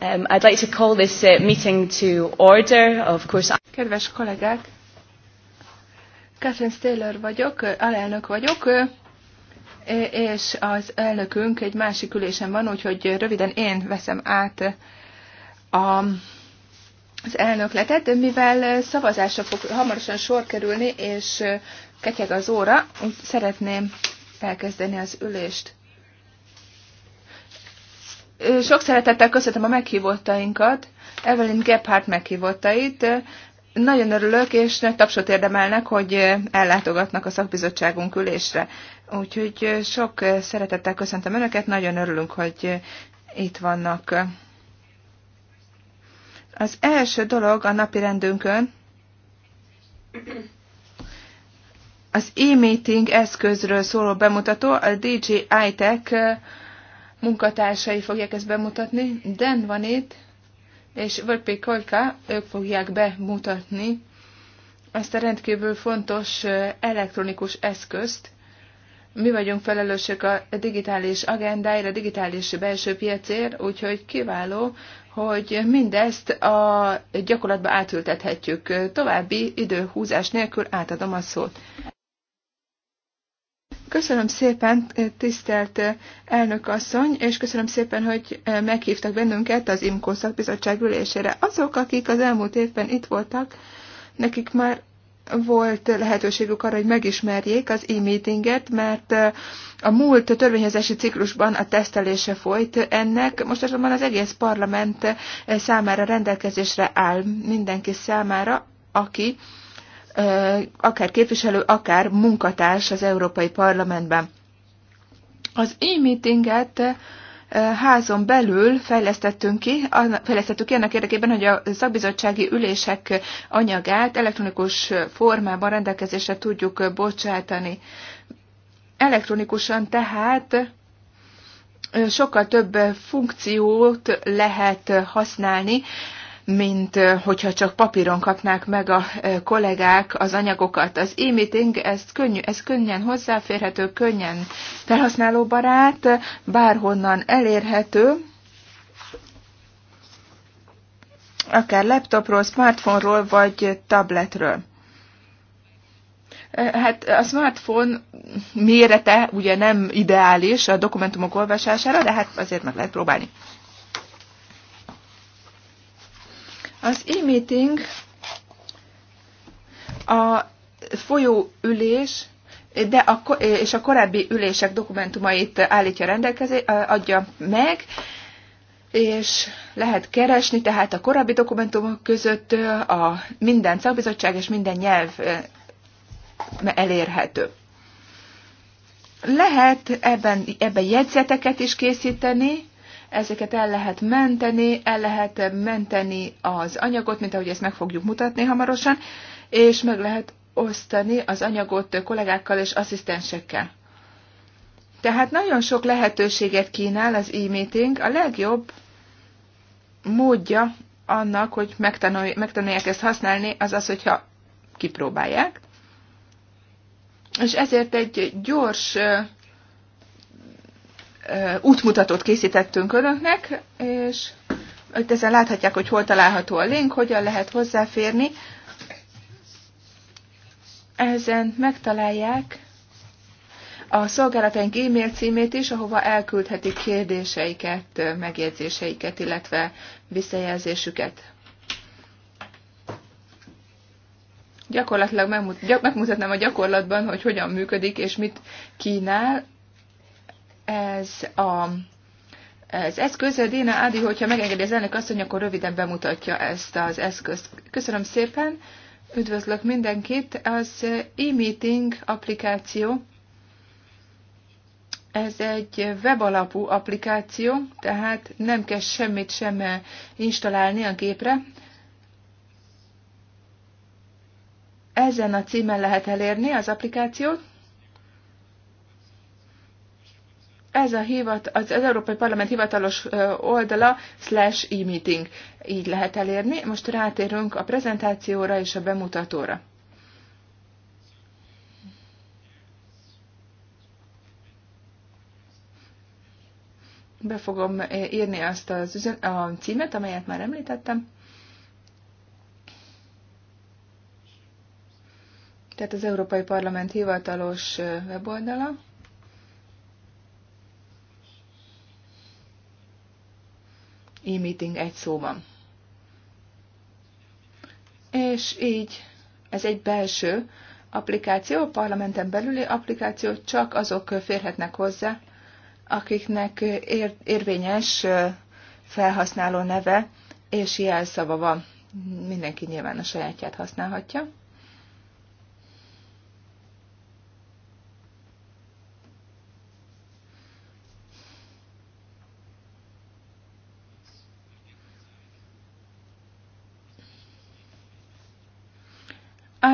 Um, I'd like to call this uh, meeting to order. Of course, I Kedves kollégák, Catherine Taylor vagyok, alelnök vagyok, eh, és az elnökünk egy másik ülésen van, úgyhogy röviden én veszem át a, az elnökletet, mivel szavazásra fog hamarosan sor kerülni, és ketyeg az óra, úgy szeretném elkezdeni az ülést. Sok szeretettel köszöntöm a meghívottainkat, Evelyn Gebhardt meghívottait. Nagyon örülök, és nagy tapsot érdemelnek, hogy ellátogatnak a szakbizottságunk ülésre. Úgyhogy sok szeretettel köszöntöm Önöket, nagyon örülünk, hogy itt vannak. Az első dolog a napi rendünkön az e-meeting eszközről szóló bemutató, a DJI Tech munkatársai fogják ezt bemutatni. Dan van itt, és Vörpi Kajka, ők fogják bemutatni ezt a rendkívül fontos elektronikus eszközt. Mi vagyunk felelősök a digitális agendáért, a digitális belső piacért, úgyhogy kiváló, hogy mindezt a gyakorlatba átültethetjük. További időhúzás nélkül átadom a szót. Köszönöm szépen, tisztelt elnök asszony, és köszönöm szépen, hogy meghívtak bennünket az IMKO szakbizottság ülésére. Azok, akik az elmúlt évben itt voltak, nekik már volt lehetőségük arra, hogy megismerjék az e-meetinget, mert a múlt törvényezési ciklusban a tesztelése folyt ennek, most azonban az egész parlament számára rendelkezésre áll mindenki számára, aki akár képviselő, akár munkatárs az Európai Parlamentben. Az e-meetinget házon belül fejlesztettünk ki, fejlesztettük ki annak érdekében, hogy a szakbizottsági ülések anyagát elektronikus formában rendelkezésre tudjuk bocsátani. Elektronikusan tehát sokkal több funkciót lehet használni mint hogyha csak papíron kapnák meg a kollégák az anyagokat. Az e-meeting ez, könnyű, ez könnyen hozzáférhető, könnyen felhasználó barát, bárhonnan elérhető, akár laptopról, smartphone-ról vagy tabletről. Hát a smartphone mérete ugye nem ideális a dokumentumok olvasására, de hát azért meg lehet próbálni. Az e-meeting a folyóülés de a, és a korábbi ülések dokumentumait állítja rendelkezé, adja meg, és lehet keresni, tehát a korábbi dokumentumok között a minden szakbizottság és minden nyelv e, elérhető. Lehet ebben, ebben jegyzeteket is készíteni, ezeket el lehet menteni, el lehet menteni az anyagot, mint ahogy ezt meg fogjuk mutatni hamarosan, és meg lehet osztani az anyagot kollégákkal és asszisztensekkel. Tehát nagyon sok lehetőséget kínál az e-meeting, a legjobb módja annak, hogy megtanulj, megtanulják ezt használni, az az, hogyha kipróbálják. És ezért egy gyors útmutatót készítettünk önöknek, és itt ezen láthatják, hogy hol található a link, hogyan lehet hozzáférni. Ezen megtalálják a szolgálataink e-mail címét is, ahova elküldhetik kérdéseiket, megjegyzéseiket, illetve visszajelzésüket. Gyakorlatilag megmutatnám a gyakorlatban, hogy hogyan működik és mit kínál ez a az eszköz, Déna Ádi, hogyha megengedi az elnök asszony, akkor röviden bemutatja ezt az eszközt. Köszönöm szépen, üdvözlök mindenkit. Az e-meeting applikáció, ez egy webalapú applikáció, tehát nem kell semmit sem installálni a gépre. Ezen a címen lehet elérni az applikációt. Ez a hivat, az, az Európai Parlament hivatalos oldala slash e-meeting. Így lehet elérni. Most rátérünk a prezentációra és a bemutatóra. Be fogom írni azt az üzen, a címet, amelyet már említettem. tehát az Európai Parlament hivatalos weboldala. e-meeting egy szóban. És így ez egy belső applikáció, a parlamenten belüli applikáció, csak azok férhetnek hozzá, akiknek ér, érvényes felhasználó neve és jelszava van. Mindenki nyilván a sajátját használhatja.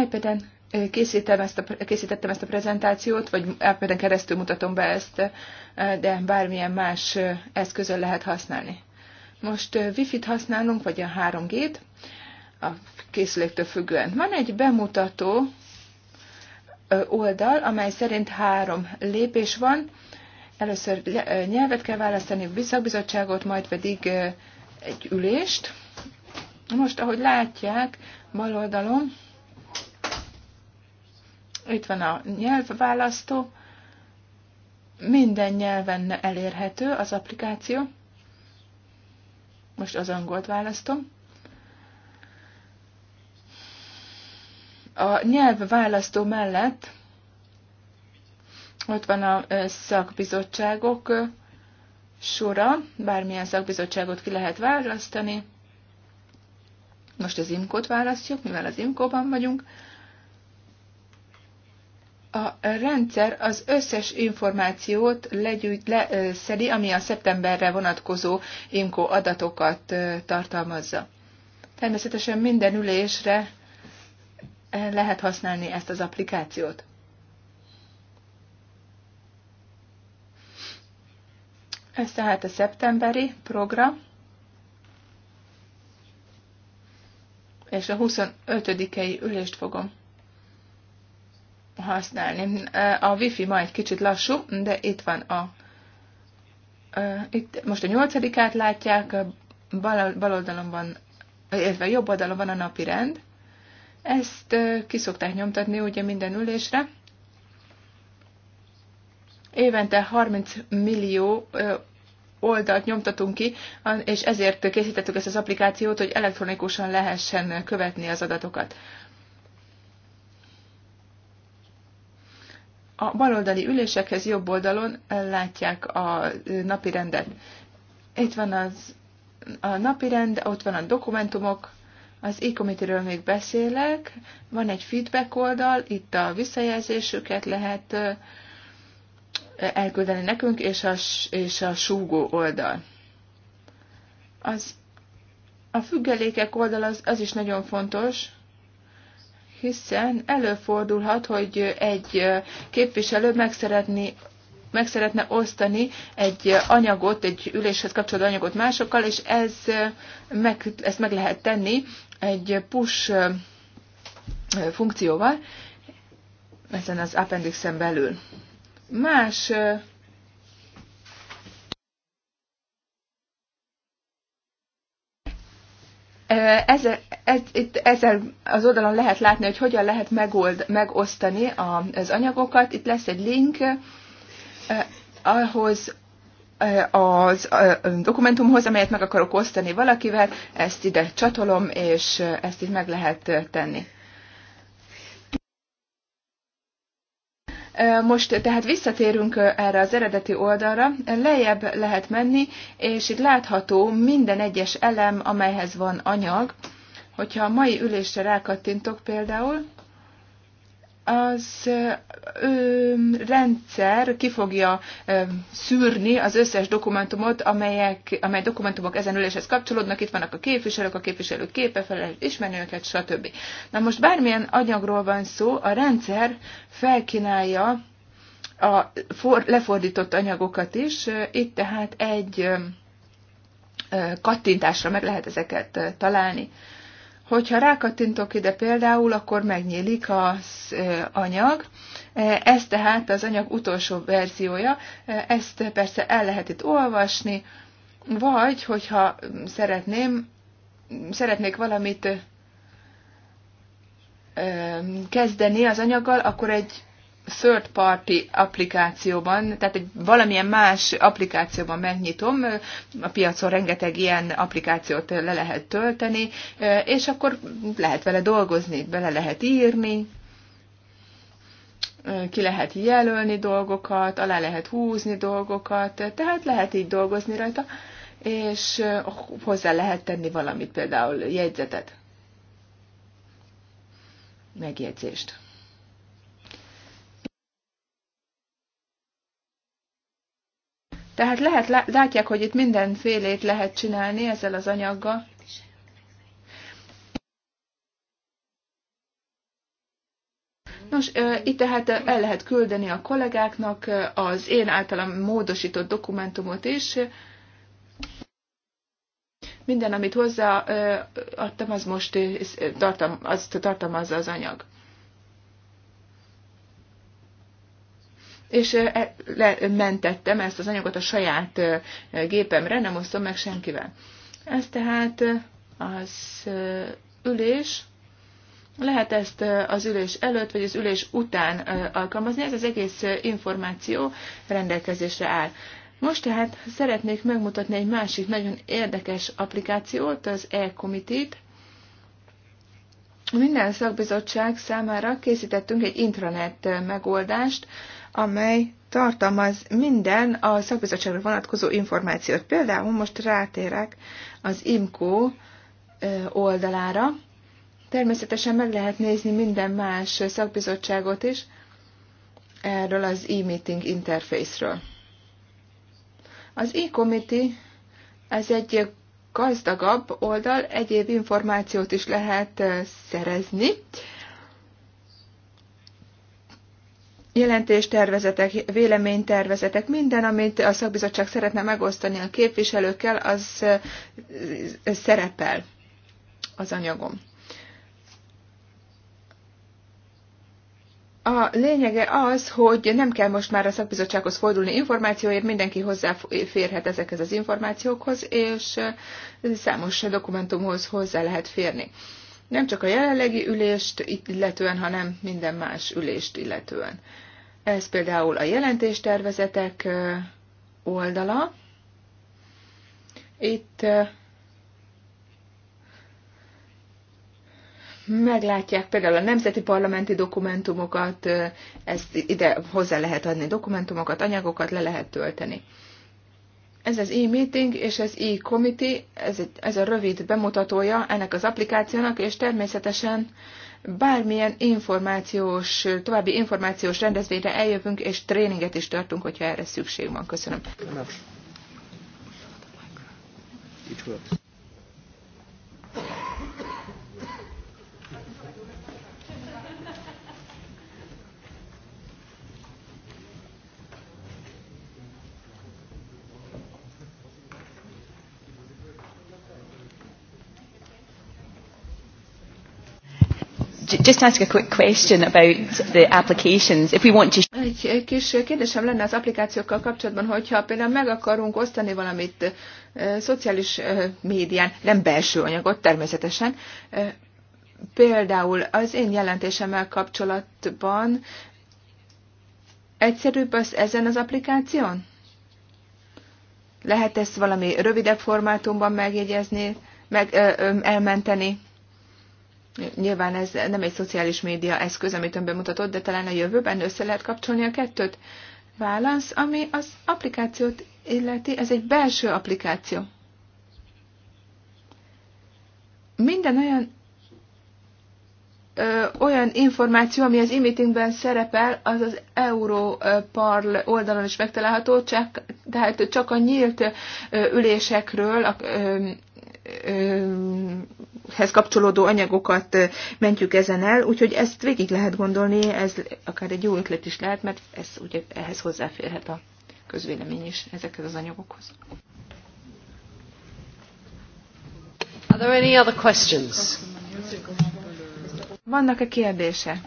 iPad-en készítem ezt a, készítettem ezt a prezentációt, vagy iPad-en keresztül mutatom be ezt, de bármilyen más eszközön lehet használni. Most Wi-Fi-t használunk, vagy a 3G-t, a készüléktől függően. Van egy bemutató oldal, amely szerint három lépés van. Először nyelvet kell választani, visszabizottságot, majd pedig egy ülést. Most, ahogy látják, bal oldalon itt van a nyelvválasztó, minden nyelven elérhető az applikáció. Most az angolt választom. A nyelvválasztó mellett ott van a szakbizottságok sora, bármilyen szakbizottságot ki lehet választani. Most az imkót választjuk, mivel az imkóban vagyunk a rendszer az összes információt legyűjt, leszedi, ami a szeptemberre vonatkozó inkó adatokat tartalmazza. Természetesen minden ülésre lehet használni ezt az applikációt. Ez tehát a szeptemberi program, és a 25-i ülést fogom használni. A wifi ma egy kicsit lassú, de itt van a... Itt most a nyolcadikát látják, bal, bal oldalon van, illetve jobb oldalon van a napi rend. Ezt kiszokták nyomtatni ugye minden ülésre. Évente 30 millió oldalt nyomtatunk ki, és ezért készítettük ezt az applikációt, hogy elektronikusan lehessen követni az adatokat. a baloldali ülésekhez jobb oldalon eh, látják a eh, napi rendet. Itt van az a rend, ott van a dokumentumok, az e-committee még beszélek, van egy feedback oldal, itt a visszajelzésüket lehet eh, elküldeni nekünk, és a, és a súgó oldal. Az, a függelékek oldal az, az is nagyon fontos, hiszen előfordulhat, hogy egy képviselő meg szeretné meg szeretne osztani egy anyagot, egy üléshez kapcsolódó anyagot másokkal, és ez meg, ezt meg lehet tenni egy push funkcióval, ezen az appendixen belül. Más ez, ez, itt, ezzel az oldalon lehet látni, hogy hogyan lehet megold, megosztani a, az anyagokat. Itt lesz egy link eh, ahhoz eh, az eh, dokumentumhoz, amelyet meg akarok osztani valakivel. Ezt ide csatolom, és ezt így meg lehet tenni. Most tehát visszatérünk erre az eredeti oldalra, lejjebb lehet menni, és itt látható minden egyes elem, amelyhez van anyag. Hogyha a mai ülésre rákattintok például, az ö, rendszer ki fogja ö, szűrni az összes dokumentumot, amelyek, amely dokumentumok ezen üléshez kapcsolódnak. Itt vannak a képviselők, a képviselők képe, felelős ismerni őket, stb. Na most bármilyen anyagról van szó, a rendszer felkínálja a for, lefordított anyagokat is. Itt tehát egy ö, kattintásra meg lehet ezeket találni. Ö, Hogyha rákattintok ide például, akkor megnyílik az anyag, ez tehát az anyag utolsó verziója, ezt persze el lehet itt olvasni, vagy hogyha szeretném, szeretnék valamit kezdeni az anyaggal, akkor egy third party applikációban, tehát egy valamilyen más applikációban megnyitom, a piacon rengeteg ilyen applikációt le lehet tölteni, és akkor lehet vele dolgozni, bele lehet írni, ki lehet jelölni dolgokat, alá lehet húzni dolgokat, tehát lehet így dolgozni rajta, és hozzá lehet tenni valamit, például jegyzetet, megjegyzést. Tehát lehet, látják, hogy itt mindenfélét lehet csinálni ezzel az anyaggal. Nos, itt tehát el lehet küldeni a kollégáknak az én általam módosított dokumentumot is. Minden, amit hozzáadtam, az most tartalmaz, azt tartalmazza az anyag. és e, mentettem ezt az anyagot a saját gépemre, nem osztom meg senkivel. Ez tehát az ülés, lehet ezt az ülés előtt, vagy az ülés után alkalmazni, ez az egész információ rendelkezésre áll. Most tehát szeretnék megmutatni egy másik nagyon érdekes applikációt, az e-komitit. Minden szakbizottság számára készítettünk egy intranet megoldást, amely tartalmaz minden a szakbizottságra vonatkozó információt. Például most rátérek az IMCO oldalára. Természetesen meg lehet nézni minden más szakbizottságot is erről az e-meeting interfészről. Az e-committee ez egy gazdagabb oldal, egyéb információt is lehet szerezni jelentéstervezetek, véleménytervezetek, minden, amit a szakbizottság szeretne megosztani a képviselőkkel, az szerepel az anyagom. A lényege az, hogy nem kell most már a szakbizottsághoz fordulni információért, mindenki hozzáférhet ezekhez az információkhoz, és számos dokumentumhoz hozzá lehet férni nem csak a jelenlegi ülést illetően, hanem minden más ülést illetően. Ez például a jelentéstervezetek oldala. Itt meglátják például a nemzeti parlamenti dokumentumokat, ezt ide hozzá lehet adni dokumentumokat, anyagokat le lehet tölteni. Ez az e-meeting és az e-committee, ez, ez a rövid bemutatója ennek az applikációnak, és természetesen bármilyen információs, további információs rendezvényre eljövünk, és tréninget is tartunk, hogyha erre szükség van. Köszönöm. Köszönöm. just ask a quick question about the applications. If we want to... Egy kis kérdésem lenne az applikációkkal kapcsolatban, hogyha például meg akarunk osztani valamit e, szociális e, médián, nem belső anyagot természetesen, e, például az én jelentésemmel kapcsolatban egyszerűbb az ezen az applikáción? Lehet ezt valami rövidebb formátumban megjegyezni, meg ö, ö, elmenteni? Nyilván ez nem egy szociális média eszköz, amit ön bemutatott, de talán a jövőben össze lehet kapcsolni a kettőt. Válasz, ami az applikációt illeti, ez egy belső applikáció. Minden olyan ö, olyan információ, ami az e-meetingben szerepel, az az EuroParl oldalon is megtalálható, csak, tehát csak a nyílt ö, ülésekről, a, ö, hez kapcsolódó anyagokat mentjük ezen el, úgyhogy ezt végig lehet gondolni, ez akár egy jó ötlet is lehet, mert ez ugye ehhez hozzáférhet a közvélemény is ezekhez az anyagokhoz. Are there any other questions? Vannak-e kérdése?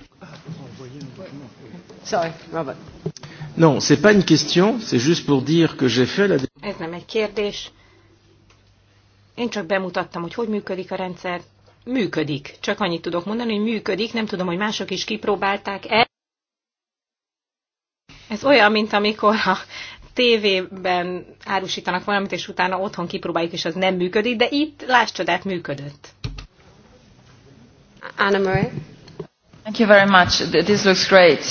Sorry, Robert. Non, c'est pas une question, c'est juste pour dire que j'ai fait la... Ez nem egy kérdés, én csak bemutattam, hogy hogy működik a rendszer. Működik. Csak annyit tudok mondani, hogy működik. Nem tudom, hogy mások is kipróbálták el. Ez olyan, mint amikor a tévében árusítanak valamit, és utána otthon kipróbáljuk, és az nem működik, de itt, láss csodát, működött. Anna Marie. Thank you very much. This looks great.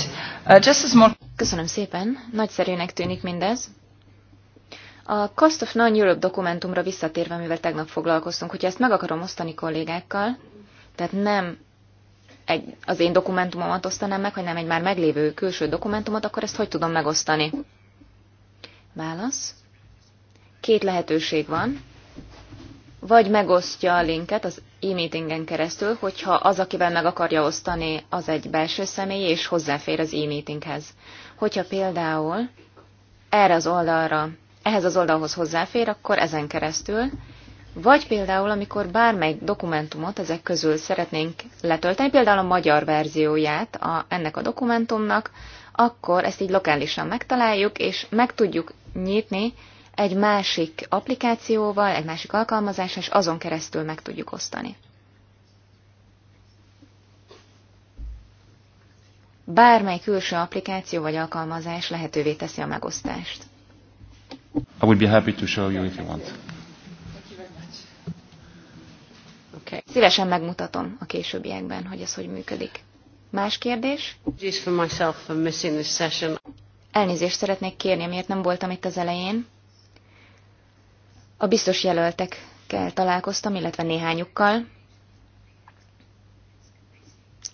Uh, just a small... Köszönöm szépen. Nagyszerűnek tűnik mindez. A Cost of Non-Europe dokumentumra visszatérve, mivel tegnap foglalkoztunk, hogyha ezt meg akarom osztani kollégákkal, tehát nem egy, az én dokumentumomat osztanám meg, hanem egy már meglévő külső dokumentumot, akkor ezt hogy tudom megosztani? Válasz. Két lehetőség van. Vagy megosztja a linket az e-meetingen keresztül, hogyha az, akivel meg akarja osztani, az egy belső személy, és hozzáfér az e-meetinghez. Hogyha például erre az oldalra ehhez az oldalhoz hozzáfér, akkor ezen keresztül, vagy például, amikor bármely dokumentumot ezek közül szeretnénk letölteni, például a magyar verzióját a, ennek a dokumentumnak, akkor ezt így lokálisan megtaláljuk, és meg tudjuk nyitni egy másik applikációval, egy másik alkalmazással, és azon keresztül meg tudjuk osztani. Bármely külső applikáció vagy alkalmazás lehetővé teszi a megosztást. I would be happy to show you if you want. Okay. Szívesen megmutatom a későbbiekben, hogy ez hogy működik. Más kérdés? Elnézést szeretnék kérni, miért nem voltam itt az elején. A biztos jelöltekkel találkoztam, illetve néhányukkal.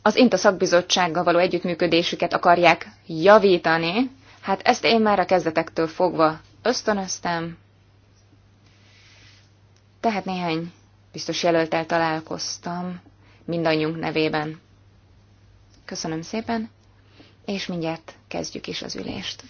Az INTA szakbizottsággal való együttműködésüket akarják javítani, hát ezt én már a kezdetektől fogva ösztönöztem, tehát néhány biztos jelöltel találkoztam mindannyiunk nevében. Köszönöm szépen, és mindjárt kezdjük is az ülést.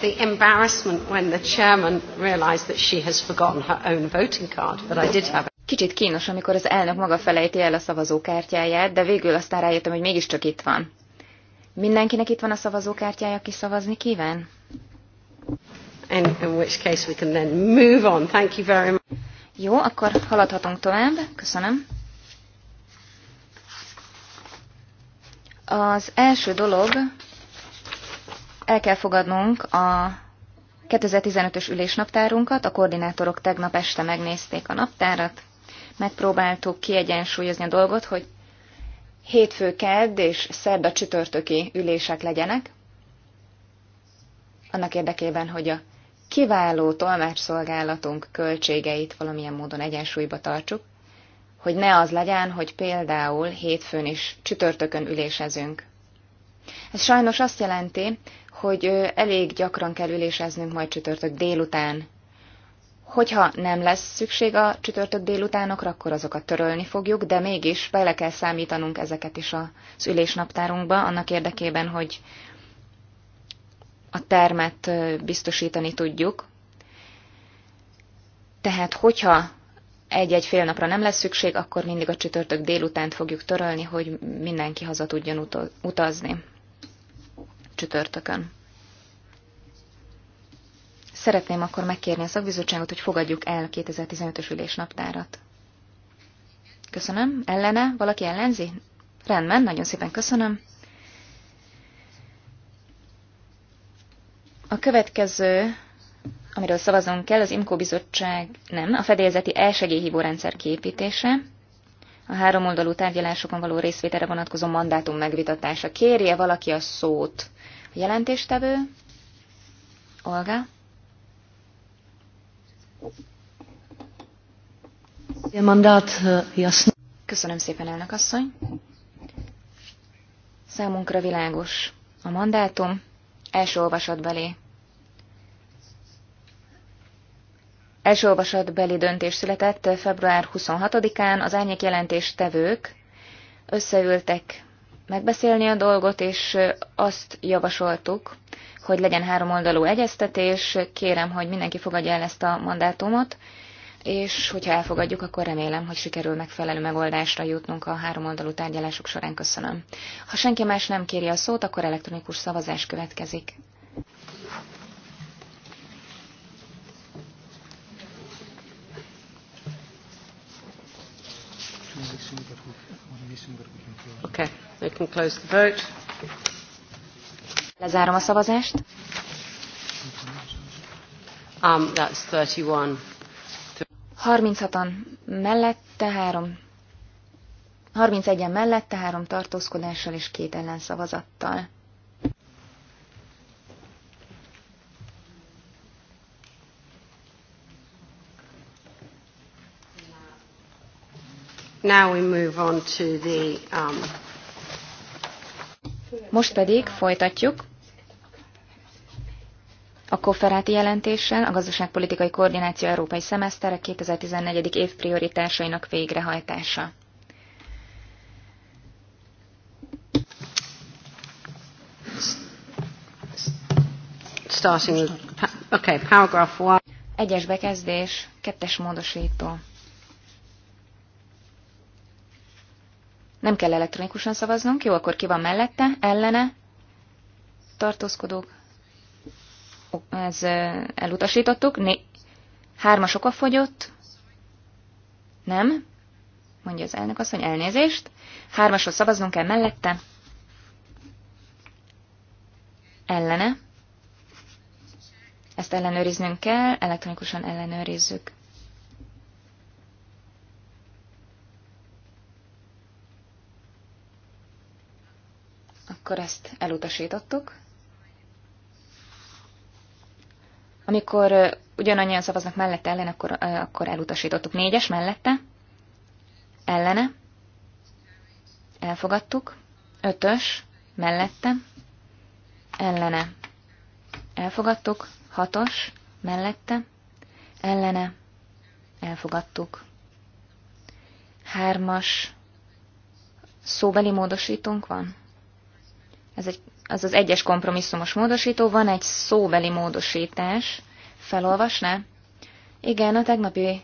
the embarrassment when the chairman realized that she has forgotten her own voting card, but I did have it. Kicsit kínos, amikor az elnök maga felejti el a szavazókártyáját, de végül aztán rájöttem, hogy mégiscsak itt van. Mindenkinek itt van a szavazókártyája, aki szavazni kíván? in which case we can then move on. Thank you very much. Jó, akkor haladhatunk tovább. Köszönöm. Az első dolog, el kell fogadnunk a 2015-ös ülésnaptárunkat, a koordinátorok tegnap este megnézték a naptárat, megpróbáltuk kiegyensúlyozni a dolgot, hogy hétfő kedd és szerda csütörtöki ülések legyenek, annak érdekében, hogy a kiváló tolmácsszolgálatunk költségeit valamilyen módon egyensúlyba tartsuk, hogy ne az legyen, hogy például hétfőn is csütörtökön ülésezünk. Ez sajnos azt jelenti, hogy elég gyakran kell üléseznünk majd csütörtök délután. Hogyha nem lesz szükség a csütörtök délutánokra, akkor azokat törölni fogjuk, de mégis bele kell számítanunk ezeket is az ülésnaptárunkba, annak érdekében, hogy a termet biztosítani tudjuk. Tehát, hogyha egy-egy fél napra nem lesz szükség, akkor mindig a csütörtök délutánt fogjuk törölni, hogy mindenki haza tudjon utazni csütörtökön. Szeretném akkor megkérni a szakbizottságot, hogy fogadjuk el a 2015-ös ülés naptárat. Köszönöm. Ellene? Valaki ellenzi? Rendben, nagyon szépen köszönöm. A következő, amiről szavazunk kell, az IMCO bizottság, nem, a fedélzeti elsegélyhívórendszer képítése, a háromoldalú tárgyalásokon való részvételre vonatkozó mandátum megvitatása. Kérje valaki a szót. A jelentéstevő, Olga. Köszönöm szépen, elnök asszony. Számunkra világos a mandátum, első belé. Első beli döntés született február 26-án, az árnyék jelentéstevők összeültek megbeszélni a dolgot, és azt javasoltuk, hogy legyen háromoldalú egyeztetés. Kérem, hogy mindenki fogadja el ezt a mandátumot, és hogyha elfogadjuk, akkor remélem, hogy sikerül megfelelő megoldásra jutnunk a háromoldalú tárgyalások során. Köszönöm. Ha senki más nem kéri a szót, akkor elektronikus szavazás következik. Okay. Lezárom a szavazást. Um, that's 31. 36-an mellette, 3 31-en mellette, 3 tartózkodással és 2 ellenszavazattal. Now we move on to the um, most pedig folytatjuk a Kofferáti jelentéssel a gazdaságpolitikai koordináció európai szemeszter 2014. év prioritásainak végrehajtása. Starting with, okay, paragraph one. Egyes bekezdés, kettes módosító. Nem kell elektronikusan szavaznunk. Jó, akkor ki van mellette? Ellene? Tartózkodók? Ez elutasítottuk. Né- Hármas oka fogyott. Nem? Mondja az elnök asszony, elnézést. Hármasról szavaznunk kell mellette. Ellene. Ezt ellenőriznünk kell, elektronikusan ellenőrizzük. akkor ezt elutasítottuk. Amikor ugyanannyian szavaznak mellette ellen, akkor, akkor elutasítottuk. Négyes mellette, ellene, elfogadtuk. Ötös, mellette, ellene, elfogadtuk. Hatos, mellette, ellene, elfogadtuk. Hármas, szóbeli módosítunk van? ez, egy, az az egyes kompromisszumos módosító, van egy szóbeli módosítás, felolvasná? Igen, a tegnapi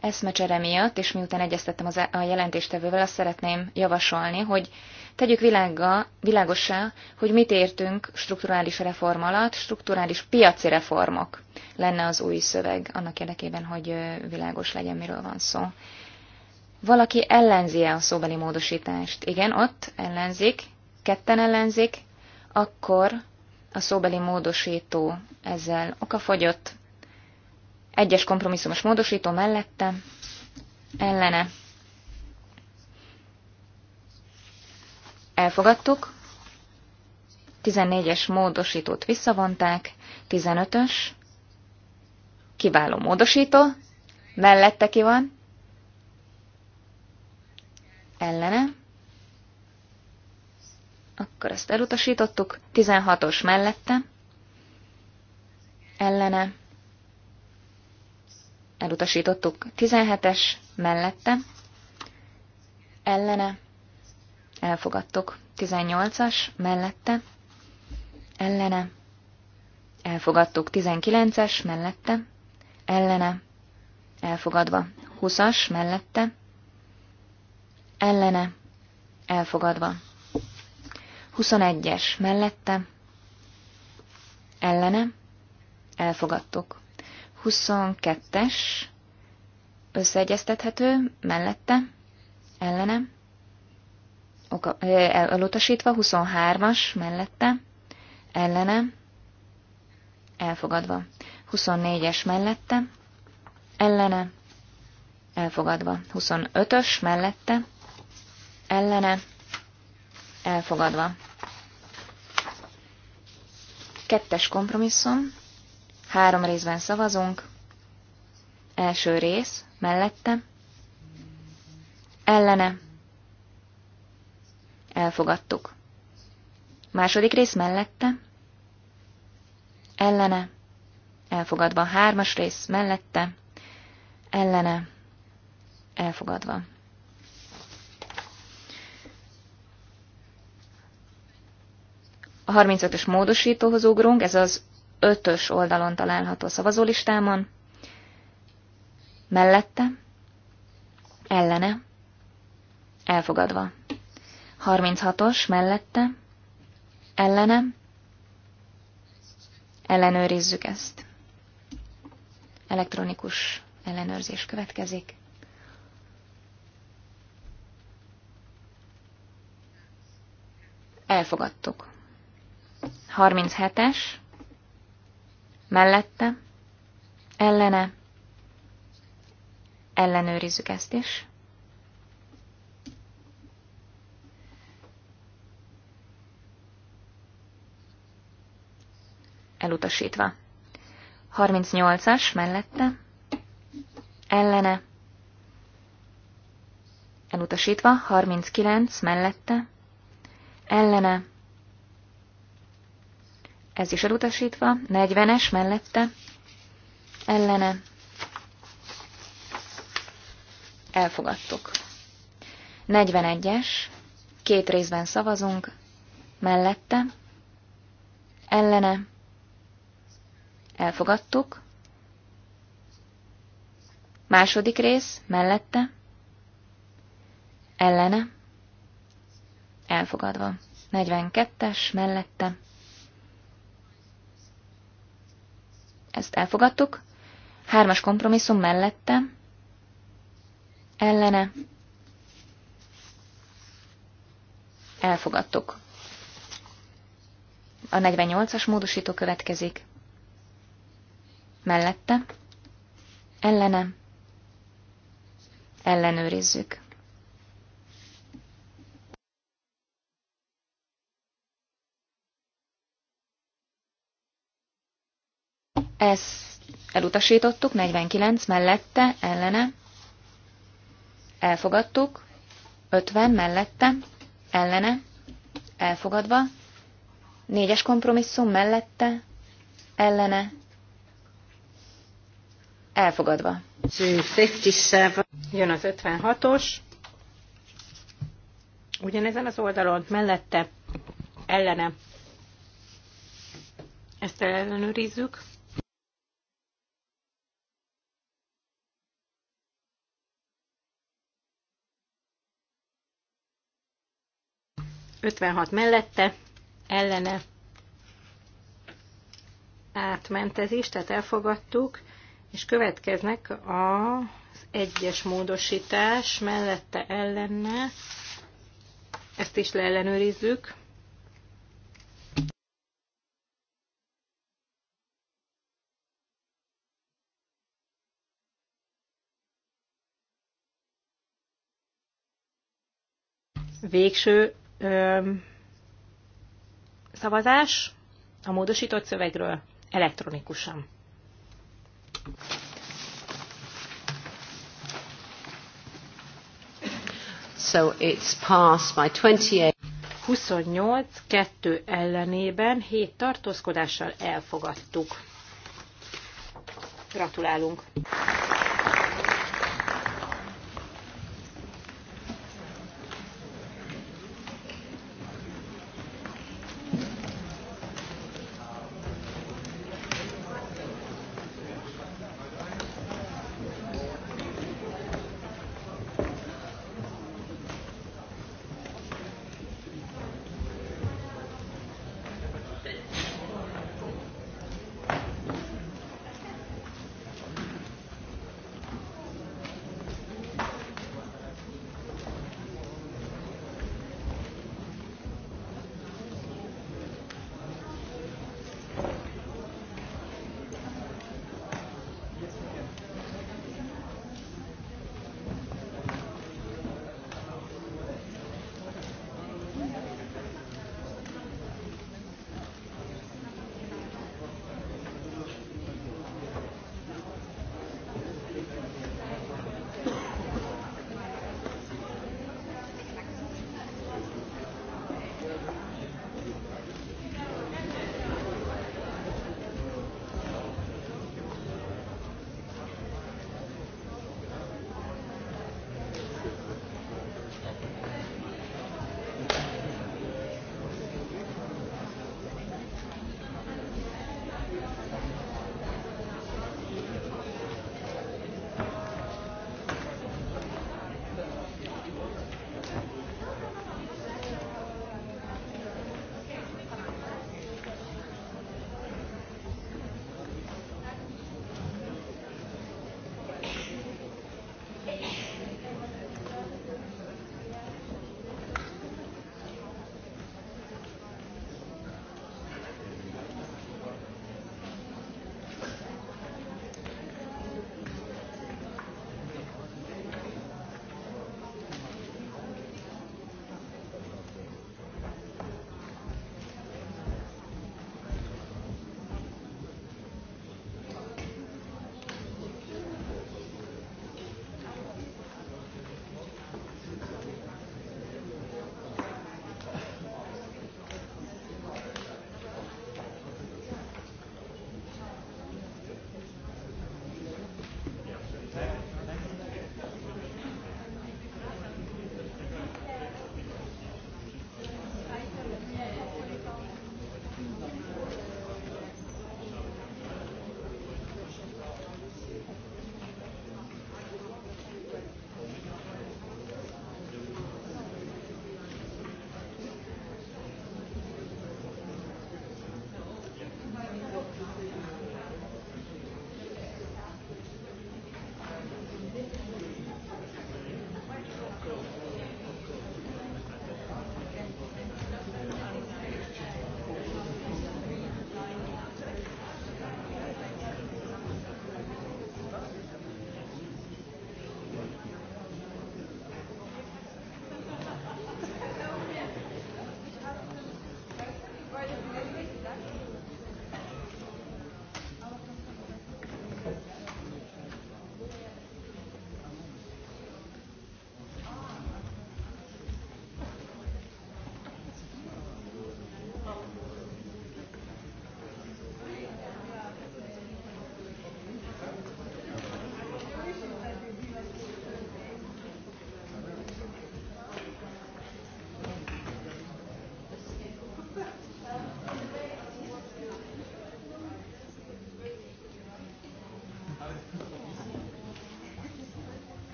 eszmecsere miatt, és miután egyeztettem az e- a jelentéstevővel, azt szeretném javasolni, hogy tegyük világa, világossá, hogy mit értünk strukturális reform alatt, strukturális piaci reformok lenne az új szöveg, annak érdekében, hogy világos legyen, miről van szó. Valaki ellenzi -e a szóbeli módosítást? Igen, ott ellenzik ketten ellenzik, akkor a szóbeli módosító ezzel okafogyott, egyes kompromisszumos módosító mellette, ellene. Elfogadtuk, 14-es módosítót visszavonták, 15-ös, kiváló módosító, mellette ki van, ellene, akkor ezt elutasítottuk. 16-os mellette, ellene, elutasítottuk. 17-es mellette, ellene, elfogadtuk. 18-as mellette, ellene, elfogadtuk. 19-es mellette, ellene, elfogadva. 20-as mellette, ellene, elfogadva. 21-es mellette, ellene, elfogadtuk. 22-es, összeegyeztethető, mellette, ellene, oka, el, elutasítva, 23-as, mellette, ellene, elfogadva. 24-es mellette, ellene, elfogadva. 25-ös mellette, ellene, elfogadva. Kettes kompromisszum, három részben szavazunk, első rész, mellette, ellene, elfogadtuk. Második rész mellette, ellene, elfogadva. Hármas rész mellette, ellene, elfogadva. A 35-ös módosítóhoz ugrunk, ez az 5-ös oldalon található a szavazólistámon. Mellette, ellene, elfogadva. 36-os mellette, ellene, ellenőrizzük ezt. Elektronikus ellenőrzés következik. Elfogadtuk. 37-es, mellette, ellene, ellenőrizzük ezt is. Elutasítva. 38-as mellette, ellene, elutasítva, 39 mellette, ellene, ez is elutasítva, 40-es mellette, ellene, elfogadtuk. 41-es, két részben szavazunk, mellette, ellene, elfogadtuk, második rész, mellette, ellene, elfogadva. 42-es mellette, ezt elfogadtuk. Hármas kompromisszum mellette, ellene, elfogadtuk. A 48-as módosító következik. Mellette, ellene, ellenőrizzük. Ezt elutasítottuk, 49 mellette, ellene. Elfogadtuk, 50 mellette, ellene. Elfogadva, 4-es kompromisszum mellette, ellene. Elfogadva. Jön az 56-os. Ugyanezen az oldalon, mellette, ellene. Ezt ellenőrizzük. 56 mellette, ellene átment ez is, tehát elfogadtuk, és következnek az egyes módosítás mellette ellene, ezt is leellenőrizzük. Végső ö, szavazás a módosított szövegről elektronikusan. So it's passed by 28. 28, 2 ellenében 7 tartózkodással elfogadtuk. Gratulálunk!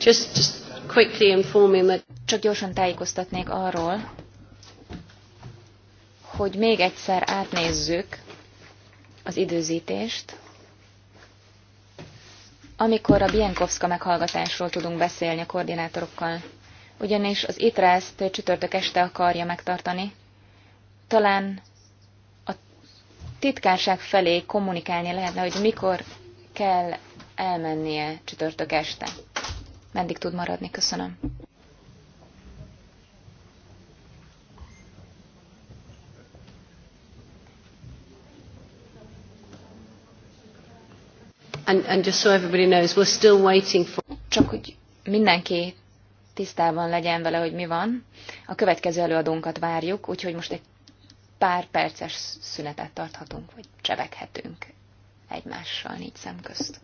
Just, just quickly informing that... Csak gyorsan tájékoztatnék arról, hogy még egyszer átnézzük az időzítést. Amikor a Bienkowska meghallgatásról tudunk beszélni a koordinátorokkal, ugyanis az ITRE ezt csütörtök este akarja megtartani, talán a titkárság felé kommunikálni lehetne, hogy mikor kell elmennie csütörtök este meddig tud maradni. Köszönöm. And, and just so everybody knows, we're still waiting for... Csak hogy mindenki tisztában legyen vele, hogy mi van. A következő előadónkat várjuk, úgyhogy most egy pár perces szünetet tarthatunk, vagy cseveghetünk egymással négy szem közt.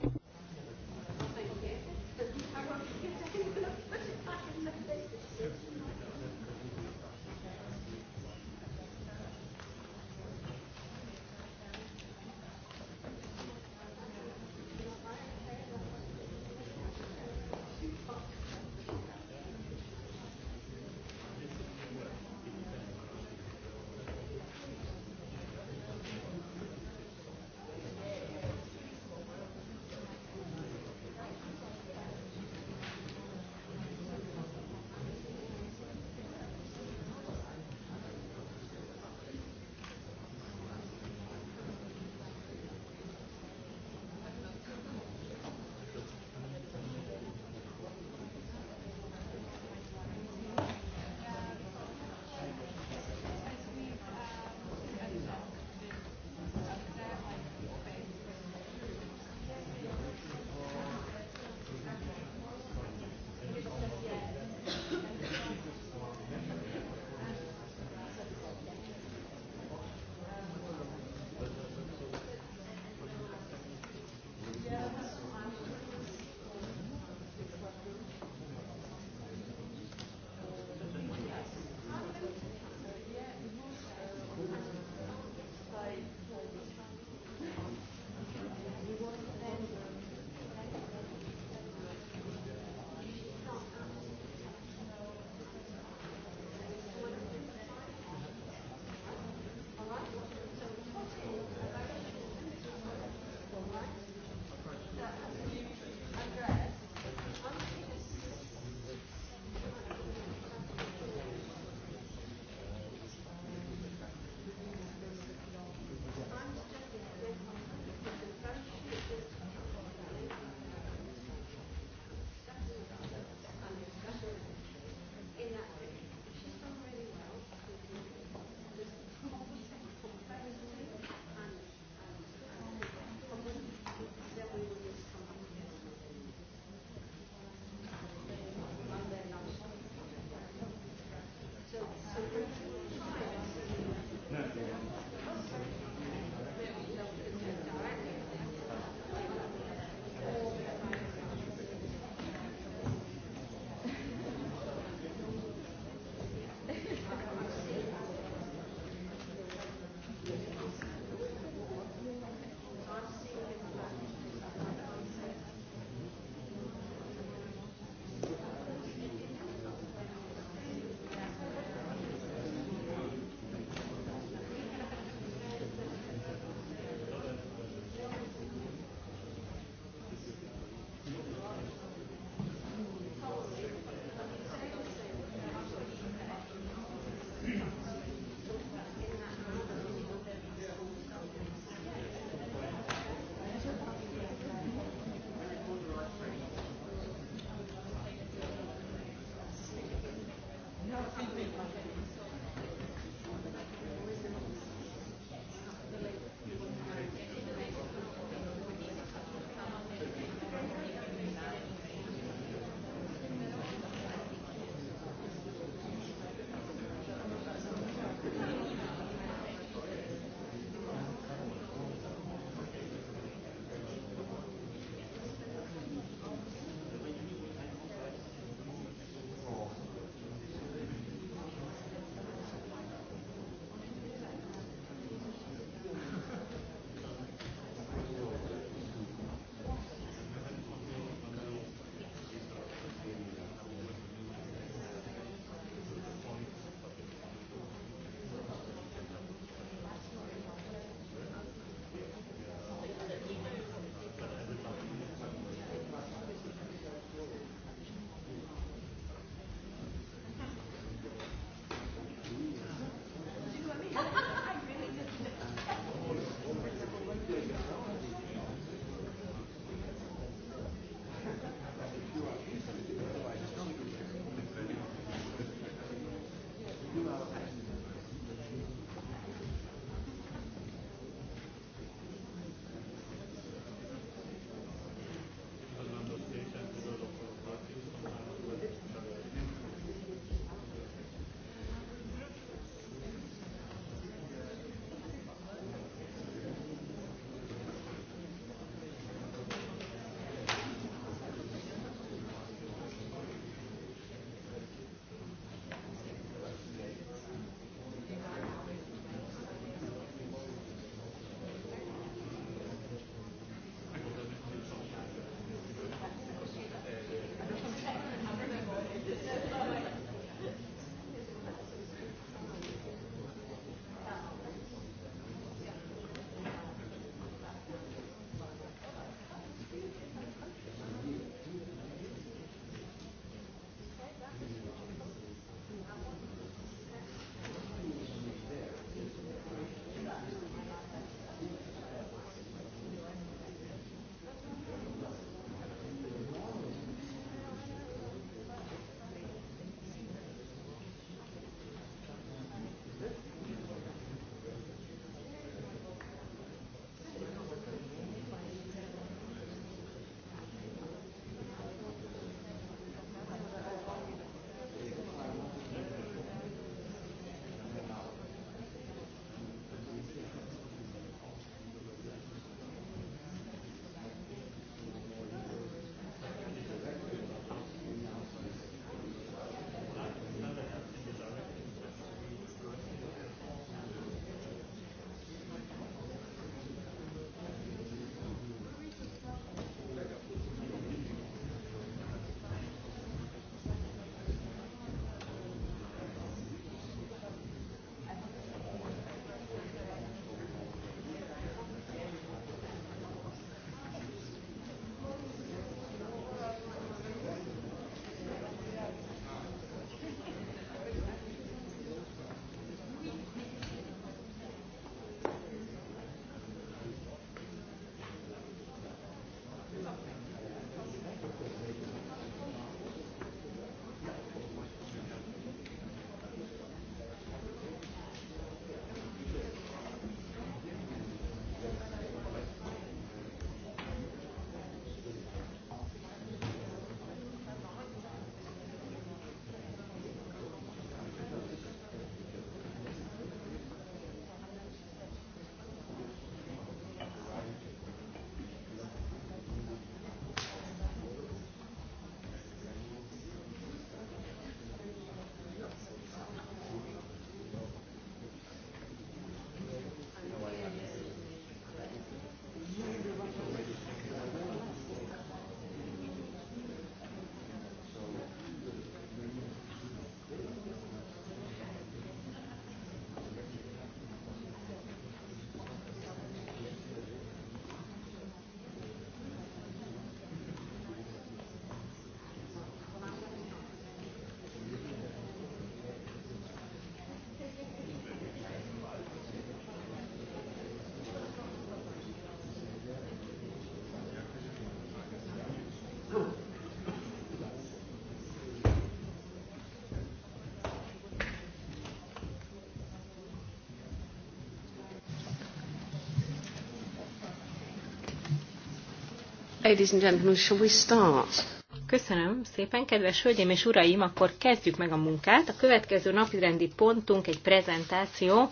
Ladies and gentlemen, shall we start? Köszönöm szépen, kedves hölgyeim és uraim, akkor kezdjük meg a munkát. A következő napirendi pontunk egy prezentáció,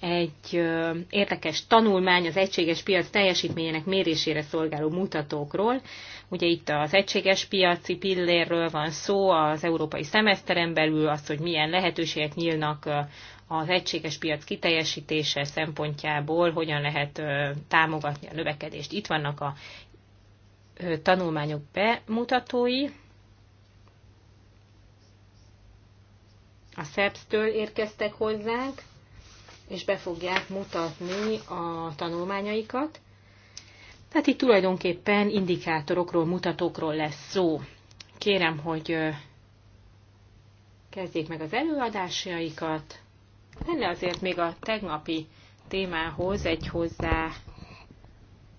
egy ö, érdekes tanulmány az egységes piac teljesítményének mérésére szolgáló mutatókról. Ugye itt az egységes piaci pillérről van szó, az európai szemeszteren belül, az, hogy milyen lehetőségek nyílnak az egységes piac kiteljesítése szempontjából, hogyan lehet támogatni a növekedést. Itt vannak a tanulmányok bemutatói. A SEPS-től érkeztek hozzánk, és be fogják mutatni a tanulmányaikat. Tehát itt tulajdonképpen indikátorokról, mutatókról lesz szó. Kérem, hogy kezdjék meg az előadásaikat. Lenne azért még a tegnapi témához egy hozzá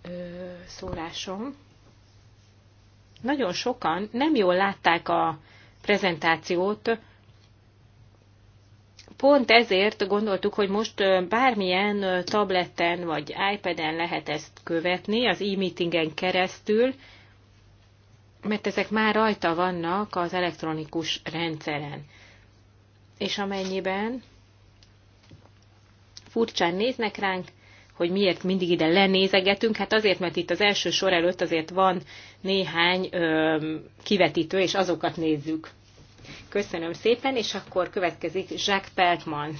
ö, szólásom nagyon sokan nem jól látták a prezentációt, Pont ezért gondoltuk, hogy most bármilyen tabletten vagy iPad-en lehet ezt követni, az e-meetingen keresztül, mert ezek már rajta vannak az elektronikus rendszeren. És amennyiben furcsán néznek ránk, hogy miért mindig ide lenézegetünk. Hát azért, mert itt az első sor előtt azért van néhány ö, kivetítő, és azokat nézzük. Köszönöm szépen, és akkor következik Jacques Peltmans.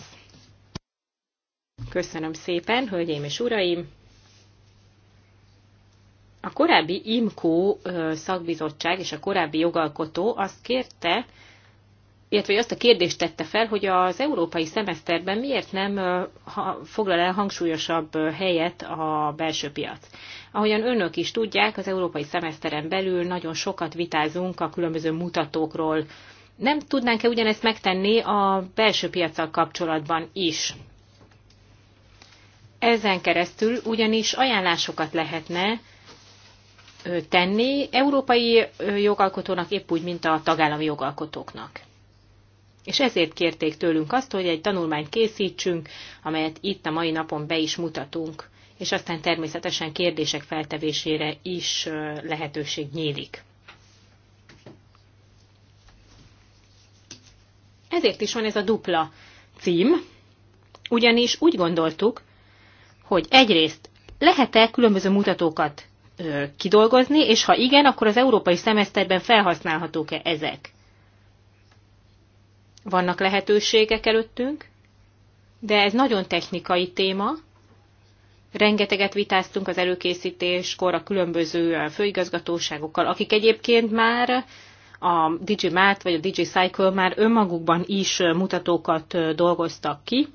Köszönöm szépen, hölgyeim és uraim! A korábbi IMCO szakbizottság és a korábbi jogalkotó azt kérte, illetve azt a kérdést tette fel, hogy az európai szemeszterben miért nem foglal el hangsúlyosabb helyet a belső piac. Ahogyan önök is tudják, az európai szemeszteren belül nagyon sokat vitázunk a különböző mutatókról. Nem tudnánk-e ugyanezt megtenni a belső piacsal kapcsolatban is? Ezen keresztül ugyanis ajánlásokat lehetne tenni európai jogalkotónak, épp úgy, mint a tagállami jogalkotóknak. És ezért kérték tőlünk azt, hogy egy tanulmányt készítsünk, amelyet itt a mai napon be is mutatunk, és aztán természetesen kérdések feltevésére is lehetőség nyílik. Ezért is van ez a dupla cím, ugyanis úgy gondoltuk, hogy egyrészt lehet-e különböző mutatókat ö, kidolgozni, és ha igen, akkor az európai szemeszterben felhasználhatók-e ezek. Vannak lehetőségek előttünk, de ez nagyon technikai téma. Rengeteget vitáztunk az előkészítéskor a különböző főigazgatóságokkal, akik egyébként már a DigiMat vagy a DigiCycle már önmagukban is mutatókat dolgoztak ki.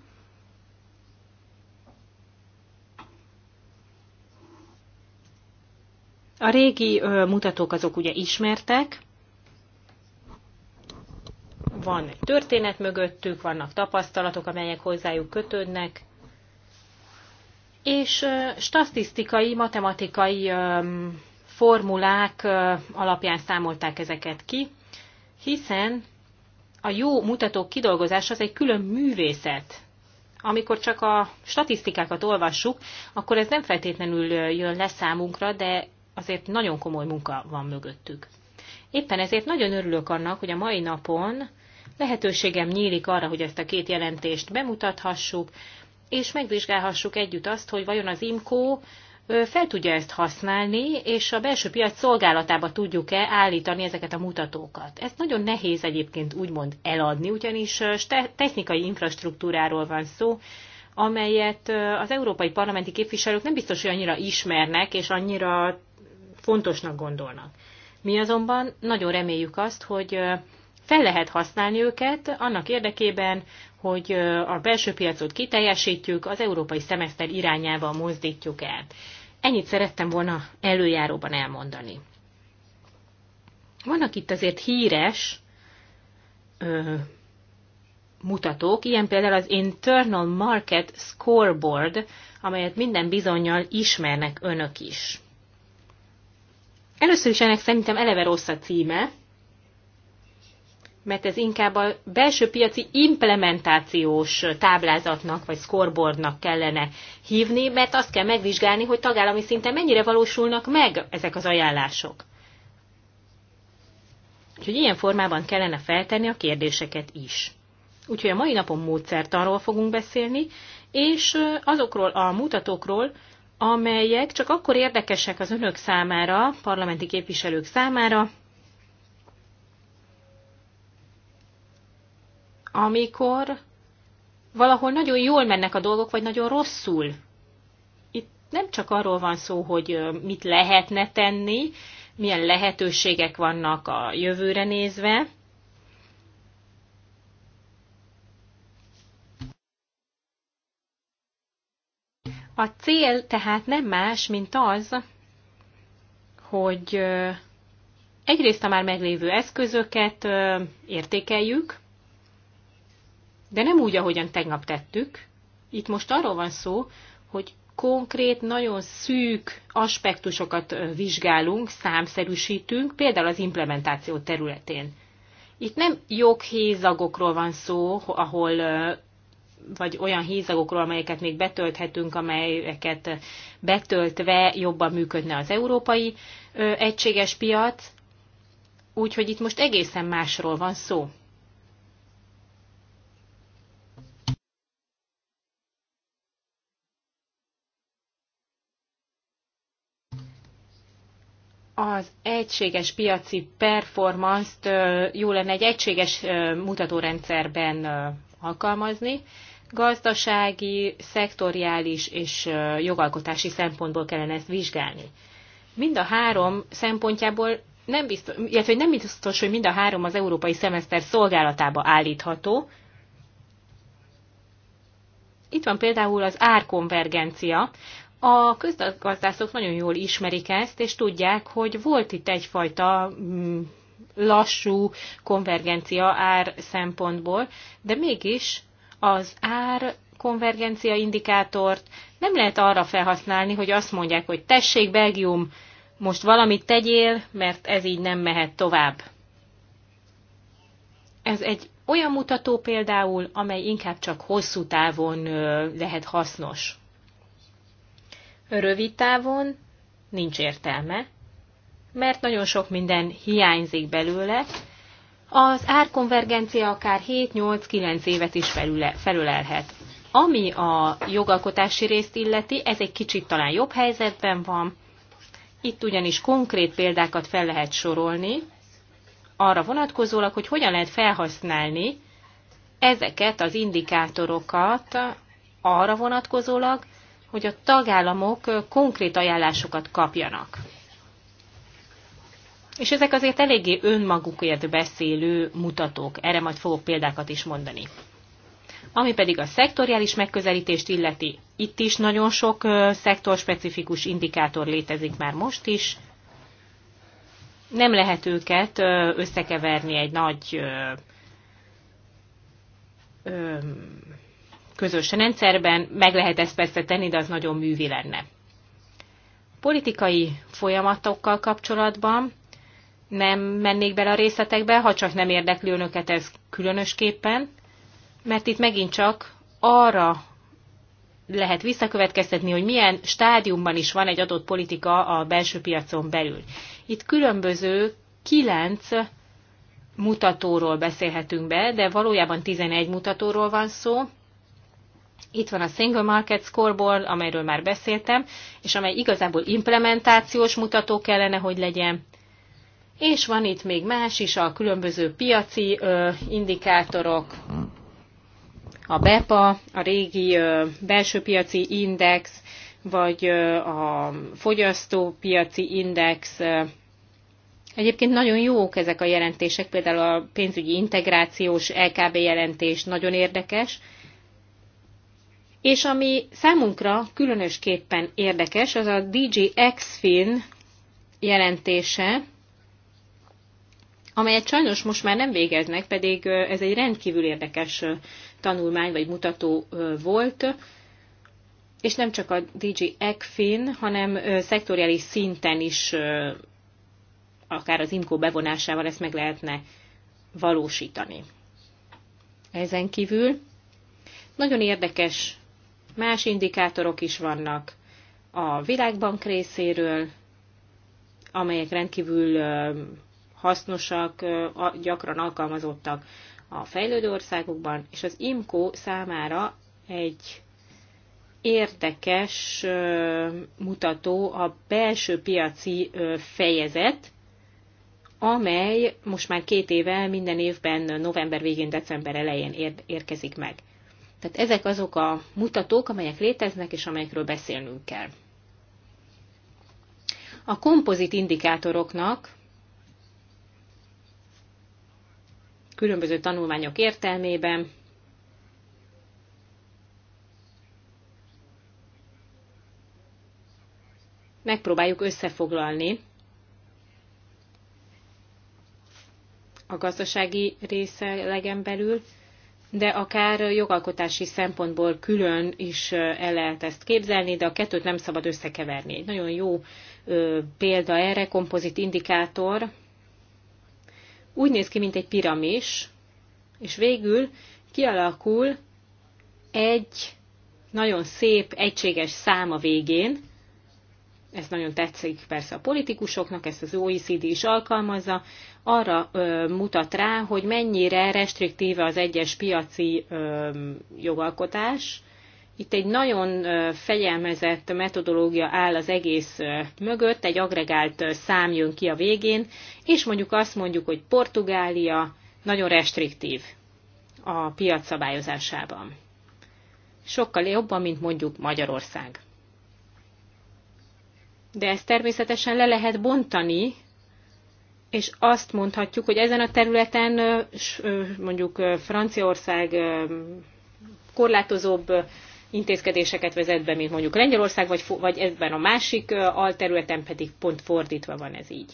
A régi mutatók azok ugye ismertek, van egy történet mögöttük, vannak tapasztalatok, amelyek hozzájuk kötődnek, és statisztikai, matematikai formulák alapján számolták ezeket ki, hiszen a jó mutatók kidolgozása az egy külön művészet. Amikor csak a statisztikákat olvassuk, akkor ez nem feltétlenül jön le számunkra, de azért nagyon komoly munka van mögöttük. Éppen ezért nagyon örülök annak, hogy a mai napon lehetőségem nyílik arra, hogy ezt a két jelentést bemutathassuk, és megvizsgálhassuk együtt azt, hogy vajon az IMCO fel tudja ezt használni, és a belső piac szolgálatába tudjuk-e állítani ezeket a mutatókat. Ezt nagyon nehéz egyébként úgymond eladni, ugyanis technikai infrastruktúráról van szó, amelyet az európai parlamenti képviselők nem biztos, hogy annyira ismernek, és annyira fontosnak gondolnak. Mi azonban nagyon reméljük azt, hogy fel lehet használni őket annak érdekében, hogy a belső piacot kiteljesítjük, az európai szemeszter irányába mozdítjuk el. Ennyit szerettem volna előjáróban elmondani. Vannak itt azért híres ö, mutatók, ilyen például az Internal Market Scoreboard, amelyet minden bizonyal ismernek önök is. Először is ennek szerintem eleve rossz a címe, mert ez inkább a belső piaci implementációs táblázatnak vagy scoreboardnak kellene hívni, mert azt kell megvizsgálni, hogy tagállami szinten mennyire valósulnak meg ezek az ajánlások. Úgyhogy ilyen formában kellene feltenni a kérdéseket is. Úgyhogy a mai napon módszertanról fogunk beszélni, és azokról a mutatókról, amelyek csak akkor érdekesek az önök számára, parlamenti képviselők számára, amikor valahol nagyon jól mennek a dolgok, vagy nagyon rosszul. Itt nem csak arról van szó, hogy mit lehetne tenni, milyen lehetőségek vannak a jövőre nézve, A cél tehát nem más, mint az, hogy egyrészt a már meglévő eszközöket értékeljük, de nem úgy, ahogyan tegnap tettük. Itt most arról van szó, hogy konkrét, nagyon szűk aspektusokat vizsgálunk, számszerűsítünk, például az implementáció területén. Itt nem joghézagokról van szó, ahol vagy olyan hézagokról, amelyeket még betölthetünk, amelyeket betöltve jobban működne az európai egységes piac. Úgyhogy itt most egészen másról van szó. az egységes piaci performance-t jó lenne egy egységes mutatórendszerben alkalmazni. Gazdasági, szektoriális és jogalkotási szempontból kellene ezt vizsgálni. Mind a három szempontjából nem biztos, illetve nem biztos, hogy mind a három az európai szemeszter szolgálatába állítható. Itt van például az árkonvergencia, a közgazdászok nagyon jól ismerik ezt, és tudják, hogy volt itt egyfajta mm, lassú konvergencia ár szempontból, de mégis az ár konvergencia indikátort nem lehet arra felhasználni, hogy azt mondják, hogy tessék Belgium, most valamit tegyél, mert ez így nem mehet tovább. Ez egy olyan mutató például, amely inkább csak hosszú távon lehet hasznos rövid távon nincs értelme, mert nagyon sok minden hiányzik belőle. Az árkonvergencia akár 7-8-9 évet is felülelhet. Ami a jogalkotási részt illeti, ez egy kicsit talán jobb helyzetben van. Itt ugyanis konkrét példákat fel lehet sorolni, arra vonatkozólag, hogy hogyan lehet felhasználni ezeket az indikátorokat arra vonatkozólag, hogy a tagállamok konkrét ajánlásokat kapjanak. És ezek azért eléggé önmagukért beszélő mutatók, erre majd fogok példákat is mondani. Ami pedig a szektoriális megközelítést illeti, itt is nagyon sok szektorspecifikus indikátor létezik már most is. Nem lehet őket összekeverni egy nagy közös rendszerben. Meg lehet ezt persze tenni, de az nagyon művi lenne. Politikai folyamatokkal kapcsolatban nem mennék bele a részletekbe, ha csak nem érdekli önöket ez különösképpen, mert itt megint csak arra lehet visszakövetkeztetni, hogy milyen stádiumban is van egy adott politika a belső piacon belül. Itt különböző kilenc mutatóról beszélhetünk be, de valójában 11 mutatóról van szó, itt van a Single Market Scoreboard, amelyről már beszéltem, és amely igazából implementációs mutató kellene, hogy legyen. És van itt még más is, a különböző piaci ö, indikátorok, a BEPA, a régi ö, belső piaci index, vagy ö, a fogyasztópiaci index. Ö, Egyébként nagyon jók ezek a jelentések, például a pénzügyi integrációs LKB jelentés nagyon érdekes, és ami számunkra különösképpen érdekes, az a DG Xfin jelentése, amelyet sajnos most már nem végeznek, pedig ez egy rendkívül érdekes tanulmány vagy mutató volt, és nem csak a DG ECFIN, hanem szektoriális szinten is akár az IMCO bevonásával ezt meg lehetne valósítani. Ezen kívül nagyon érdekes Más indikátorok is vannak a Világbank részéről, amelyek rendkívül hasznosak, gyakran alkalmazottak a fejlődő országokban, és az IMCO számára egy érdekes mutató a belső piaci fejezet, amely most már két éve minden évben november végén, december elején érkezik meg. Tehát ezek azok a mutatók, amelyek léteznek, és amelyekről beszélnünk kell. A kompozit indikátoroknak különböző tanulmányok értelmében megpróbáljuk összefoglalni a gazdasági része belül de akár jogalkotási szempontból külön is el lehet ezt képzelni, de a kettőt nem szabad összekeverni. Egy nagyon jó példa erre, kompozit indikátor. Úgy néz ki, mint egy piramis, és végül kialakul egy nagyon szép, egységes szám a végén, ez nagyon tetszik persze a politikusoknak, ezt az OECD is alkalmazza, arra ö, mutat rá, hogy mennyire restriktíve az egyes piaci ö, jogalkotás. Itt egy nagyon ö, fegyelmezett metodológia áll az egész ö, mögött, egy agregált ö, szám jön ki a végén, és mondjuk azt mondjuk, hogy Portugália nagyon restriktív a piac szabályozásában. Sokkal jobban, mint mondjuk Magyarország de ezt természetesen le lehet bontani, és azt mondhatjuk, hogy ezen a területen mondjuk Franciaország korlátozóbb intézkedéseket vezet be, mint mondjuk Lengyelország, vagy, vagy ebben a másik alterületen pedig pont fordítva van ez így.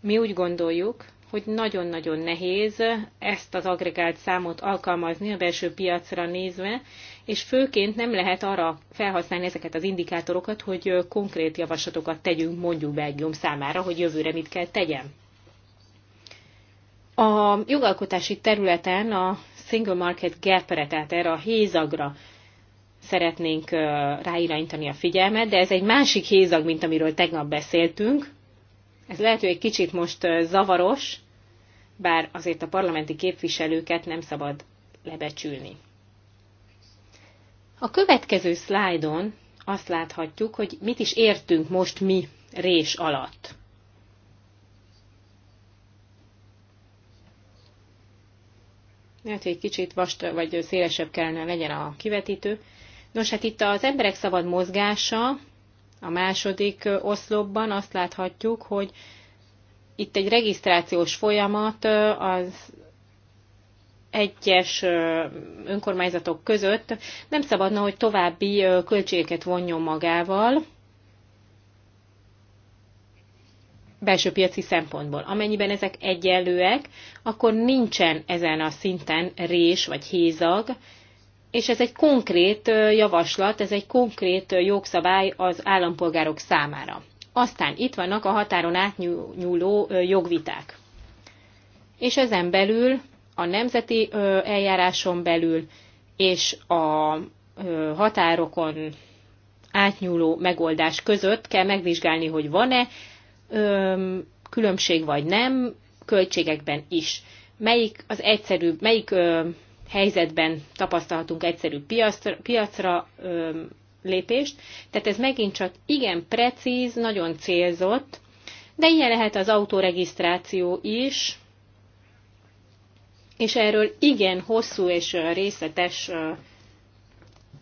Mi úgy gondoljuk, hogy nagyon-nagyon nehéz ezt az agregált számot alkalmazni a belső piacra nézve, és főként nem lehet arra felhasználni ezeket az indikátorokat, hogy konkrét javaslatokat tegyünk mondjuk Belgium számára, hogy jövőre mit kell tegyen. A jogalkotási területen a Single Market Gap-re, tehát erre a hézagra szeretnénk ráirányítani a figyelmet, de ez egy másik hézag, mint amiről tegnap beszéltünk. Ez lehet, hogy egy kicsit most zavaros, bár azért a parlamenti képviselőket nem szabad lebecsülni. A következő szlájdon azt láthatjuk, hogy mit is értünk most mi rés alatt. Lehet, hogy egy kicsit vastag vagy szélesebb kellene legyen a kivetítő. Nos, hát itt az emberek szabad mozgása, a második oszlopban azt láthatjuk, hogy itt egy regisztrációs folyamat az egyes önkormányzatok között nem szabadna, hogy további költségeket vonjon magával belső piaci szempontból. Amennyiben ezek egyenlőek, akkor nincsen ezen a szinten rés vagy hézag, és ez egy konkrét javaslat, ez egy konkrét jogszabály az állampolgárok számára. Aztán itt vannak a határon átnyúló jogviták. És ezen belül a nemzeti eljáráson belül és a határokon átnyúló megoldás között kell megvizsgálni, hogy van-e különbség vagy nem, költségekben is. Melyik az egyszerűbb, melyik ö, helyzetben tapasztalhatunk egyszerűbb piacra, piacra ö, lépést. Tehát ez megint csak igen precíz, nagyon célzott, de ilyen lehet az autoregisztráció is, és erről igen hosszú és részletes,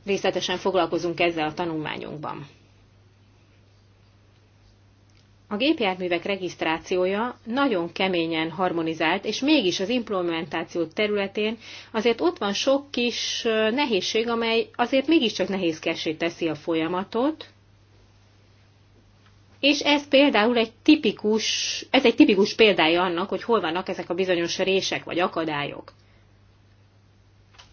részletesen foglalkozunk ezzel a tanulmányunkban. A gépjárművek regisztrációja nagyon keményen harmonizált, és mégis az implementáció területén azért ott van sok kis nehézség, amely azért mégiscsak nehézkessé teszi a folyamatot, és ez például egy tipikus, ez egy tipikus példája annak, hogy hol vannak ezek a bizonyos rések vagy akadályok.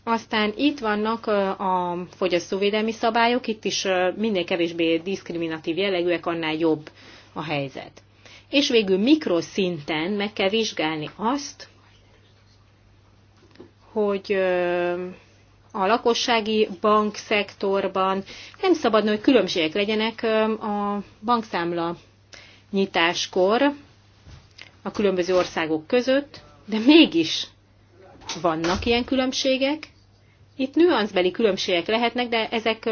Aztán itt vannak a fogyasztóvédelmi szabályok, itt is minél kevésbé diszkriminatív jellegűek, annál jobb a helyzet. És végül mikroszinten meg kell vizsgálni azt, hogy a lakossági bankszektorban. Nem szabadna, hogy különbségek legyenek a bankszámla nyitáskor a különböző országok között, de mégis vannak ilyen különbségek. Itt nüanszbeli különbségek lehetnek, de ezek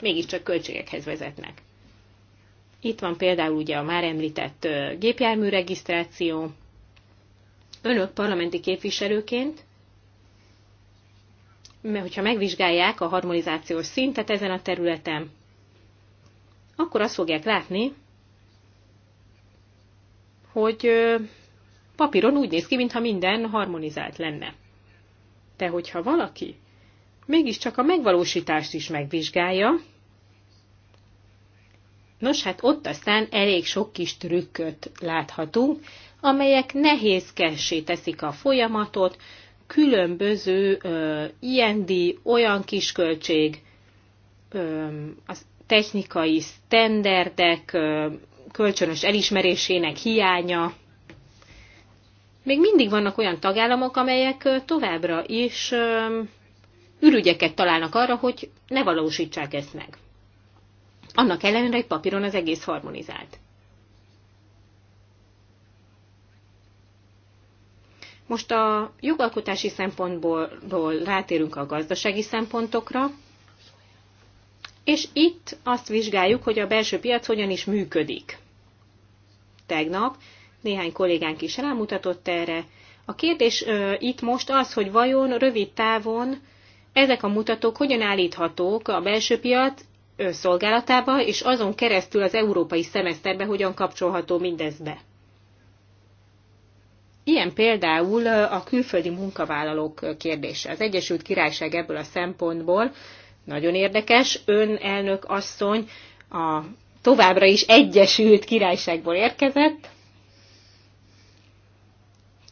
mégiscsak költségekhez vezetnek. Itt van például ugye a már említett gépjárműregisztráció. Önök parlamenti képviselőként mert hogyha megvizsgálják a harmonizációs szintet ezen a területen, akkor azt fogják látni, hogy papíron úgy néz ki, mintha minden harmonizált lenne. De hogyha valaki mégiscsak a megvalósítást is megvizsgálja, nos hát ott aztán elég sok kis trükköt láthatunk, amelyek nehézkessé teszik a folyamatot, különböző ö, ilyen díj, olyan kisköltség, ö, az technikai sztenderdek ö, kölcsönös elismerésének hiánya. Még mindig vannak olyan tagállamok, amelyek továbbra is ö, ürügyeket találnak arra, hogy ne valósítsák ezt meg. Annak ellenére, hogy papíron az egész harmonizált. Most a jogalkotási szempontból rátérünk a gazdasági szempontokra, és itt azt vizsgáljuk, hogy a belső piac hogyan is működik. Tegnap néhány kollégánk is rámutatott erre. A kérdés ö, itt most az, hogy vajon rövid távon ezek a mutatók hogyan állíthatók a belső piac szolgálatába, és azon keresztül az európai szemeszterbe hogyan kapcsolható mindez be. Ilyen például a külföldi munkavállalók kérdése. Az Egyesült Királyság ebből a szempontból nagyon érdekes. Ön elnök asszony a továbbra is Egyesült Királyságból érkezett.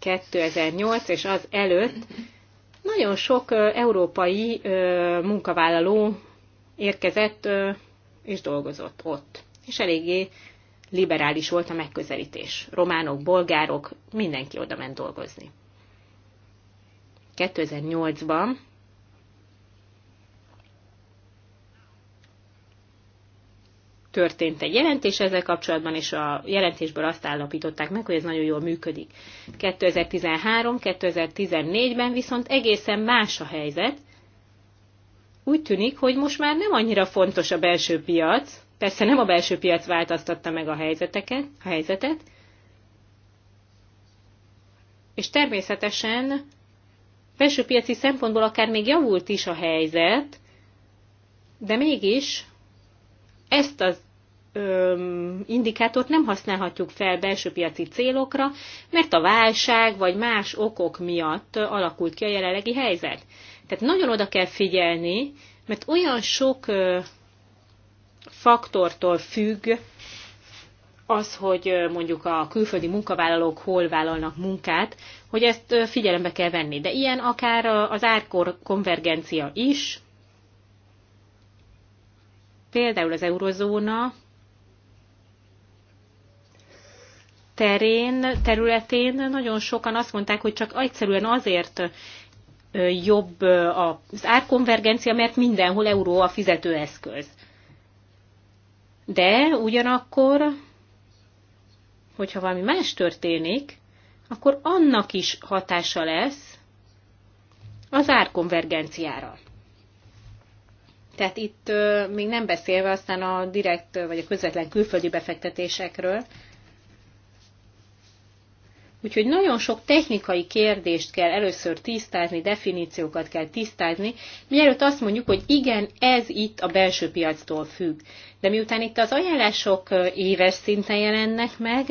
2008 és az előtt nagyon sok európai munkavállaló érkezett és dolgozott ott. És eléggé liberális volt a megközelítés. Románok, bolgárok, mindenki oda ment dolgozni. 2008-ban történt egy jelentés ezzel kapcsolatban, és a jelentésből azt állapították meg, hogy ez nagyon jól működik. 2013-2014-ben viszont egészen más a helyzet. Úgy tűnik, hogy most már nem annyira fontos a belső piac, Persze nem a belső piac változtatta meg a, helyzeteket, a helyzetet, és természetesen belső piaci szempontból akár még javult is a helyzet, de mégis ezt az öm, indikátort nem használhatjuk fel belső piaci célokra, mert a válság vagy más okok miatt alakult ki a jelenlegi helyzet. Tehát nagyon oda kell figyelni, mert olyan sok faktortól függ az, hogy mondjuk a külföldi munkavállalók hol vállalnak munkát, hogy ezt figyelembe kell venni. De ilyen akár az árkor konvergencia is, például az eurozóna terén, területén nagyon sokan azt mondták, hogy csak egyszerűen azért jobb az árkonvergencia, mert mindenhol euró a fizetőeszköz. De ugyanakkor, hogyha valami más történik, akkor annak is hatása lesz az árkonvergenciára. Tehát itt még nem beszélve aztán a direkt vagy a közvetlen külföldi befektetésekről, Úgyhogy nagyon sok technikai kérdést kell először tisztázni, definíciókat kell tisztázni, mielőtt azt mondjuk, hogy igen, ez itt a belső piactól függ. De miután itt az ajánlások éves szinten jelennek meg,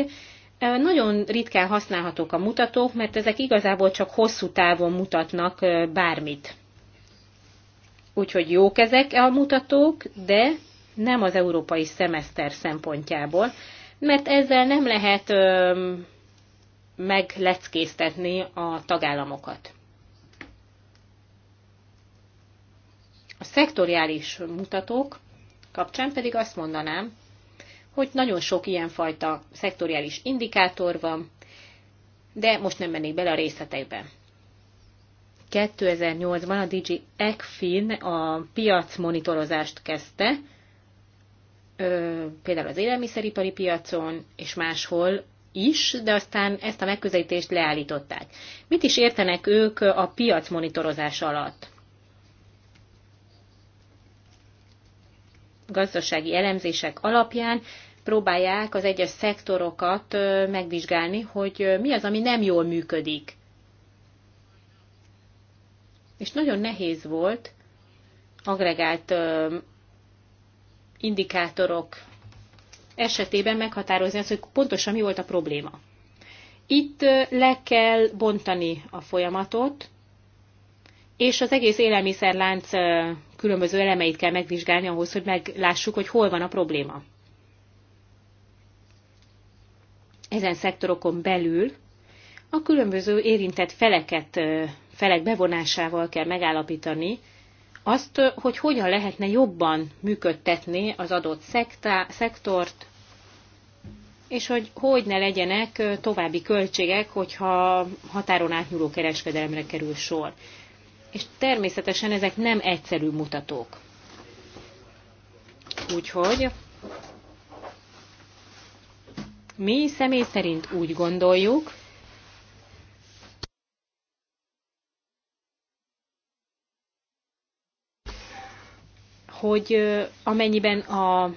nagyon ritkán használhatók a mutatók, mert ezek igazából csak hosszú távon mutatnak bármit. Úgyhogy jók ezek a mutatók, de nem az európai szemeszter szempontjából, mert ezzel nem lehet öm, megleckéztetni a tagállamokat. A szektoriális mutatók kapcsán pedig azt mondanám, hogy nagyon sok ilyenfajta szektoriális indikátor van, de most nem mennék bele a részletekbe. 2008-ban a DG ECFIN a piac monitorozást kezdte, például az élelmiszeripari piacon és máshol is, de aztán ezt a megközelítést leállították. Mit is értenek ők a piac monitorozás alatt? Gazdasági elemzések alapján próbálják az egyes szektorokat megvizsgálni, hogy mi az, ami nem jól működik. És nagyon nehéz volt agregált indikátorok esetében meghatározni azt, hogy pontosan mi volt a probléma. Itt le kell bontani a folyamatot, és az egész élelmiszerlánc különböző elemeit kell megvizsgálni ahhoz, hogy meglássuk, hogy hol van a probléma. Ezen szektorokon belül a különböző érintett feleket, felek bevonásával kell megállapítani, azt, hogy hogyan lehetne jobban működtetni az adott szektá, szektort, és hogy hogy ne legyenek további költségek, hogyha határon átnyúló kereskedelemre kerül sor. És természetesen ezek nem egyszerű mutatók. Úgyhogy mi személy szerint úgy gondoljuk, hogy amennyiben a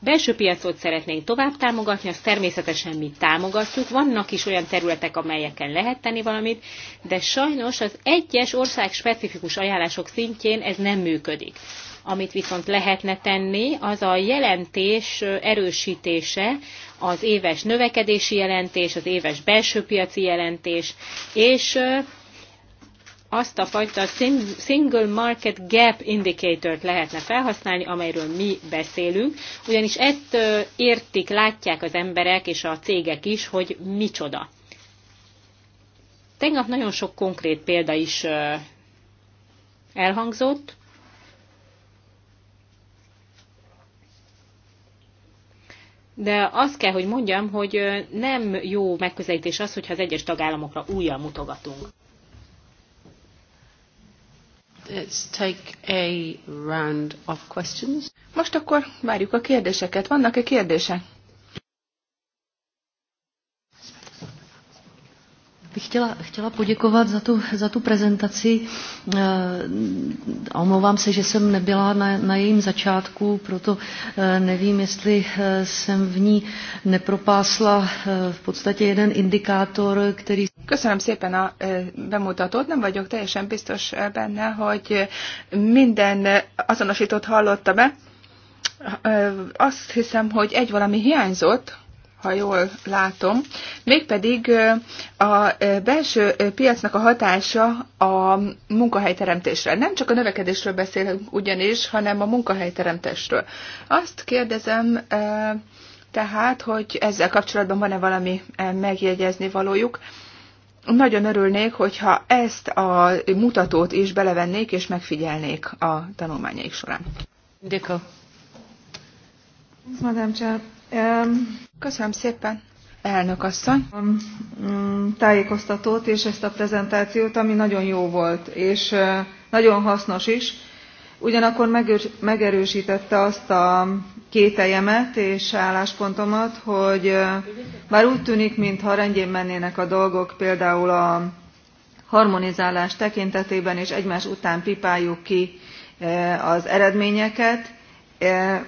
belső piacot szeretnénk tovább támogatni, azt természetesen mi támogatjuk. Vannak is olyan területek, amelyeken lehet tenni valamit, de sajnos az egyes ország specifikus ajánlások szintjén ez nem működik. Amit viszont lehetne tenni, az a jelentés erősítése, az éves növekedési jelentés, az éves belső piaci jelentés, és azt a fajta Single Market Gap Indicator-t lehetne felhasználni, amelyről mi beszélünk, ugyanis ezt értik, látják az emberek és a cégek is, hogy micsoda. Tegnap nagyon sok konkrét példa is elhangzott. De azt kell, hogy mondjam, hogy nem jó megközelítés az, hogyha az egyes tagállamokra újra mutogatunk let's take a round of questions. Most akkor várjuk a kérdéseket. Vannak-e kérdések? bych chtěla, chtěla poděkovat za tu, za tu prezentaci. E, omlouvám se, že jsem nebyla na, na jejím začátku, proto e, nevím, jestli e, jsem v ní nepropásla e, v podstatě jeden indikátor, který Köszönöm szépen a bemutatót. Nem vagyok teljesen biztos benne, hogy minden azonosított hallotta be. Azt hiszem, hogy egy valami hiányzott, ha jól látom, mégpedig a belső piacnak a hatása a munkahelyteremtésre. Nem csak a növekedésről beszélünk ugyanis, hanem a munkahelyteremtésről. Azt kérdezem, tehát, hogy ezzel kapcsolatban van-e valami megjegyezni valójuk nagyon örülnék, hogyha ezt a mutatót is belevennék és megfigyelnék a tanulmányaik során. Dika. Madame Csáp. Um, Köszönöm szépen, elnök asszony. Um, um, tájékoztatót és ezt a prezentációt, ami nagyon jó volt, és uh, nagyon hasznos is. Ugyanakkor megerősítette azt a kételjemet és álláspontomat hogy bár úgy tűnik mintha rendjén mennének a dolgok például a harmonizálás tekintetében és egymás után pipáljuk ki az eredményeket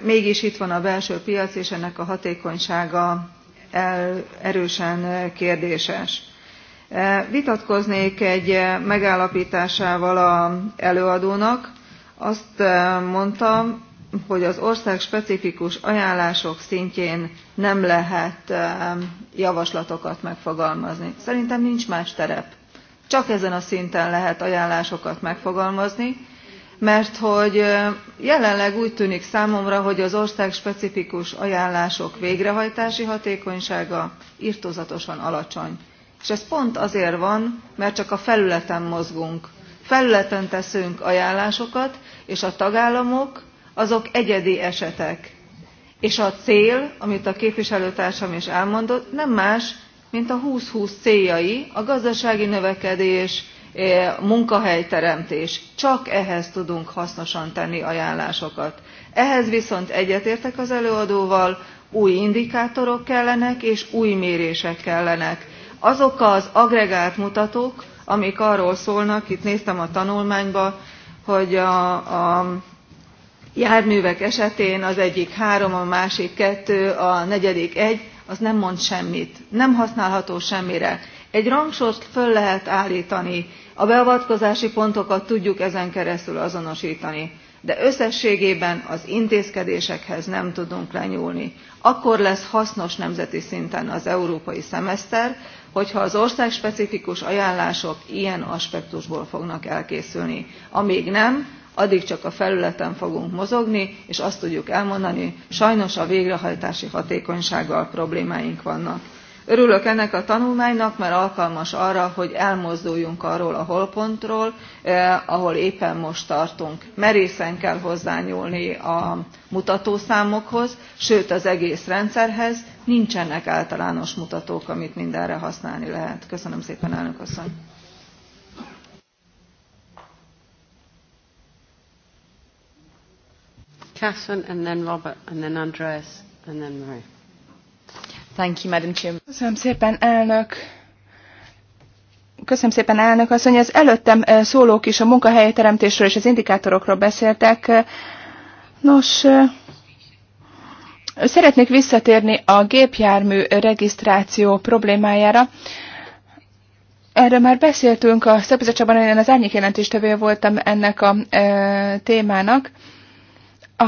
mégis itt van a belső piac és ennek a hatékonysága erősen kérdéses. vitatkoznék egy megállaptásával az előadónak azt mondta hogy az ország specifikus ajánlások szintjén nem lehet javaslatokat megfogalmazni. szerintem nincs más terep csak ezen a szinten lehet ajánlásokat megfogalmazni mert hogy jelenleg úgy tűnik számomra hogy az ország specifikus ajánlások végrehajtási hatékonysága irtózatosan alacsony és ez pont azért van mert csak a felületen mozgunk felületen teszünk ajánlásokat és a tagállamok azok egyedi esetek és a cél amit a képviselőtársam is elmondott nem más mint a two thousand and twenty céljai a gazdasági növekedés eh, munkahelyteremtés csak ehhez tudunk hasznosan tenni ajánlásokat. ehhez viszont egyetértek az előadóval új indikátorok kellenek és új mérések kellenek. azok az agregált mutatók amik arról szólnak itt néztem a tanulmányba hogy a, a járművek esetén az egyik három a másik kettő a negyedik egy az nem mond semmit nem használható semmire. egy rangsort föl lehet álltani a beavatkozási pontokat tudjuk ezen keresztül azonostani de összességében az intézkedésekhez nem tudunk lenyúlni. akkor lesz hasznos nemzeti szinten az európai szemeszter hogyha az országspecifikus ajánlások ilyen aspektusból fognak elkészülni. amg nem addig csak a felületen fogunk mozogni és azt tudjuk elmondani sajnos a végrehajtási hatékonysággal problémáink vannak. örülök ennek a tanulmánynak mert alkalmas arra hogy elmozduljunk arról a holpontról eh, ahol éppen most tartunk. merészen kell hozzányúlni a mutatószámokhoz sőt az egész rendszerhez nincsenek általános mutatók amit mindenre használni lehet. köszönöm szépen elnök asszony! Catherine and then Robert and then Andreas and then Marie. Thank you, Madam Chair. Köszönöm szépen, elnök. Köszönöm szépen, elnök asszony. Az előttem eh, szólók is a teremtésről és az indikátorokról beszéltek. Nos, eh, szeretnék visszatérni a gépjármű regisztráció problémájára. Erről már beszéltünk a szakbizottságban, én az árnyék jelentéstevője voltam ennek a eh, témának. A,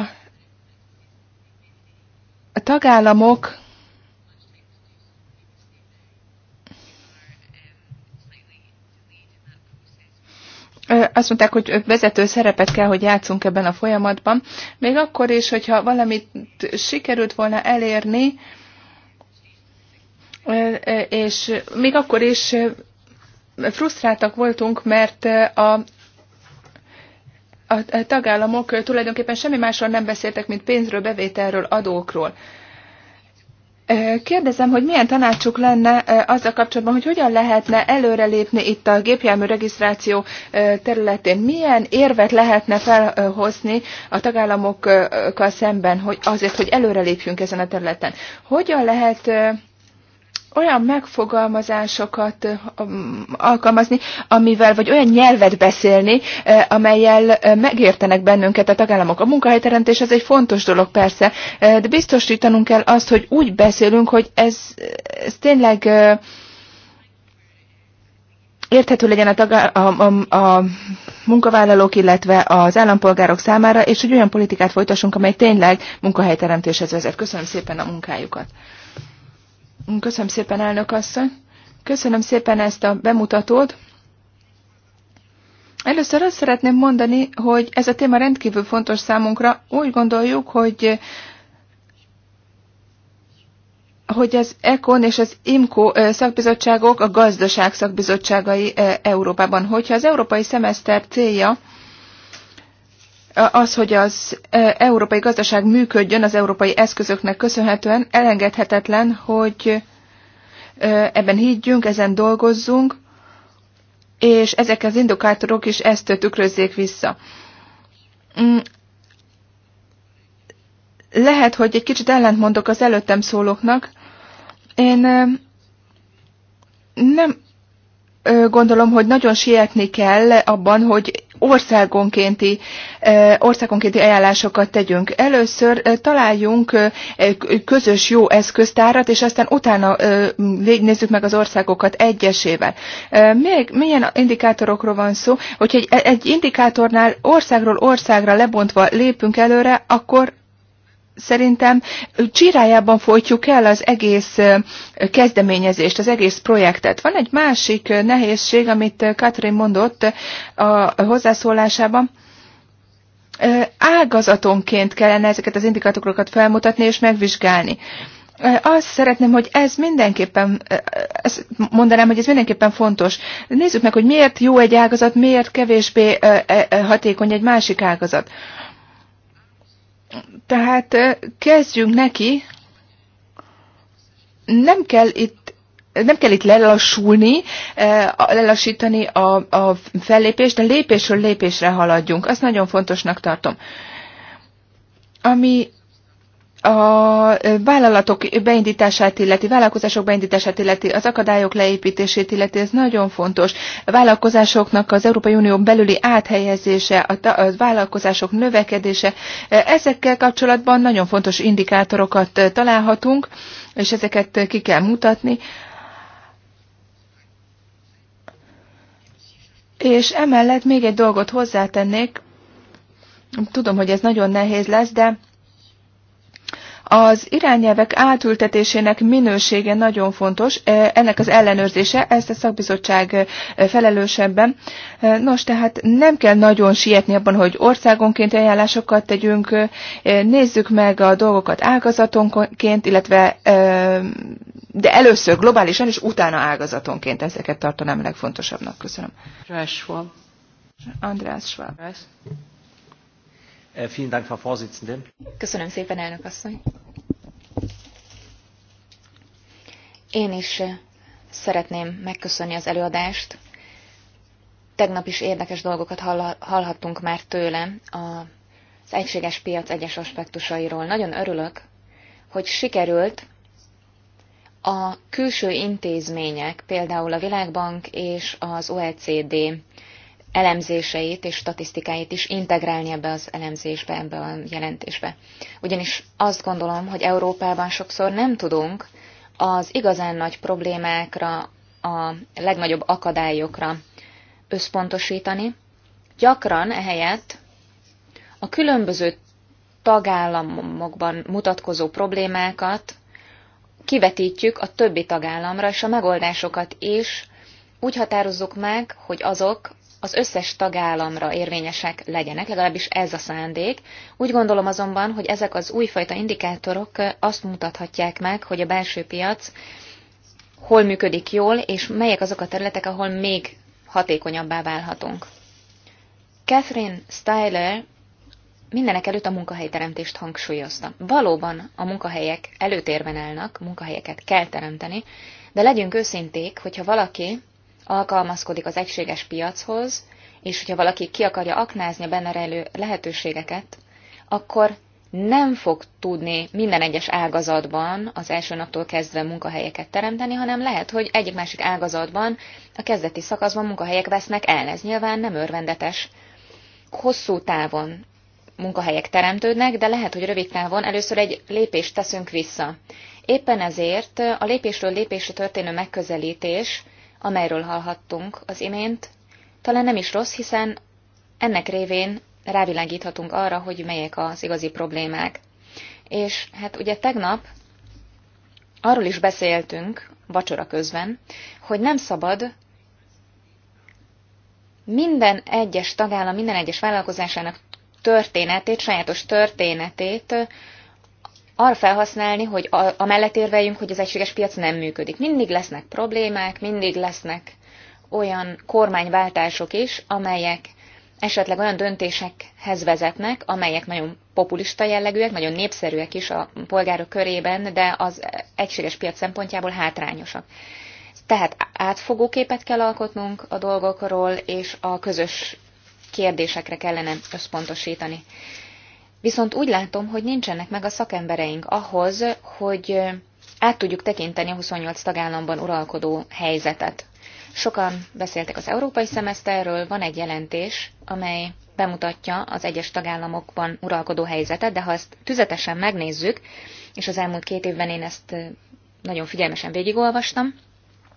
a tagállamok azt mondták, hogy vezető szerepet kell, hogy játszunk ebben a folyamatban. Még akkor is, hogyha valamit sikerült volna elérni, és még akkor is frusztráltak voltunk, mert a a tagállamok tulajdonképpen semmi másról nem beszéltek, mint pénzről, bevételről, adókról. Kérdezem, hogy milyen tanácsuk lenne azzal kapcsolatban, hogy hogyan lehetne előrelépni itt a gépjármű regisztráció területén, milyen érvet lehetne felhozni a tagállamokkal szemben, hogy azért, hogy előrelépjünk ezen a területen. Hogyan lehet olyan megfogalmazásokat alkalmazni, amivel, vagy olyan nyelvet beszélni, amelyel megértenek bennünket a tagállamok. A munkahelyteremtés az egy fontos dolog persze, de biztosítanunk kell azt, hogy úgy beszélünk, hogy ez, ez tényleg érthető legyen a, a, a, a munkavállalók, illetve az állampolgárok számára, és hogy olyan politikát folytassunk, amely tényleg munkahelyteremtéshez vezet. Köszönöm szépen a munkájukat. Köszönöm szépen, elnök asszony. Köszönöm szépen ezt a bemutatót. Először azt szeretném mondani, hogy ez a téma rendkívül fontos számunkra. Úgy gondoljuk, hogy hogy az ECON és az IMCO szakbizottságok a gazdaság szakbizottságai Európában. Hogyha az európai szemeszter célja az, hogy az európai gazdaság működjön az európai eszközöknek köszönhetően, elengedhetetlen, hogy ebben higgyünk, ezen dolgozzunk, és ezek az indikátorok is ezt tükrözzék vissza. Mm. Lehet, hogy egy kicsit ellentmondok az előttem szólóknak. Én nem gondolom, hogy nagyon sietni kell abban, hogy országonkénti, országonkénti ajánlásokat tegyünk. Először találjunk közös jó eszköztárat, és aztán utána végignézzük meg az országokat egyesével. Még milyen indikátorokról van szó? Hogyha egy, egy indikátornál országról országra lebontva lépünk előre, akkor szerintem csirájában folytjuk el az egész kezdeményezést, az egész projektet. Van egy másik nehézség, amit Katrin mondott a hozzászólásában, ágazatonként kellene ezeket az indikátorokat felmutatni és megvizsgálni. Azt szeretném, hogy ez mindenképpen, ezt mondanám, hogy ez mindenképpen fontos. Nézzük meg, hogy miért jó egy ágazat, miért kevésbé hatékony egy másik ágazat. Tehát kezdjünk neki. Nem kell itt nem kell itt lelassulni, lelassítani a, a fellépést, de lépésről lépésre haladjunk. Azt nagyon fontosnak tartom. Ami a vállalatok beindítását illeti, vállalkozások beindítását illeti, az akadályok leépítését illeti, ez nagyon fontos. A vállalkozásoknak az Európai Unió belüli áthelyezése, a, a vállalkozások növekedése, ezekkel kapcsolatban nagyon fontos indikátorokat találhatunk, és ezeket ki kell mutatni. És emellett még egy dolgot hozzátennék, tudom, hogy ez nagyon nehéz lesz, de az irányelvek átültetésének minősége nagyon fontos, e, ennek az ellenőrzése, ezt a szakbizottság e, felelősebben. E, nos, tehát nem kell nagyon sietni abban, hogy országonként ajánlásokat tegyünk, nézzük meg a dolgokat ágazatonként, illetve de először globálisan, és utána ágazatonként ezeket tartanám legfontosabbnak. Köszönöm. András Schwab. András Schwab. Äh, vielen Dank, Frau Vorsitzende. Köszönöm szépen, elnök asszony. Én is äh, szeretném megköszönni az előadást. Tegnap is érdekes dolgokat hallhattunk már tőle az egységes piac egyes aspektusairól. Nagyon örülök, hogy sikerült a külső intézmények, például a Világbank és az OECD elemzéseit és statisztikáit is integrálni ebbe az elemzésbe, ebbe a jelentésbe. Ugyanis azt gondolom, hogy Európában sokszor nem tudunk az igazán nagy problémákra, a legnagyobb akadályokra összpontosítani. Gyakran ehelyett a különböző tagállamokban mutatkozó problémákat kivetítjük a többi tagállamra, és a megoldásokat is úgy határozzuk meg, hogy azok az összes tagállamra érvényesek legyenek, legalábbis ez a szándék. Úgy gondolom azonban, hogy ezek az újfajta indikátorok azt mutathatják meg, hogy a belső piac hol működik jól, és melyek azok a területek, ahol még hatékonyabbá válhatunk. Catherine Styler mindenek előtt a munkahelyteremtést hangsúlyozta. Valóban a munkahelyek előtérben állnak, munkahelyeket kell teremteni, de legyünk őszinték, hogyha valaki alkalmazkodik az egységes piachoz, és hogyha valaki ki akarja aknázni a benne rejlő lehetőségeket, akkor nem fog tudni minden egyes ágazatban az első naptól kezdve munkahelyeket teremteni, hanem lehet, hogy egyik másik ágazatban a kezdeti szakaszban munkahelyek vesznek el. Ez nyilván nem örvendetes. Hosszú távon munkahelyek teremtődnek, de lehet, hogy rövid távon először egy lépést teszünk vissza. Éppen ezért a lépésről lépésre történő megközelítés amelyről hallhattunk az imént, talán nem is rossz, hiszen ennek révén rávilágíthatunk arra, hogy melyek az igazi problémák. És hát ugye tegnap arról is beszéltünk vacsora közben, hogy nem szabad minden egyes tagállam, minden egyes vállalkozásának történetét, sajátos történetét arra felhasználni, hogy a, mellett érveljünk, hogy az egységes piac nem működik. Mindig lesznek problémák, mindig lesznek olyan kormányváltások is, amelyek esetleg olyan döntésekhez vezetnek, amelyek nagyon populista jellegűek, nagyon népszerűek is a polgárok körében, de az egységes piac szempontjából hátrányosak. Tehát átfogó képet kell alkotnunk a dolgokról, és a közös kérdésekre kellene összpontosítani. Viszont úgy látom, hogy nincsenek meg a szakembereink ahhoz, hogy át tudjuk tekinteni a 28 tagállamban uralkodó helyzetet. Sokan beszéltek az európai szemeszterről, van egy jelentés, amely bemutatja az egyes tagállamokban uralkodó helyzetet, de ha ezt tüzetesen megnézzük, és az elmúlt két évben én ezt nagyon figyelmesen végigolvastam,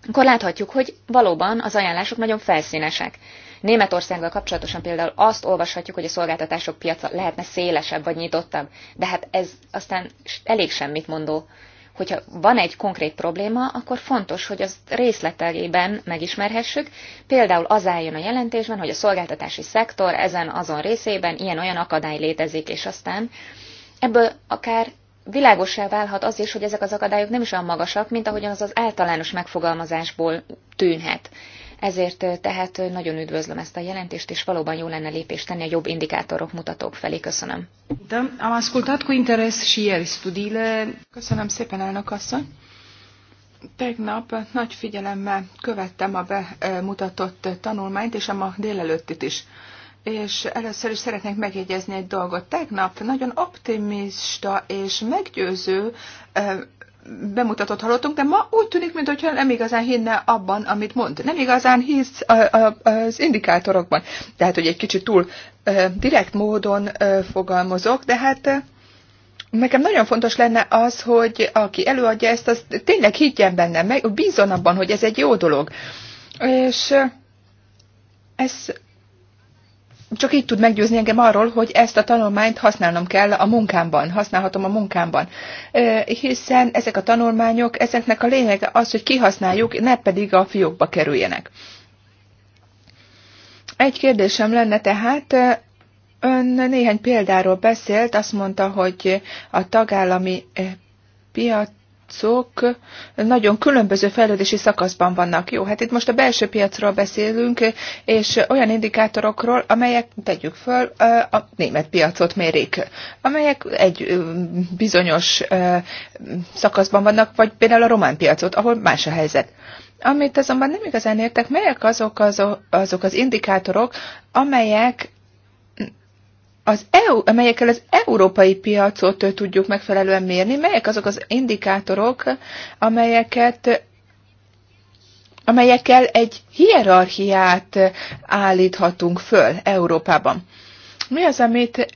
akkor láthatjuk, hogy valóban az ajánlások nagyon felszínesek. Németországgal kapcsolatosan például azt olvashatjuk, hogy a szolgáltatások piaca lehetne szélesebb vagy nyitottabb, de hát ez aztán elég semmit mondó. Hogyha van egy konkrét probléma, akkor fontos, hogy azt részletelében megismerhessük. Például az álljon a jelentésben, hogy a szolgáltatási szektor ezen azon részében ilyen-olyan akadály létezik, és aztán ebből akár világosá válhat az is, hogy ezek az akadályok nem is olyan magasak, mint ahogyan az az általános megfogalmazásból tűnhet. Ezért tehát nagyon üdvözlöm ezt a jelentést, és valóban jó lenne lépést tenni a jobb indikátorok, mutatók felé. Köszönöm. Am ascultat cu interes și studiile. Köszönöm szépen, elnök asszony. Tegnap nagy figyelemmel követtem a bemutatott tanulmányt, és a ma délelőttit is. És először is szeretnék megjegyezni egy dolgot. Tegnap nagyon optimista és meggyőző bemutatott hallottunk, de ma úgy tűnik, mintha nem igazán hinne abban, amit mond. Nem igazán hisz az indikátorokban. Tehát, hogy egy kicsit túl direkt módon fogalmazok, de hát nekem nagyon fontos lenne az, hogy aki előadja ezt, az tényleg higgyen bennem, meg bízzon abban, hogy ez egy jó dolog. És ez csak így tud meggyőzni engem arról, hogy ezt a tanulmányt használnom kell a munkámban, használhatom a munkámban. Hiszen ezek a tanulmányok, ezeknek a lényege az, hogy kihasználjuk, ne pedig a fiókba kerüljenek. Egy kérdésem lenne tehát, ön néhány példáról beszélt, azt mondta, hogy a tagállami piac piacok nagyon különböző fejlődési szakaszban vannak. Jó, hát itt most a belső piacról beszélünk, és olyan indikátorokról, amelyek, tegyük föl, a német piacot mérik, amelyek egy bizonyos szakaszban vannak, vagy például a román piacot, ahol más a helyzet. Amit azonban nem igazán értek, melyek azok az, azok az indikátorok, amelyek az EU, amelyekkel az európai piacot tudjuk megfelelően mérni, melyek azok az indikátorok, amelyeket amelyekkel egy hierarchiát állíthatunk föl Európában. Mi az, amit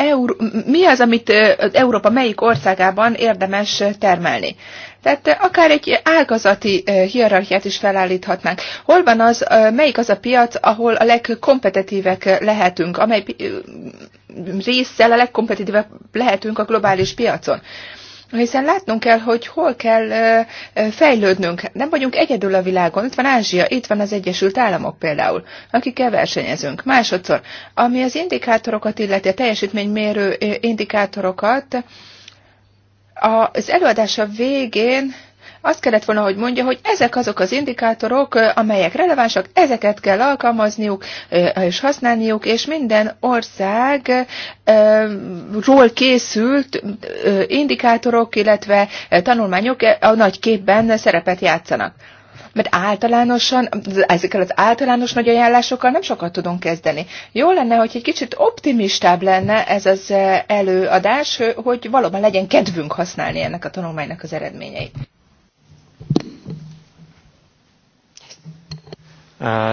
Euró, mi az, amit az Európa melyik országában érdemes termelni. Tehát akár egy ágazati hierarchiát is felállíthatnánk. Hol van az, melyik az a piac, ahol a legkompetitívek lehetünk, amely részsel a legkompetitívek lehetünk a globális piacon? Hiszen látnunk kell, hogy hol kell fejlődnünk. Nem vagyunk egyedül a világon. Itt van Ázsia, itt van az Egyesült Államok például, akikkel versenyezünk. Másodszor, ami az indikátorokat illeti, a teljesítménymérő indikátorokat, az előadása végén azt kellett volna, hogy mondja, hogy ezek azok az indikátorok, amelyek relevánsak, ezeket kell alkalmazniuk és használniuk, és minden országról készült indikátorok, illetve tanulmányok a nagy képben szerepet játszanak mert általánosan, ezekkel az általános nagy ajánlásokkal nem sokat tudunk kezdeni. Jó lenne, hogy egy kicsit optimistább lenne ez az előadás, hogy valóban legyen kedvünk használni ennek a tanulmánynak az eredményeit.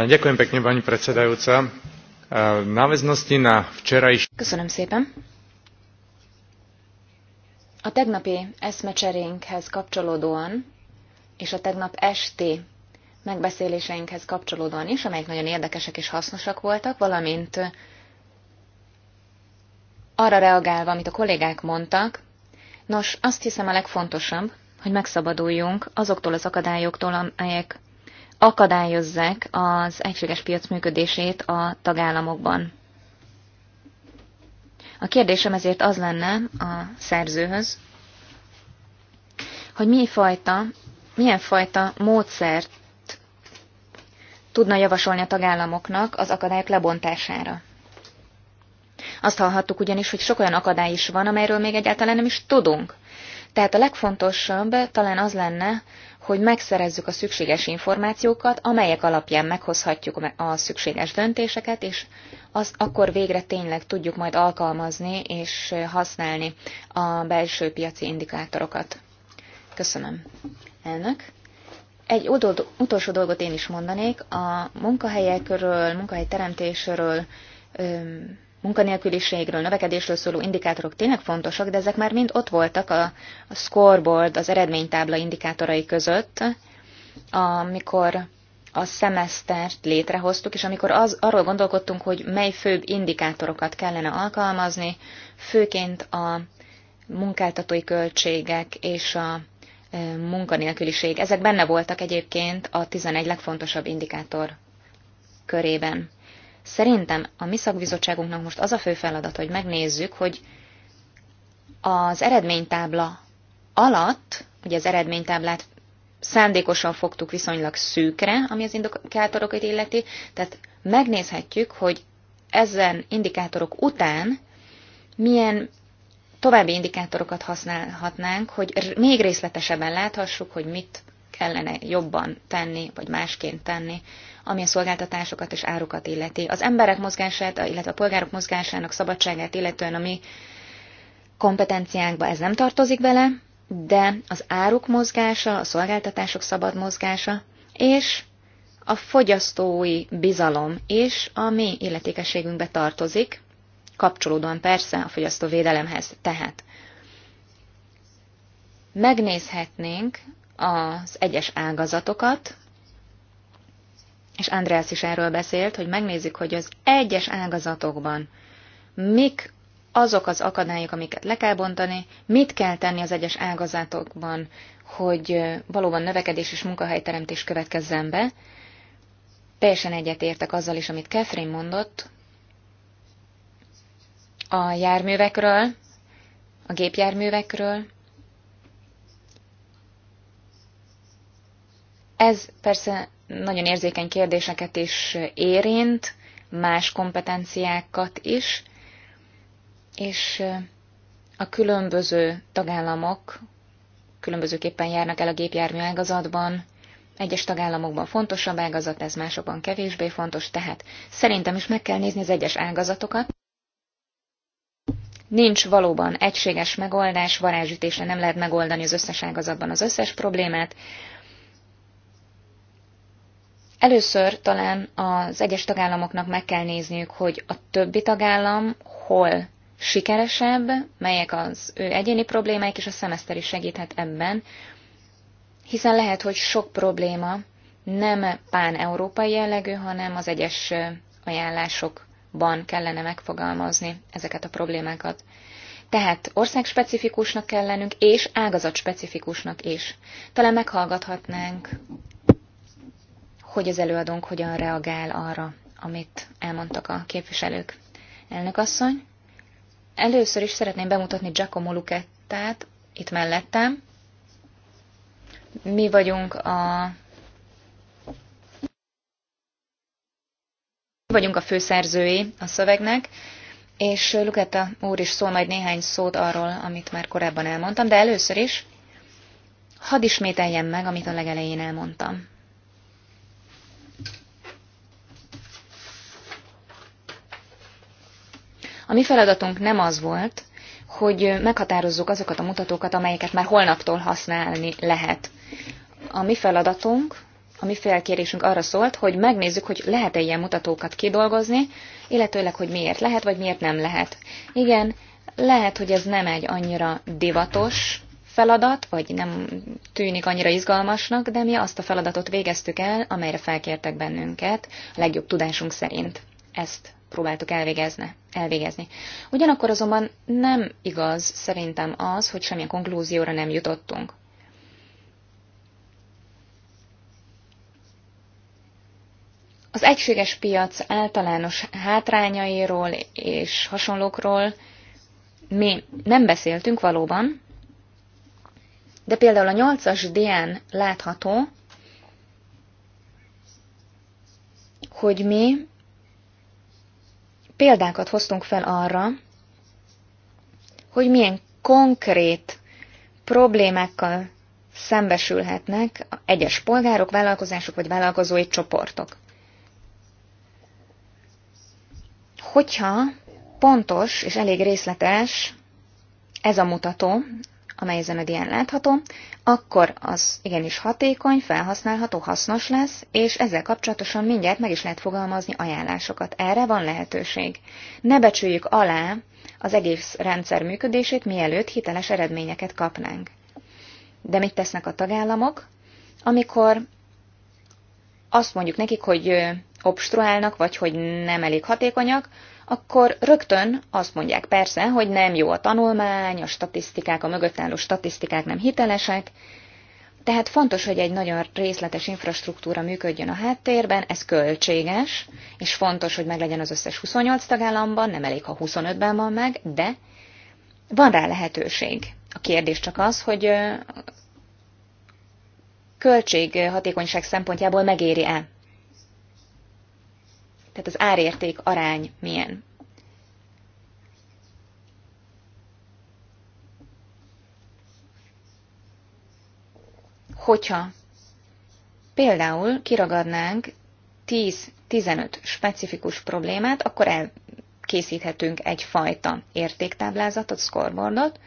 Ďakujem pekne, pani predsedajúca. V náväznosti na Köszönöm szépen. A tegnapi eszmecserénkhez kapcsolódóan, és a tegnap esti megbeszéléseinkhez kapcsolódóan is, amelyek nagyon érdekesek és hasznosak voltak, valamint arra reagálva, amit a kollégák mondtak, nos, azt hiszem a legfontosabb, hogy megszabaduljunk azoktól az akadályoktól, amelyek akadályozzák az egységes piac működését a tagállamokban. A kérdésem ezért az lenne a szerzőhöz, hogy mi fajta, milyen fajta módszert tudna javasolni a tagállamoknak az akadályok lebontására. Azt hallhattuk ugyanis, hogy sok olyan akadály is van, amelyről még egyáltalán nem is tudunk. Tehát a legfontosabb talán az lenne, hogy megszerezzük a szükséges információkat, amelyek alapján meghozhatjuk a szükséges döntéseket, és azt akkor végre tényleg tudjuk majd alkalmazni és használni a belső piaci indikátorokat. Köszönöm. Elnök. Egy utolsó dolgot én is mondanék. A munkahelyekről, munkahelyteremtésről, munkanélküliségről, növekedésről szóló indikátorok tényleg fontosak, de ezek már mind ott voltak a, a scoreboard, az eredménytábla indikátorai között, amikor a szemesztert létrehoztuk, és amikor az, arról gondolkodtunk, hogy mely főbb indikátorokat kellene alkalmazni, főként a munkáltatói költségek és a e, munkanélküliség. Ezek benne voltak egyébként a 11 legfontosabb indikátor körében. Szerintem a mi szakbizottságunknak most az a fő feladat, hogy megnézzük, hogy az eredménytábla alatt, ugye az eredménytáblát szándékosan fogtuk viszonylag szűkre, ami az indikátorokat illeti, tehát megnézhetjük, hogy ezen indikátorok után milyen további indikátorokat használhatnánk, hogy még részletesebben láthassuk, hogy mit kellene jobban tenni, vagy másként tenni ami a szolgáltatásokat és árukat illeti. Az emberek mozgását, illetve a polgárok mozgásának szabadságát illetően a mi kompetenciánkba ez nem tartozik bele, de az áruk mozgása, a szolgáltatások szabad mozgása, és a fogyasztói bizalom is a mi illetékességünkbe tartozik, kapcsolódóan persze a fogyasztóvédelemhez. Tehát megnézhetnénk az egyes ágazatokat, és András is erről beszélt, hogy megnézzük, hogy az egyes ágazatokban mik azok az akadályok, amiket le kell bontani, mit kell tenni az egyes ágazatokban, hogy valóban növekedés és munkahelyteremtés következzen be. Teljesen egyetértek azzal is, amit Catherine mondott a járművekről, a gépjárművekről, Ez persze nagyon érzékeny kérdéseket is érint, más kompetenciákat is, és a különböző tagállamok különbözőképpen járnak el a gépjármű ágazatban, egyes tagállamokban fontosabb ágazat, ez másokban kevésbé fontos, tehát szerintem is meg kell nézni az egyes ágazatokat. Nincs valóban egységes megoldás, varázsütésre nem lehet megoldani az összes ágazatban az összes problémát, Először talán az egyes tagállamoknak meg kell nézniük, hogy a többi tagállam hol sikeresebb, melyek az ő egyéni problémáik, és a szemeszter is segíthet ebben, hiszen lehet, hogy sok probléma nem pán-európai jellegű, hanem az egyes ajánlásokban kellene megfogalmazni ezeket a problémákat. Tehát országspecifikusnak kell lennünk, és ágazatspecifikusnak is. Talán meghallgathatnánk hogy az előadónk hogyan reagál arra, amit elmondtak a képviselők. Elnök asszony, először is szeretném bemutatni Giacomo Lucettát, itt mellettem. Mi vagyunk a Mi vagyunk a főszerzői a szövegnek, és Luketta úr is szól majd néhány szót arról, amit már korábban elmondtam, de először is hadd ismételjem meg, amit a legelején elmondtam. A mi feladatunk nem az volt, hogy meghatározzuk azokat a mutatókat, amelyeket már holnaptól használni lehet. A mi feladatunk, a mi felkérésünk arra szólt, hogy megnézzük, hogy lehet-e ilyen mutatókat kidolgozni, illetőleg, hogy miért lehet, vagy miért nem lehet. Igen, lehet, hogy ez nem egy annyira divatos feladat, vagy nem tűnik annyira izgalmasnak, de mi azt a feladatot végeztük el, amelyre felkértek bennünket, a legjobb tudásunk szerint. Ezt próbáltuk elvégezni. elvégezni. Ugyanakkor azonban nem igaz szerintem az, hogy semmilyen konklúzióra nem jutottunk. Az egységes piac általános hátrányairól és hasonlókról mi nem beszéltünk valóban, de például a nyolcas DN látható, hogy mi példákat hoztunk fel arra, hogy milyen konkrét problémákkal szembesülhetnek egyes polgárok, vállalkozások vagy vállalkozói csoportok. Hogyha pontos és elég részletes ez a mutató, amely ezen a dián látható, akkor az igenis hatékony, felhasználható, hasznos lesz, és ezzel kapcsolatosan mindjárt meg is lehet fogalmazni ajánlásokat. Erre van lehetőség. Ne becsüljük alá az egész rendszer működését, mielőtt hiteles eredményeket kapnánk. De mit tesznek a tagállamok, amikor azt mondjuk nekik, hogy obstruálnak, vagy hogy nem elég hatékonyak, akkor rögtön azt mondják persze, hogy nem jó a tanulmány, a statisztikák, a mögött álló statisztikák nem hitelesek, tehát fontos, hogy egy nagyon részletes infrastruktúra működjön a háttérben, ez költséges, és fontos, hogy meglegyen az összes 28 tagállamban, nem elég, ha 25-ben van meg, de van rá lehetőség. A kérdés csak az, hogy költséghatékonyság szempontjából megéri-e tehát az árérték arány milyen. Hogyha például kiragadnánk 10-15 specifikus problémát, akkor elkészíthetünk egyfajta értéktáblázatot, scoreboardot.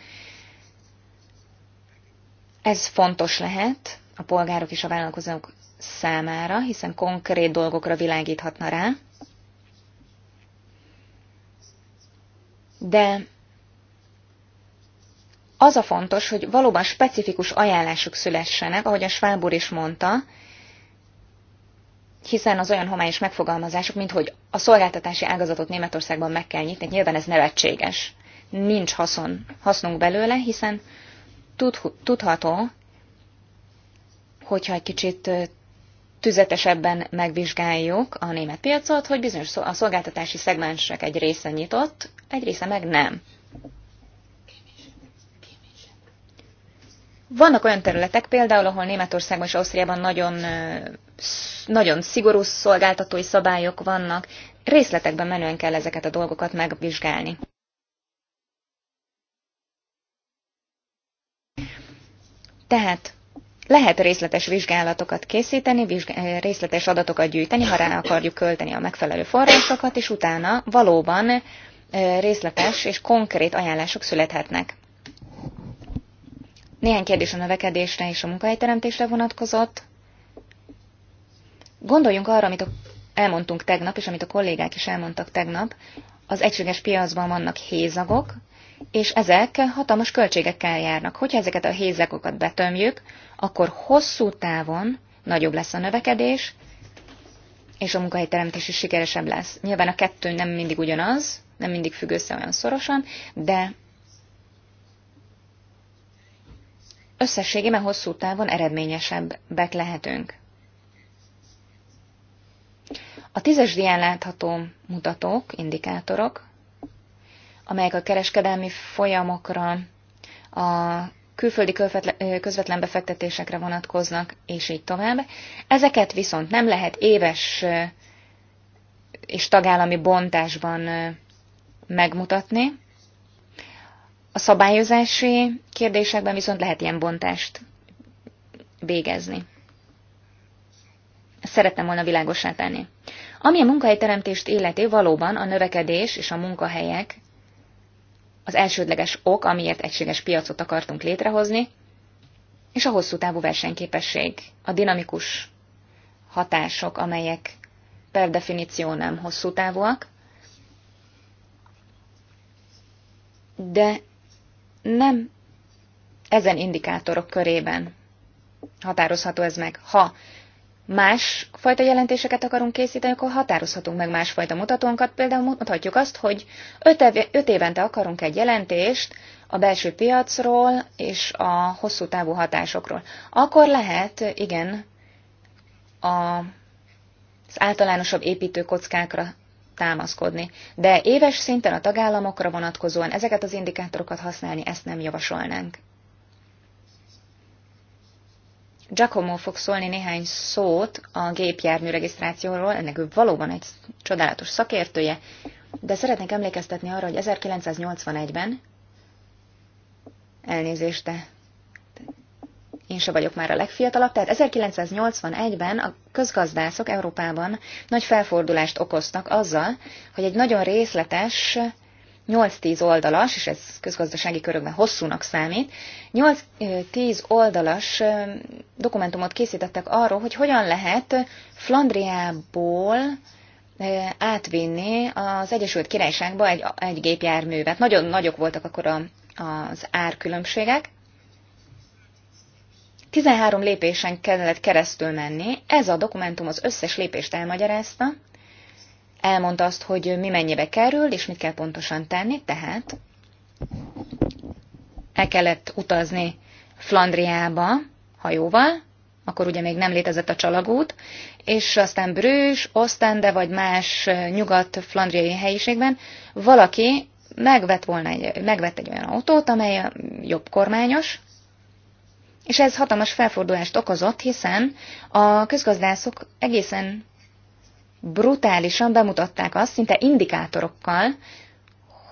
Ez fontos lehet a polgárok és a vállalkozók számára, hiszen konkrét dolgokra világíthatna rá, de az a fontos, hogy valóban specifikus ajánlások szülessenek, ahogy a Schwab is mondta, hiszen az olyan homályos megfogalmazások, mint hogy a szolgáltatási ágazatot Németországban meg kell nyitni, nyilván ez nevetséges. Nincs haszon, hasznunk belőle, hiszen tud, tudható, hogyha egy kicsit tüzetesebben megvizsgáljuk a német piacot, hogy bizonyos a szolgáltatási szegmensek egy része nyitott, egy része meg nem. Vannak olyan területek, például, ahol Németországban és Ausztriában nagyon, nagyon szigorú szolgáltatói szabályok vannak, részletekben menően kell ezeket a dolgokat megvizsgálni. Tehát lehet részletes vizsgálatokat készíteni, vizsg- részletes adatokat gyűjteni, ha rá akarjuk költeni a megfelelő forrásokat, és utána valóban részletes és konkrét ajánlások születhetnek. Néhány kérdés a növekedésre és a munkahelyteremtésre vonatkozott. Gondoljunk arra, amit elmondtunk tegnap, és amit a kollégák is elmondtak tegnap, az egységes piacban vannak hézagok, és ezek hatalmas költségekkel járnak. Hogyha ezeket a hézagokat betömjük, akkor hosszú távon nagyobb lesz a növekedés, és a munkahelyteremtés is sikeresebb lesz. Nyilván a kettő nem mindig ugyanaz, nem mindig függ össze olyan szorosan, de összességében hosszú távon eredményesebbek lehetünk. A tízes dián látható mutatók, indikátorok, amelyek a kereskedelmi folyamokra, a külföldi közvetlen befektetésekre vonatkoznak, és így tovább. Ezeket viszont nem lehet éves és tagállami bontásban megmutatni. A szabályozási kérdésekben viszont lehet ilyen bontást végezni. Ezt szerettem volna világosá tenni. Ami a munkahelyteremtést illeti, valóban a növekedés és a munkahelyek az elsődleges ok, amiért egységes piacot akartunk létrehozni, és a hosszú távú versenyképesség, a dinamikus hatások, amelyek per definíció nem hosszú távúak, de nem ezen indikátorok körében határozható ez meg. Ha másfajta jelentéseket akarunk készíteni, akkor határozhatunk meg másfajta mutatónkat. Például mutatjuk azt, hogy 5 évente akarunk egy jelentést a belső piacról és a hosszú távú hatásokról. Akkor lehet, igen, a, az általánosabb építőkockákra támaszkodni. De éves szinten a tagállamokra vonatkozóan ezeket az indikátorokat használni, ezt nem javasolnánk. Giacomo fog szólni néhány szót a gépjármű regisztrációról, ennek ő valóban egy csodálatos szakértője, de szeretnék emlékeztetni arra, hogy 1981-ben, elnézést, de én se vagyok már a legfiatalabb, tehát 1981-ben a közgazdászok Európában nagy felfordulást okoztak azzal, hogy egy nagyon részletes, 8-10 oldalas, és ez közgazdasági körökben hosszúnak számít, 8-10 oldalas dokumentumot készítettek arról, hogy hogyan lehet Flandriából átvinni az Egyesült Királyságba egy, egy gépjárművet. Nagyon nagyok voltak akkor a, az árkülönbségek, 13 lépésen kellett keresztül menni, ez a dokumentum az összes lépést elmagyarázta, elmondta azt, hogy mi mennyibe kerül, és mit kell pontosan tenni, tehát el kellett utazni Flandriába hajóval, akkor ugye még nem létezett a csalagút, és aztán Brüss, Ostende vagy más nyugat-flandriai helyiségben valaki megvett, volna egy, megvett egy olyan autót, amely jobb kormányos, és ez hatalmas felfordulást okozott, hiszen a közgazdászok egészen brutálisan bemutatták azt, szinte indikátorokkal,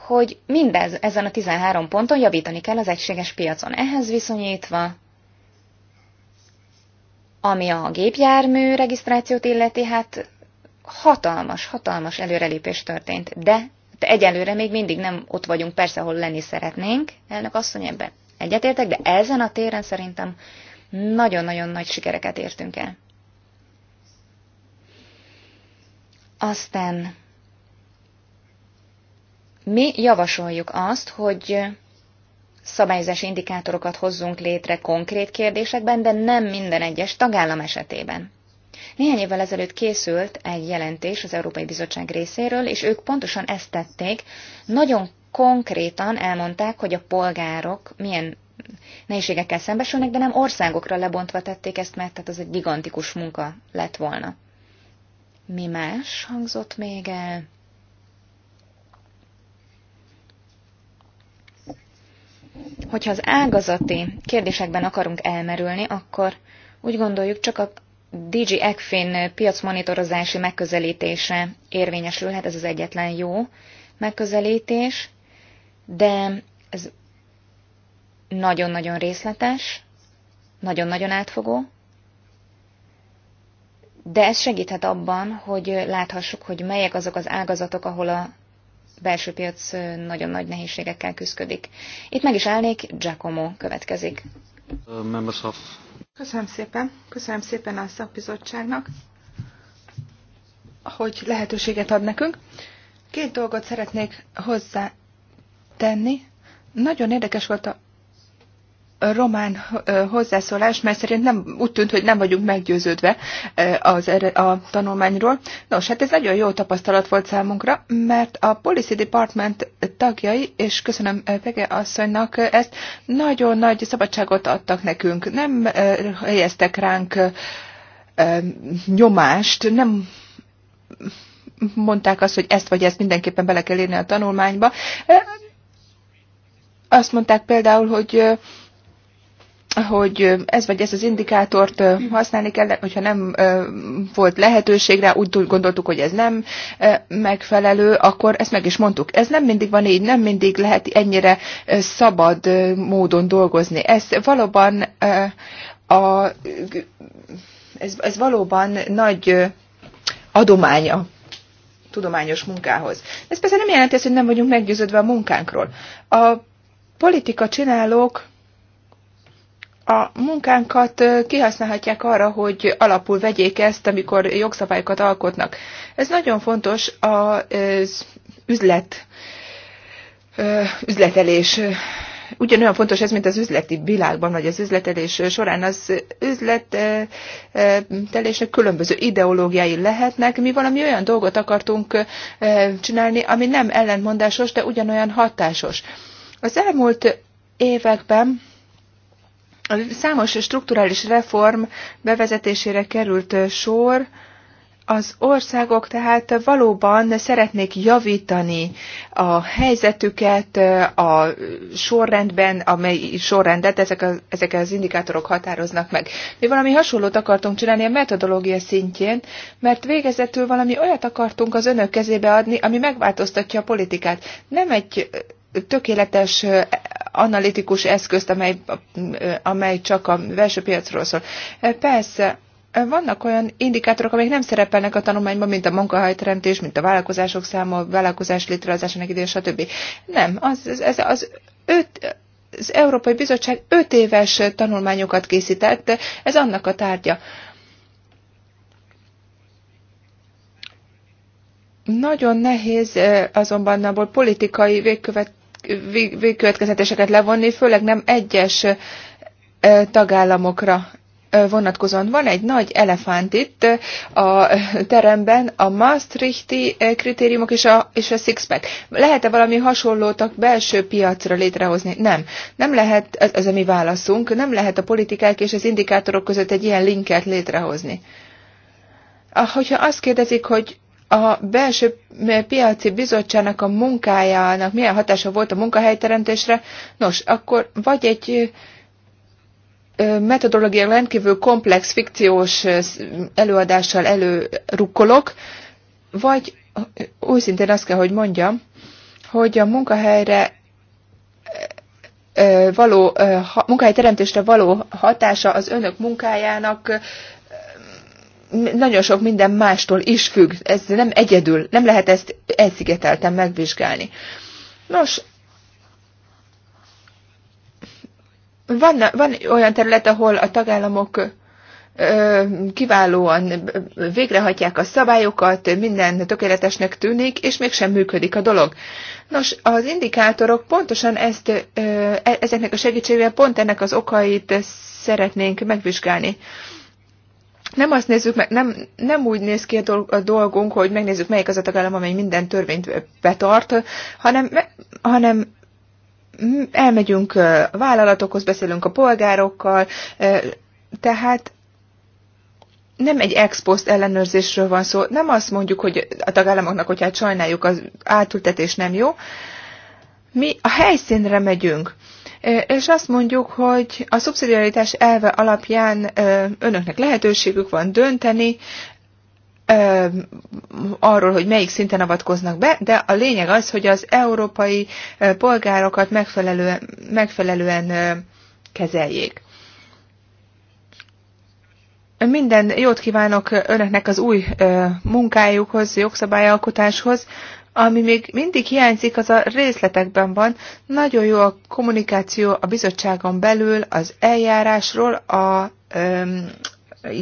hogy mindez ezen a 13 ponton javítani kell az egységes piacon. Ehhez viszonyítva, ami a gépjármű regisztrációt illeti, hát hatalmas, hatalmas előrelépés történt. De de egyelőre még mindig nem ott vagyunk, persze, ahol lenni szeretnénk. Elnök asszony, ebben egyetértek, de ezen a téren szerintem nagyon-nagyon nagy sikereket értünk el. Aztán mi javasoljuk azt, hogy szabályozási indikátorokat hozzunk létre konkrét kérdésekben, de nem minden egyes tagállam esetében. Néhány évvel ezelőtt készült egy jelentés az Európai Bizottság részéről, és ők pontosan ezt tették, nagyon konkrétan elmondták, hogy a polgárok milyen nehézségekkel szembesülnek, de nem országokra lebontva tették ezt, mert tehát az egy gigantikus munka lett volna. Mi más hangzott még el? Hogyha az ágazati kérdésekben akarunk elmerülni, akkor úgy gondoljuk, csak a DG ECFIN piacmonitorozási megközelítése érvényesülhet, ez az egyetlen jó megközelítés de ez nagyon-nagyon részletes, nagyon-nagyon átfogó, de ez segíthet abban, hogy láthassuk, hogy melyek azok az ágazatok, ahol a belső piac nagyon nagy nehézségekkel küzdik. Itt meg is állnék, Giacomo következik. Köszönöm szépen. Köszönöm szépen a szakbizottságnak, hogy lehetőséget ad nekünk. Két dolgot szeretnék hozzá tenni. Nagyon érdekes volt a román hozzászólás, mert szerint nem, úgy tűnt, hogy nem vagyunk meggyőződve az, a tanulmányról. Nos, hát ez nagyon jó tapasztalat volt számunkra, mert a Policy Department tagjai, és köszönöm Pege asszonynak ezt, nagyon nagy szabadságot adtak nekünk. Nem helyeztek ránk nyomást, nem mondták azt, hogy ezt vagy ezt mindenképpen bele kell írni a tanulmányba azt mondták például, hogy hogy ez vagy ez az indikátort használni kell, hogyha nem volt lehetőségre úgy gondoltuk, hogy ez nem megfelelő, akkor ezt meg is mondtuk. Ez nem mindig van így, nem mindig lehet ennyire szabad módon dolgozni. Ez valóban a, ez, ez valóban nagy adománya tudományos munkához. Ez persze nem jelenti azt, hogy nem vagyunk meggyőződve a munkánkról. A politika csinálók a munkánkat kihasználhatják arra, hogy alapul vegyék ezt, amikor jogszabályokat alkotnak. Ez nagyon fontos az üzlet, üzletelés ugyanolyan fontos ez, mint az üzleti világban, vagy az üzletelés során. Az üzletelésnek különböző ideológiái lehetnek. Mi valami olyan dolgot akartunk csinálni, ami nem ellentmondásos, de ugyanolyan hatásos. Az elmúlt években számos strukturális reform bevezetésére került sor, az országok tehát valóban szeretnék javítani a helyzetüket a sorrendben, amely sorrendet ezek, a, ezek az indikátorok határoznak meg. Mi valami hasonlót akartunk csinálni a metodológia szintjén, mert végezetül valami olyat akartunk az önök kezébe adni, ami megváltoztatja a politikát. Nem egy tökéletes analitikus eszközt, amely, amely csak a belső piacról szól. Persze, vannak olyan indikátorok, amelyek nem szerepelnek a tanulmányban, mint a munkahelyteremtés, mint a vállalkozások száma, vállalkozás létrehozásának ideje, stb. Nem, az, ez, ez az öt, az Európai Bizottság öt éves tanulmányokat készített, ez annak a tárgya. Nagyon nehéz azonban abból politikai végkövet, végkövetkezetéseket levonni, főleg nem egyes tagállamokra vonatkozóan van egy nagy elefánt itt a teremben, a Maastrichti kritériumok és a, és a Sixpack. Lehet-e valami hasonlót a belső piacra létrehozni? Nem. Nem lehet, ez, ez a mi válaszunk, nem lehet a politikák és az indikátorok között egy ilyen linket létrehozni. Hogyha azt kérdezik, hogy a belső piaci bizottságnak a munkájának milyen hatása volt a munkahelyteremtésre? Nos, akkor vagy egy metodológia rendkívül komplex, fikciós előadással előrukkolok, vagy őszintén azt kell, hogy mondjam, hogy a munkahelyre való munkahelyteremtésre való hatása az önök munkájának nagyon sok minden mástól is függ. Ez nem egyedül, nem lehet ezt elszigetelten megvizsgálni. Nos, van, van olyan terület, ahol a tagállamok kiválóan végrehajtják a szabályokat, minden tökéletesnek tűnik, és mégsem működik a dolog. Nos, az indikátorok pontosan ezt, e, ezeknek a segítségével pont ennek az okait szeretnénk megvizsgálni nem azt nézzük meg, nem, nem úgy néz ki a dolgunk, hogy megnézzük, melyik az a tagállam, amely minden törvényt betart, hanem, hanem elmegyünk a vállalatokhoz, beszélünk a polgárokkal, tehát nem egy ex post ellenőrzésről van szó, nem azt mondjuk, hogy a tagállamoknak, hogy hát sajnáljuk, az átültetés nem jó. Mi a helyszínre megyünk és azt mondjuk, hogy a szubszidiaritás elve alapján önöknek lehetőségük van dönteni, arról, hogy melyik szinten avatkoznak be, de a lényeg az, hogy az európai polgárokat megfelelően, megfelelően kezeljék. Minden jót kívánok önöknek az új munkájukhoz, jogszabályalkotáshoz. Ami még mindig hiányzik, az a részletekben van. Nagyon jó a kommunikáció a bizottságon belül az eljárásról, a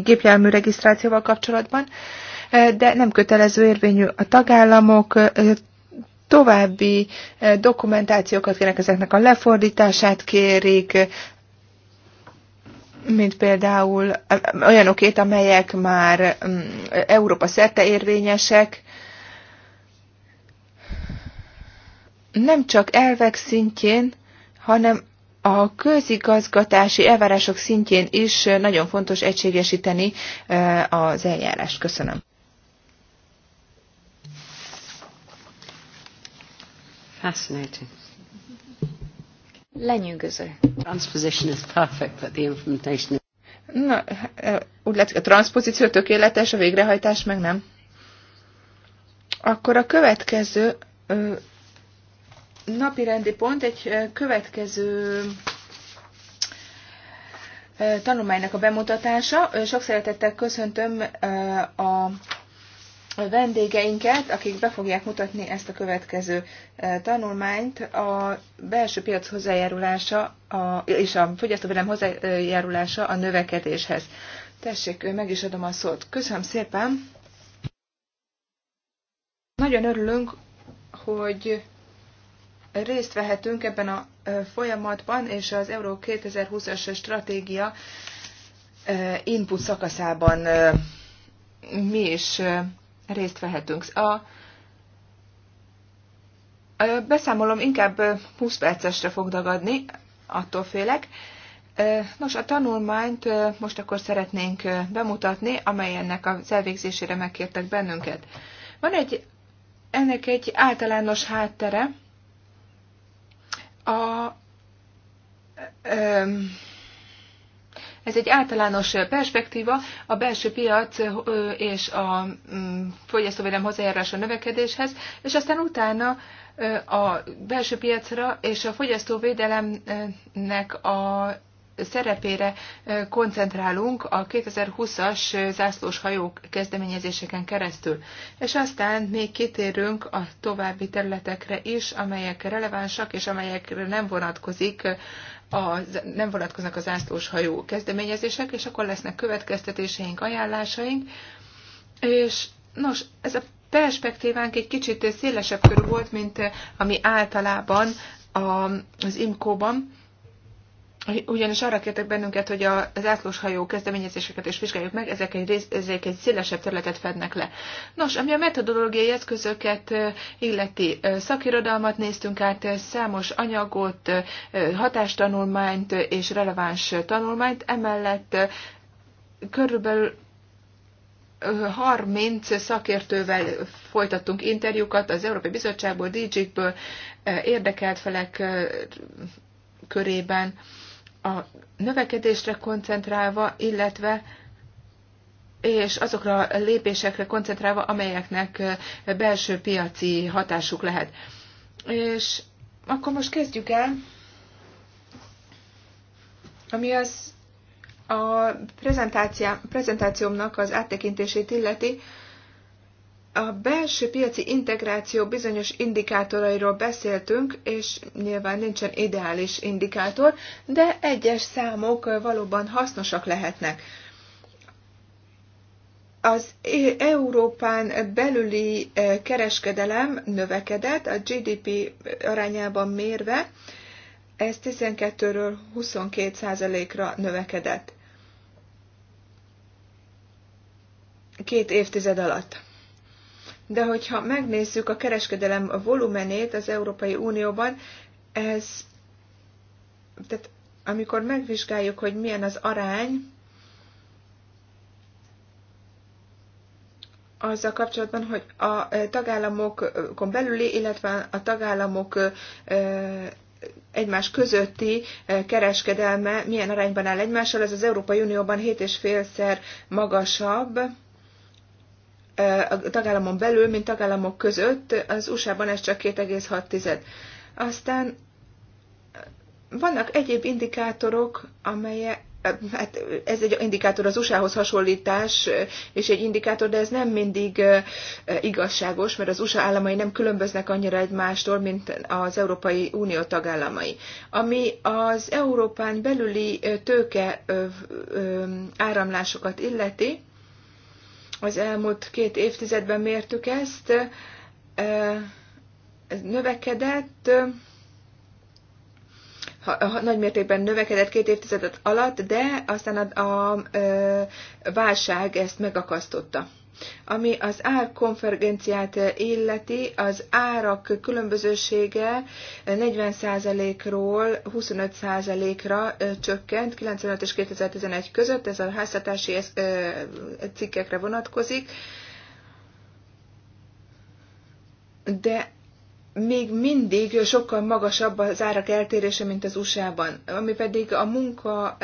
gépjármű regisztrációval kapcsolatban, de nem kötelező érvényű a tagállamok további dokumentációkat kérnek, ezeknek a lefordítását kérik, mint például olyanokét, amelyek már mm, Európa szerte érvényesek, nem csak elvek szintjén, hanem a közigazgatási elvárások szintjén is nagyon fontos egységesíteni az eljárást. Köszönöm. Fascinating. Lenyűgöző. Transposition is perfect, but the implementation is... Na, úgy látszik, a transpozíció tökéletes, a végrehajtás meg nem. Akkor a következő napi rendi pont egy következő tanulmánynak a bemutatása. Sok szeretettel köszöntöm a vendégeinket, akik be fogják mutatni ezt a következő tanulmányt. A belső piac hozzájárulása a, és a fogyasztóvédelem hozzájárulása a növekedéshez. Tessék, meg is adom a szót. Köszönöm szépen! Nagyon örülünk, hogy részt vehetünk ebben a folyamatban, és az Euró 2020-as stratégia input szakaszában mi is részt vehetünk. A beszámolom inkább 20 percesre fog dagadni, attól félek. Nos, a tanulmányt most akkor szeretnénk bemutatni, ennek az elvégzésére megkértek bennünket. Van egy, ennek egy általános háttere, a, ez egy általános perspektíva, a belső piac és a mm, fogyasztóvédelem hozzájárulása növekedéshez, és aztán utána a belső piacra és a fogyasztóvédelemnek a szerepére koncentrálunk a 2020-as zászlós hajók kezdeményezéseken keresztül, és aztán még kitérünk a további területekre is, amelyek relevánsak, és amelyekre nem vonatkozik a, nem vonatkoznak a zászlós hajó kezdeményezések, és akkor lesznek következtetéseink, ajánlásaink, és nos, ez a perspektívánk egy kicsit szélesebb körül volt, mint ami általában az IMCO-ban, ugyanis arra kértek bennünket, hogy az átlóshajó kezdeményezéseket is vizsgáljuk meg, ezek egy, rész, ezek egy szélesebb területet fednek le. Nos, ami a metodológiai eszközöket illeti, szakirodalmat néztünk át, számos anyagot, hatástanulmányt és releváns tanulmányt, emellett körülbelül 30 szakértővel folytattunk interjúkat az Európai Bizottságból, DG-ből, érdekelt felek körében a növekedésre koncentrálva, illetve és azokra a lépésekre koncentrálva, amelyeknek belső piaci hatásuk lehet. És akkor most kezdjük el, ami az a prezentációmnak az áttekintését illeti, a belső piaci integráció bizonyos indikátorairól beszéltünk, és nyilván nincsen ideális indikátor, de egyes számok valóban hasznosak lehetnek. Az Európán belüli e, kereskedelem növekedett, a GDP arányában mérve, ez 12-ről 22 ra növekedett. Két évtized alatt de hogyha megnézzük a kereskedelem volumenét az Európai Unióban, ez, tehát amikor megvizsgáljuk, hogy milyen az arány, azzal kapcsolatban, hogy a tagállamokon belüli, illetve a tagállamok egymás közötti kereskedelme milyen arányban áll egymással, ez az Európai Unióban 7,5-szer magasabb, a tagállamon belül, mint tagállamok között, az USA-ban ez csak 2,6. Aztán vannak egyéb indikátorok, amelyek hát ez egy indikátor az USA-hoz hasonlítás, és egy indikátor, de ez nem mindig igazságos, mert az USA államai nem különböznek annyira egymástól, mint az Európai Unió tagállamai. Ami az Európán belüli tőke áramlásokat illeti, az elmúlt két évtizedben mértük ezt, ez növekedett, nagy mértékben növekedett két évtized alatt, de aztán a, a, a válság ezt megakasztotta. Ami az árkonfergenciát illeti, az árak különbözősége 40%-ról 25%-ra csökkent 95 és 2011 között, ez a háztartási cikkekre vonatkozik, de még mindig sokkal magasabb az árak eltérése, mint az USA-ban, ami pedig a munka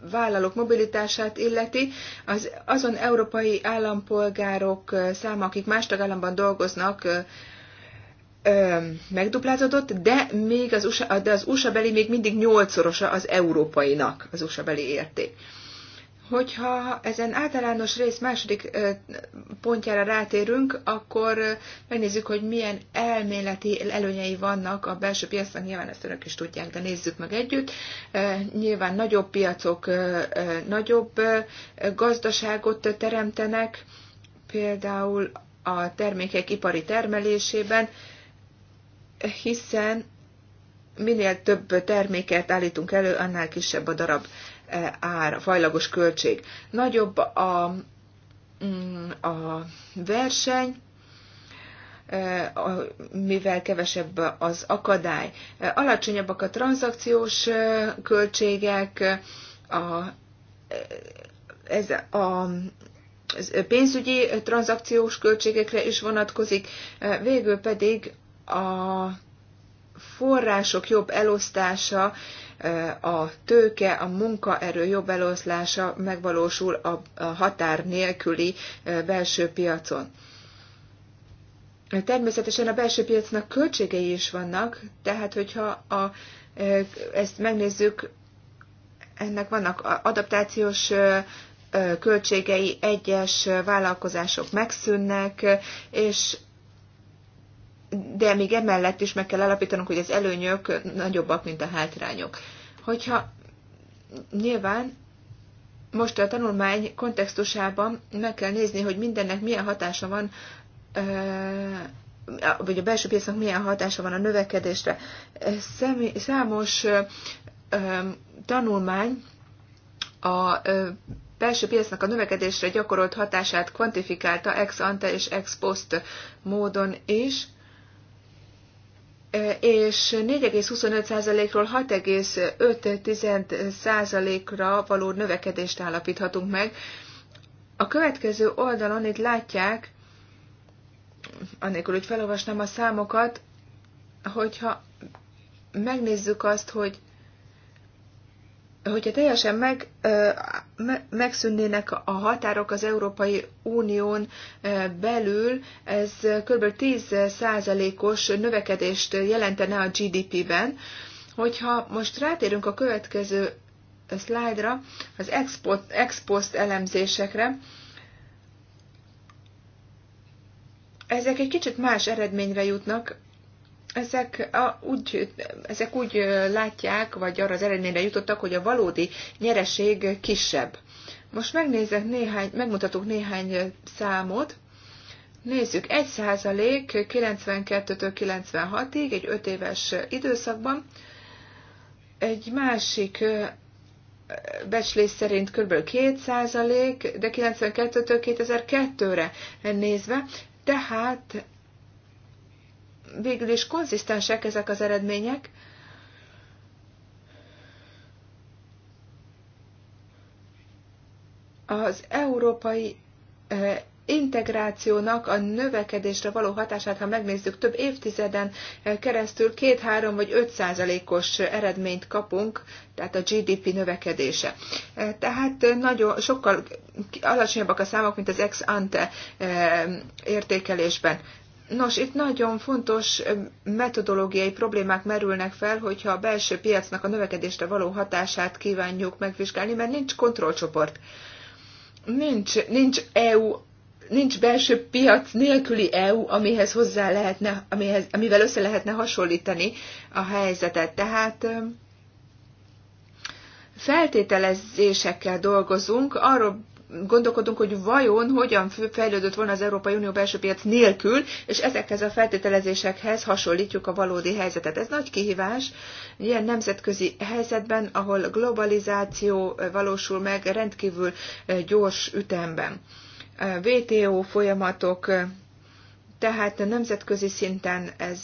vállalók mobilitását illeti, az azon európai állampolgárok száma, akik más tagállamban dolgoznak, megduplázódott, de még az USA, de az USA beli még mindig nyolcszorosa az európainak az USA beli érték. Hogyha ezen általános rész második pontjára rátérünk, akkor megnézzük, hogy milyen elméleti előnyei vannak a belső piacnak, nyilván ezt önök is tudják, de nézzük meg együtt. Nyilván nagyobb piacok nagyobb gazdaságot teremtenek, például a termékek ipari termelésében, hiszen minél több terméket állítunk elő, annál kisebb a darab ár, a fajlagos költség. Nagyobb a, mm, a verseny, e, mivel kevesebb az akadály. Alacsonyabbak a tranzakciós e, költségek, a, e, ez a pénzügyi tranzakciós költségekre is vonatkozik, végül pedig a források jobb elosztása a tőke, a munkaerő jobb eloszlása megvalósul a határ nélküli belső piacon. Természetesen a belső piacnak költségei is vannak, tehát hogyha a, ezt megnézzük, ennek vannak adaptációs költségei, egyes vállalkozások megszűnnek, és de még emellett is meg kell állapítanunk, hogy az előnyök nagyobbak, mint a hátrányok. Hogyha nyilván most a tanulmány kontextusában meg kell nézni, hogy mindennek milyen hatása van, vagy a belső piacnak milyen hatása van a növekedésre. Számos tanulmány a belső piacnak a növekedésre gyakorolt hatását kvantifikálta ex ante és ex post módon is, és 4,25%-ról 6,5%-ra való növekedést állapíthatunk meg. A következő oldalon itt látják, annélkül, hogy felolvasnám a számokat, hogyha megnézzük azt, hogy hogyha teljesen meg, megszűnnének a határok az Európai Unión belül, ez kb. 10%-os növekedést jelentene a GDP-ben. Hogyha most rátérünk a következő szlájdra, az ex elemzésekre, ezek egy kicsit más eredményre jutnak, ezek, a, úgy, ezek úgy látják, vagy arra az eredményre jutottak, hogy a valódi nyereség kisebb. Most megnézek néhány, megmutatok néhány számot. Nézzük, 1 százalék 92-től 96-ig, egy 5 éves időszakban. Egy másik becslés szerint kb. 2 százalék, de 92-től 2002-re nézve, tehát végül is konzisztensek ezek az eredmények. Az európai e, integrációnak a növekedésre való hatását, ha megnézzük, több évtizeden e, keresztül 2-3 vagy 5 százalékos eredményt kapunk, tehát a GDP növekedése. E, tehát nagyon sokkal alacsonyabbak a számok, mint az ex ante értékelésben. Nos, itt nagyon fontos metodológiai problémák merülnek fel, hogyha a belső piacnak a növekedésre való hatását kívánjuk megvizsgálni, mert nincs kontrollcsoport. Nincs, nincs EU, nincs belső piac nélküli EU, amihez hozzá lehetne, amihez, amivel össze lehetne hasonlítani a helyzetet. Tehát feltételezésekkel dolgozunk, arról gondolkodunk, hogy vajon hogyan fejlődött volna az Európai Unió belső piac nélkül, és ezekhez a feltételezésekhez hasonlítjuk a valódi helyzetet. Ez nagy kihívás. Ilyen nemzetközi helyzetben, ahol globalizáció valósul meg rendkívül gyors ütemben. VTO folyamatok, tehát nemzetközi szinten ez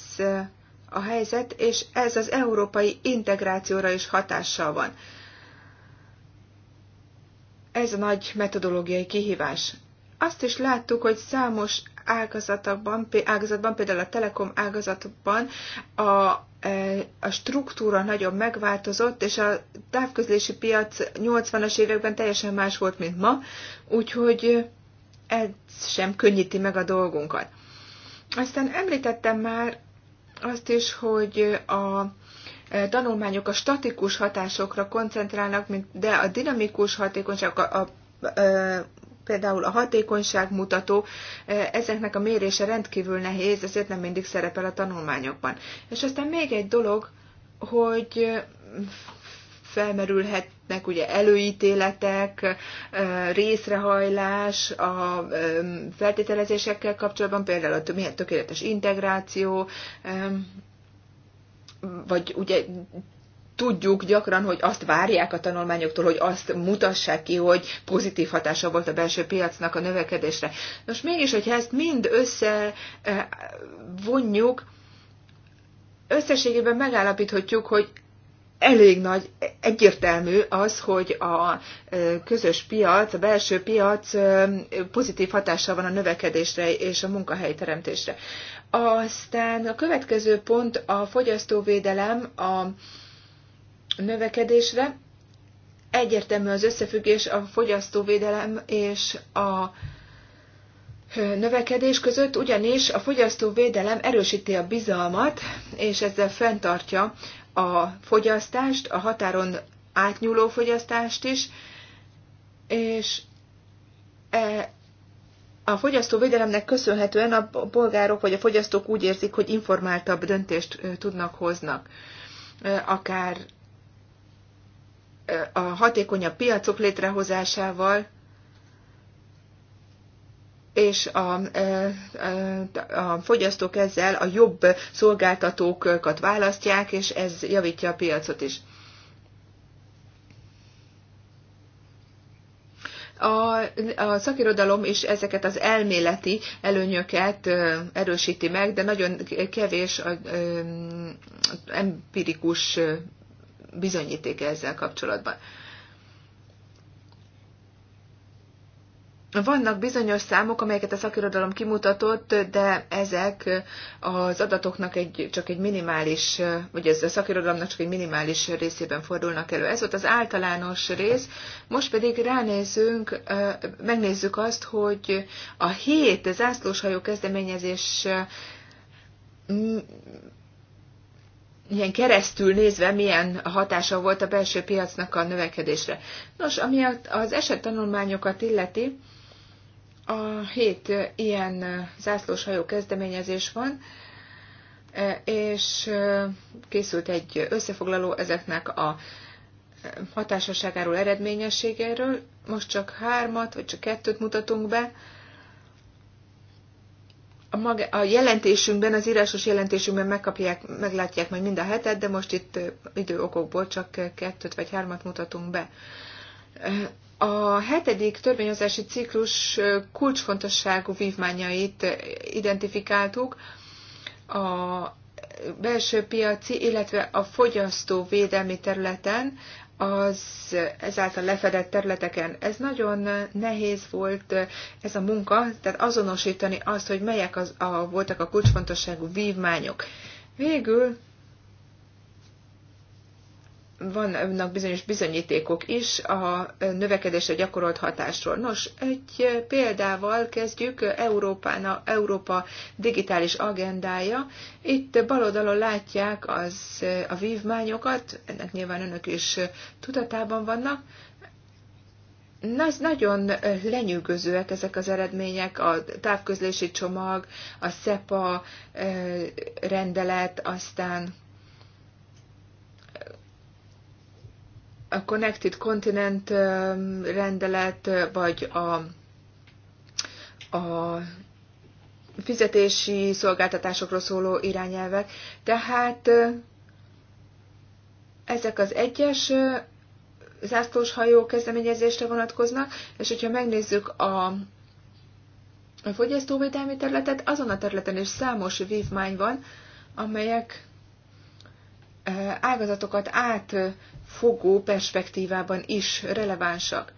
a helyzet, és ez az európai integrációra is hatással van. Ez a nagy metodológiai kihívás. Azt is láttuk, hogy számos ágazatban például a telekom ágazatban a, e, a struktúra nagyon megváltozott, és a távközlési piac 80-as években teljesen más volt, mint ma, úgyhogy ez sem könnyíti meg a dolgunkat. Aztán említettem már azt is, hogy a tanulmányok a statikus hatásokra koncentrálnak, mint, de a dinamikus hatékonyság, a, a, a például a mutató, ezeknek a mérése rendkívül nehéz, ezért nem mindig szerepel a tanulmányokban. És aztán még egy dolog, hogy felmerülhetnek ugye előítéletek, részrehajlás a feltételezésekkel kapcsolatban, például a tökéletes integráció, vagy ugye tudjuk gyakran, hogy azt várják a tanulmányoktól, hogy azt mutassák ki, hogy pozitív hatása volt a belső piacnak a növekedésre. Nos, mégis, hogyha ezt mind összevonjuk, eh, összességében megállapíthatjuk, hogy elég nagy, egyértelmű az, hogy a eh, közös piac, a belső piac eh, pozitív hatással van a növekedésre és a munkahelyteremtésre. Aztán a következő pont a fogyasztóvédelem a növekedésre. Egyértelmű az összefüggés a fogyasztóvédelem és a növekedés között, ugyanis a fogyasztóvédelem erősíti a bizalmat, és ezzel fenntartja a fogyasztást, a határon átnyúló fogyasztást is, és e, a fogyasztóvédelemnek köszönhetően a polgárok vagy a fogyasztók úgy érzik, hogy informáltabb döntést tudnak hoznak. Akár a hatékonyabb piacok létrehozásával, és a, a fogyasztók ezzel a jobb szolgáltatókat választják, és ez javítja a piacot is. a, a szakirodalom is ezeket az elméleti előnyöket erősíti meg, de nagyon kevés a, empirikus bizonyíték ezzel kapcsolatban. Vannak bizonyos számok, amelyeket a szakirodalom kimutatott, de ezek az adatoknak egy, csak egy minimális, vagy ez a szakirodalomnak csak egy minimális részében fordulnak elő. Ez volt az általános rész, most pedig ránézünk, megnézzük azt, hogy a hét zászlóshajó kezdeményezés ilyen keresztül nézve milyen hatása volt a belső piacnak a növekedésre. Nos, ami az esettanulmányokat illeti, a hét ilyen zászlós hajó kezdeményezés van, és készült egy összefoglaló ezeknek a hatásosságáról, eredményességéről. Most csak hármat, vagy csak kettőt mutatunk be. A, maga, a jelentésünkben, az írásos jelentésünkben megkapják, meglátják majd mind a hetet, de most itt időokokból csak kettőt vagy hármat mutatunk be. A hetedik törvényhozási ciklus kulcsfontosságú vívmányait identifikáltuk, a belső piaci, illetve a fogyasztó védelmi területen, az ezáltal lefedett területeken. Ez nagyon nehéz volt ez a munka, tehát azonosítani azt, hogy melyek az, a, voltak a kulcsfontosságú vívmányok. Végül vannak bizonyos bizonyítékok is a növekedésre gyakorolt hatásról. Nos, egy példával kezdjük, Európán a Európa digitális agendája. Itt baloldalon látják az, a vívmányokat, ennek nyilván önök is tudatában vannak. Az nagyon lenyűgözőek ezek az eredmények, a távközlési csomag, a SEPA eh, rendelet, aztán a Connected Continent rendelet, vagy a, a fizetési szolgáltatásokról szóló irányelvek. Tehát ezek az egyes zászlós hajó kezdeményezésre vonatkoznak, és hogyha megnézzük a, a fogyasztóvédelmi területet, azon a területen is számos vívmány van, amelyek ágazatokat át fogó perspektívában is relevánsak.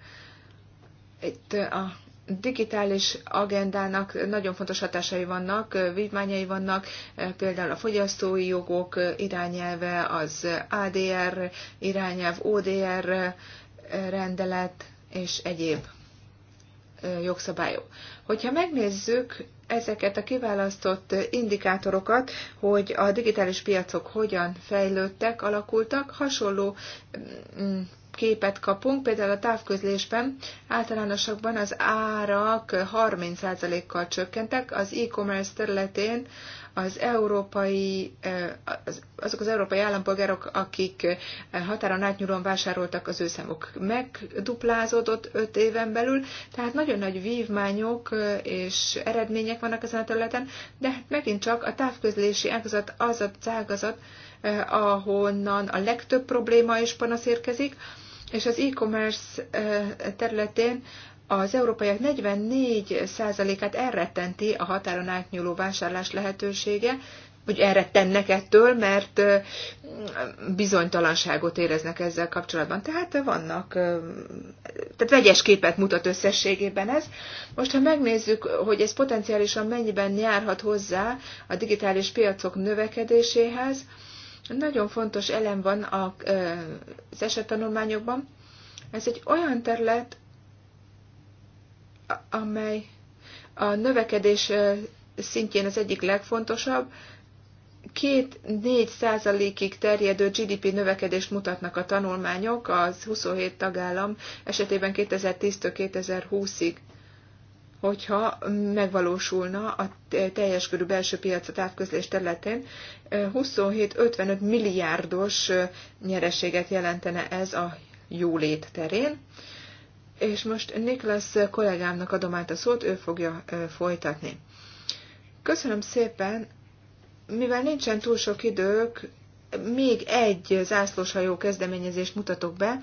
Itt a digitális agendának nagyon fontos hatásai vannak, vívmányai vannak, például a fogyasztói jogok irányelve, az ADR irányelv, ODR rendelet és egyéb jogszabályok. Hogyha megnézzük ezeket a kiválasztott indikátorokat, hogy a digitális piacok hogyan fejlődtek, alakultak, hasonló mm, képet kapunk, például a távközlésben általánosakban az árak 30%-kal csökkentek, az e-commerce területén az európai, azok az európai állampolgárok, akik határon átnyúlóan vásároltak, az ő számuk megduplázódott öt éven belül, tehát nagyon nagy vívmányok és eredmények vannak ezen a területen, de hát megint csak a távközlési ágazat az a ágazat, ahonnan a legtöbb probléma és panasz érkezik, és az e-commerce területén az európaiak 44%-át elrettenti a határon átnyúló vásárlás lehetősége, hogy tennek ettől, mert bizonytalanságot éreznek ezzel kapcsolatban. Tehát vannak, tehát vegyes képet mutat összességében ez. Most, ha megnézzük, hogy ez potenciálisan mennyiben járhat hozzá a digitális piacok növekedéséhez, nagyon fontos elem van az esettanulmányokban. Ez egy olyan terület, amely a növekedés szintjén az egyik legfontosabb, 2-4 százalékig terjedő GDP növekedést mutatnak a tanulmányok az 27 tagállam esetében 2010-től 2020-ig, hogyha megvalósulna a teljes körű belső piac átközlés területén, 27-55 milliárdos nyereséget jelentene ez a jólét terén. És most Niklas kollégámnak adom át a szót, ő fogja folytatni. Köszönöm szépen, mivel nincsen túl sok idők, még egy zászlóshajó kezdeményezést mutatok be,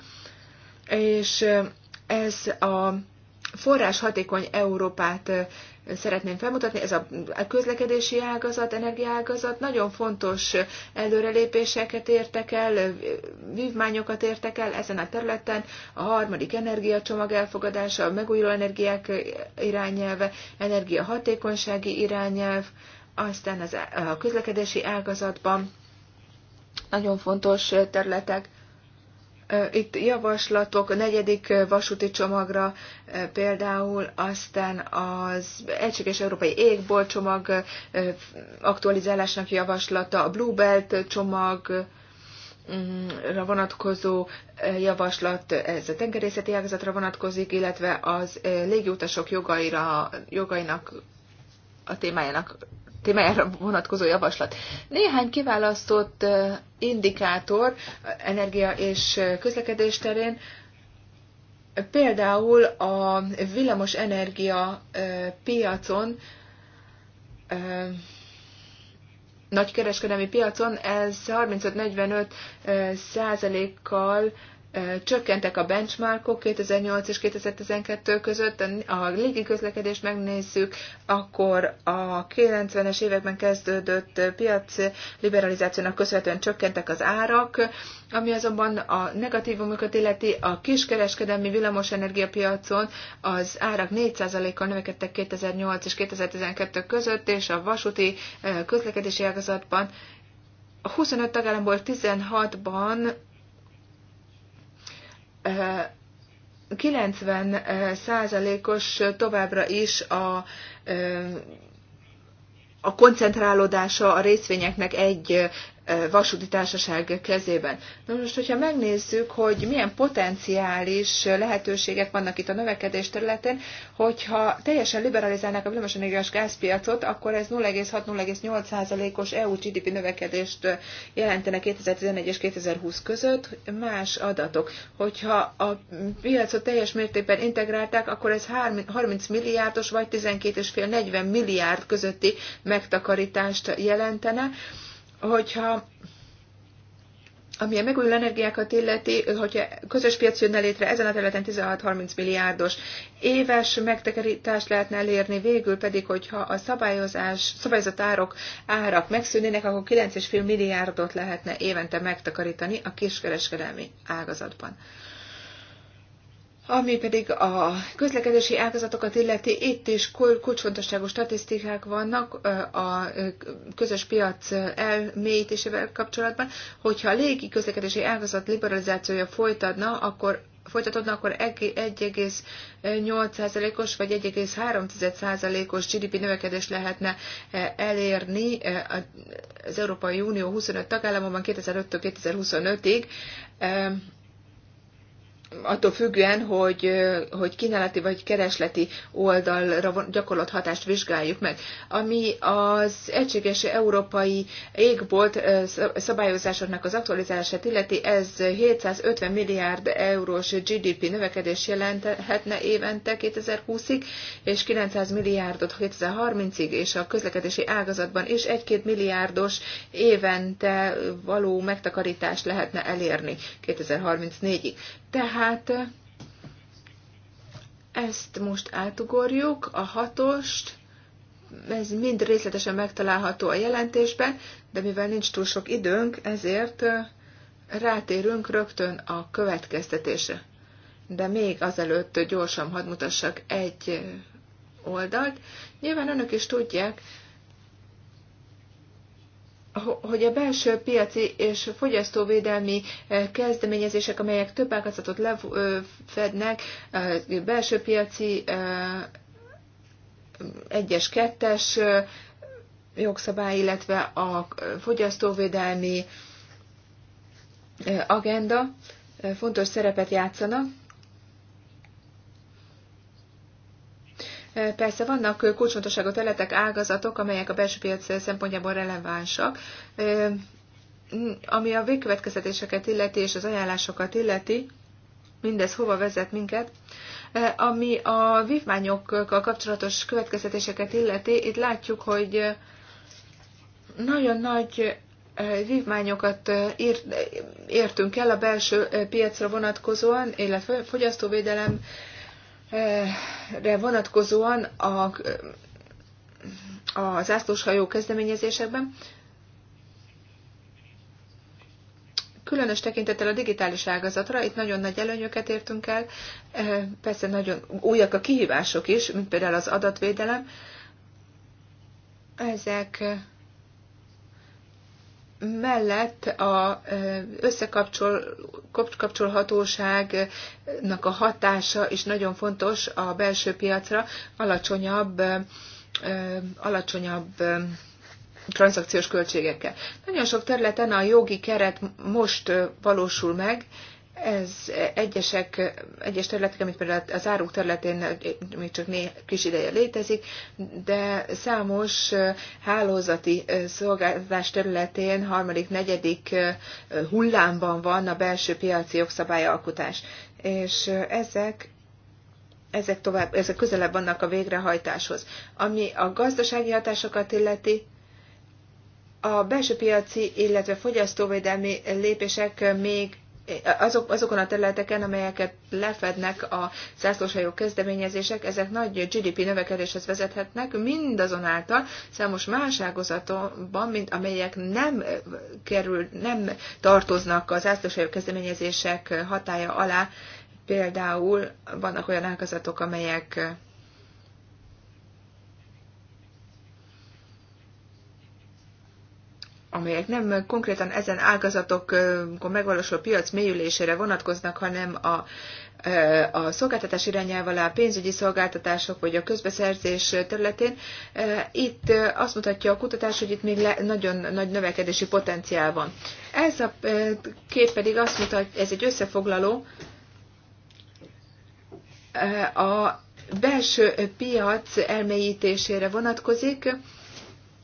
és ez a forrás hatékony Európát szeretném felmutatni, ez a közlekedési ágazat, energiaágazat nagyon fontos előrelépéseket értek el, vívmányokat értek el ezen a területen, a harmadik energiacsomag elfogadása, a megújuló energiák irányelve, energiahatékonysági irányelv, aztán az, a közlekedési ágazatban nagyon fontos területek, itt javaslatok a negyedik vasúti csomagra például, aztán az Egységes Európai Égbolt csomag aktualizálásnak javaslata, a Blue Belt csomag, mm, vonatkozó javaslat, ez a tengerészeti ágazatra vonatkozik, illetve az légiutasok jogaira, jogainak a témájának témájára vonatkozó javaslat. Néhány kiválasztott indikátor energia és közlekedés terén, például a villamos energia piacon, nagy kereskedelmi piacon ez 35-45 százalékkal Csökkentek a benchmarkok 2008 és 2012 között, a légi közlekedést megnézzük, akkor a 90-es években kezdődött piac liberalizációnak köszönhetően csökkentek az árak, ami azonban a negatívumokat illeti a kiskereskedelmi piacon az árak 4%-kal növekedtek 2008 és 2012 között, és a vasúti közlekedési ágazatban a 25 tagállamból 16-ban 90 százalékos továbbra is a, a koncentrálódása a részvényeknek egy vasúti társaság kezében. Na most, hogyha megnézzük, hogy milyen potenciális lehetőségek vannak itt a növekedés területén, hogyha teljesen liberalizálnák a villamosenergiás gázpiacot, akkor ez 0,6-0,8%-os EU GDP növekedést jelentene 2011 és 2020 között. Más adatok. Hogyha a piacot teljes mértékben integrálták, akkor ez 30 milliárdos vagy 12,5-40 milliárd közötti megtakarítást jelentene hogyha ami a megújuló energiákat illeti, hogyha közös piac jönne létre, ezen a területen 16-30 milliárdos éves megtekerítást lehetne elérni, végül pedig, hogyha a szabályozás, szabályozott árok, árak megszűnének, akkor 9,5 milliárdot lehetne évente megtakarítani a kiskereskedelmi ágazatban. Ami pedig a közlekedési ágazatokat illeti, itt is kulcsfontosságú statisztikák vannak a közös piac elmélyítésével kapcsolatban. Hogyha a légi közlekedési ágazat liberalizációja folytatna, akkor folytatódna, akkor 1,8%-os vagy 1,3%-os GDP növekedés lehetne elérni az Európai Unió 25 tagállamában 2005-től 2025-ig attól függően, hogy, hogy kínálati vagy keresleti oldalra gyakorlott hatást vizsgáljuk meg. Ami az egységes európai égbolt szabályozásoknak az aktualizálását illeti, ez 750 milliárd eurós GDP növekedés jelenthetne évente 2020-ig, és 900 milliárdot 2030-ig, és a közlekedési ágazatban is 1-2 milliárdos évente való megtakarítást lehetne elérni 2034-ig. Tehát ezt most átugorjuk, a hatost, ez mind részletesen megtalálható a jelentésben, de mivel nincs túl sok időnk, ezért rátérünk rögtön a következtetésre. De még azelőtt gyorsan hadd mutassak egy oldalt. Nyilván önök is tudják, hogy a belső piaci és fogyasztóvédelmi eh, kezdeményezések, amelyek több ágazatot lefednek, belső piaci eh, egyes, kettes eh, jogszabály, illetve a fogyasztóvédelmi agenda fontos szerepet játszanak. Eh, persze vannak eh, kulcsfontosságú területek, ágazatok, amelyek a belső piac eh, szempontjából relevánsak. Ami a végkövetkeztetéseket illeti és az ajánlásokat illeti, mindez hova vezet minket, ami a vívmányokkal kapcsolatos következtetéseket illeti, itt látjuk, hogy nagyon nagy vívmányokat értünk el a belső piacra vonatkozóan, illetve fogyasztóvédelem vonatkozóan a, a zászlóshajó kezdeményezésekben, különös tekintettel a digitális ágazatra, itt nagyon nagy előnyöket értünk el, persze nagyon újak a kihívások is, mint például az adatvédelem. Ezek mellett a összekapcsolhatóságnak a hatása is nagyon fontos a belső piacra, alacsonyabb, alacsonyabb tranzakciós költségekkel. Nagyon sok területen a jogi keret most valósul meg, ez egyesek, egyes területeken, mint például az áruk területén még csak néha kis ideje létezik, de számos hálózati szolgáltatás területén harmadik, negyedik hullámban van a belső piaci jogszabályalkotás. És ezek ezek, tovább, ezek közelebb vannak a végrehajtáshoz. Ami a gazdasági hatásokat illeti, a belső piaci, illetve fogyasztóvédelmi lépések még azok, azokon a területeken, amelyeket lefednek a zászlóshajó kezdeményezések, ezek nagy GDP növekedéshez vezethetnek, mindazonáltal számos más ágazatban, mint amelyek nem eh, kerül, nem tartoznak a zászlóshajó kezdeményezések hatája alá, például vannak olyan ágazatok, amelyek eh, amelyek nem konkrétan ezen ágazatok megvalósuló piac mélyülésére vonatkoznak, hanem a, a szolgáltatás irányával a pénzügyi szolgáltatások vagy a közbeszerzés területén. Itt azt mutatja a kutatás, hogy itt még le, nagyon nagy növekedési potenciál van. Ez a kép pedig azt mutatja, ez egy összefoglaló, a belső piac elmélyítésére vonatkozik,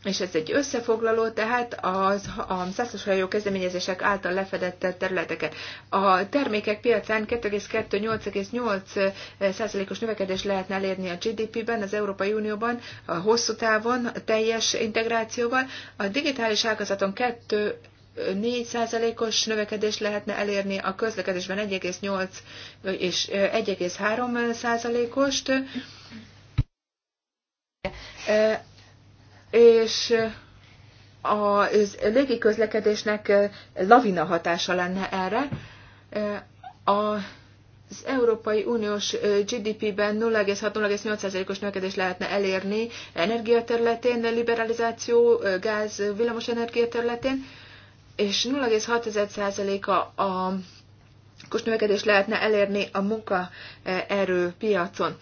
és ez egy összefoglaló, tehát az, a szászos hajó kezdeményezések által lefedett területeket. A termékek piacán 22 88 százalékos növekedés lehetne elérni a GDP-ben, az Európai Unióban, a hosszú távon, a teljes integrációval. A digitális ágazaton 2 4 százalékos növekedés lehetne elérni, a közlekedésben 1,8 és 1,3 százalékost és a közlekedésnek lavina hatása lenne erre. Az Európai Uniós GDP-ben 0,6-0,8%-os növekedés lehetne elérni energiaterületén, liberalizáció, gáz, villamos energiaterületén, és 0,6%-a a kos növekedés lehetne elérni a munkaerőpiacon. piacon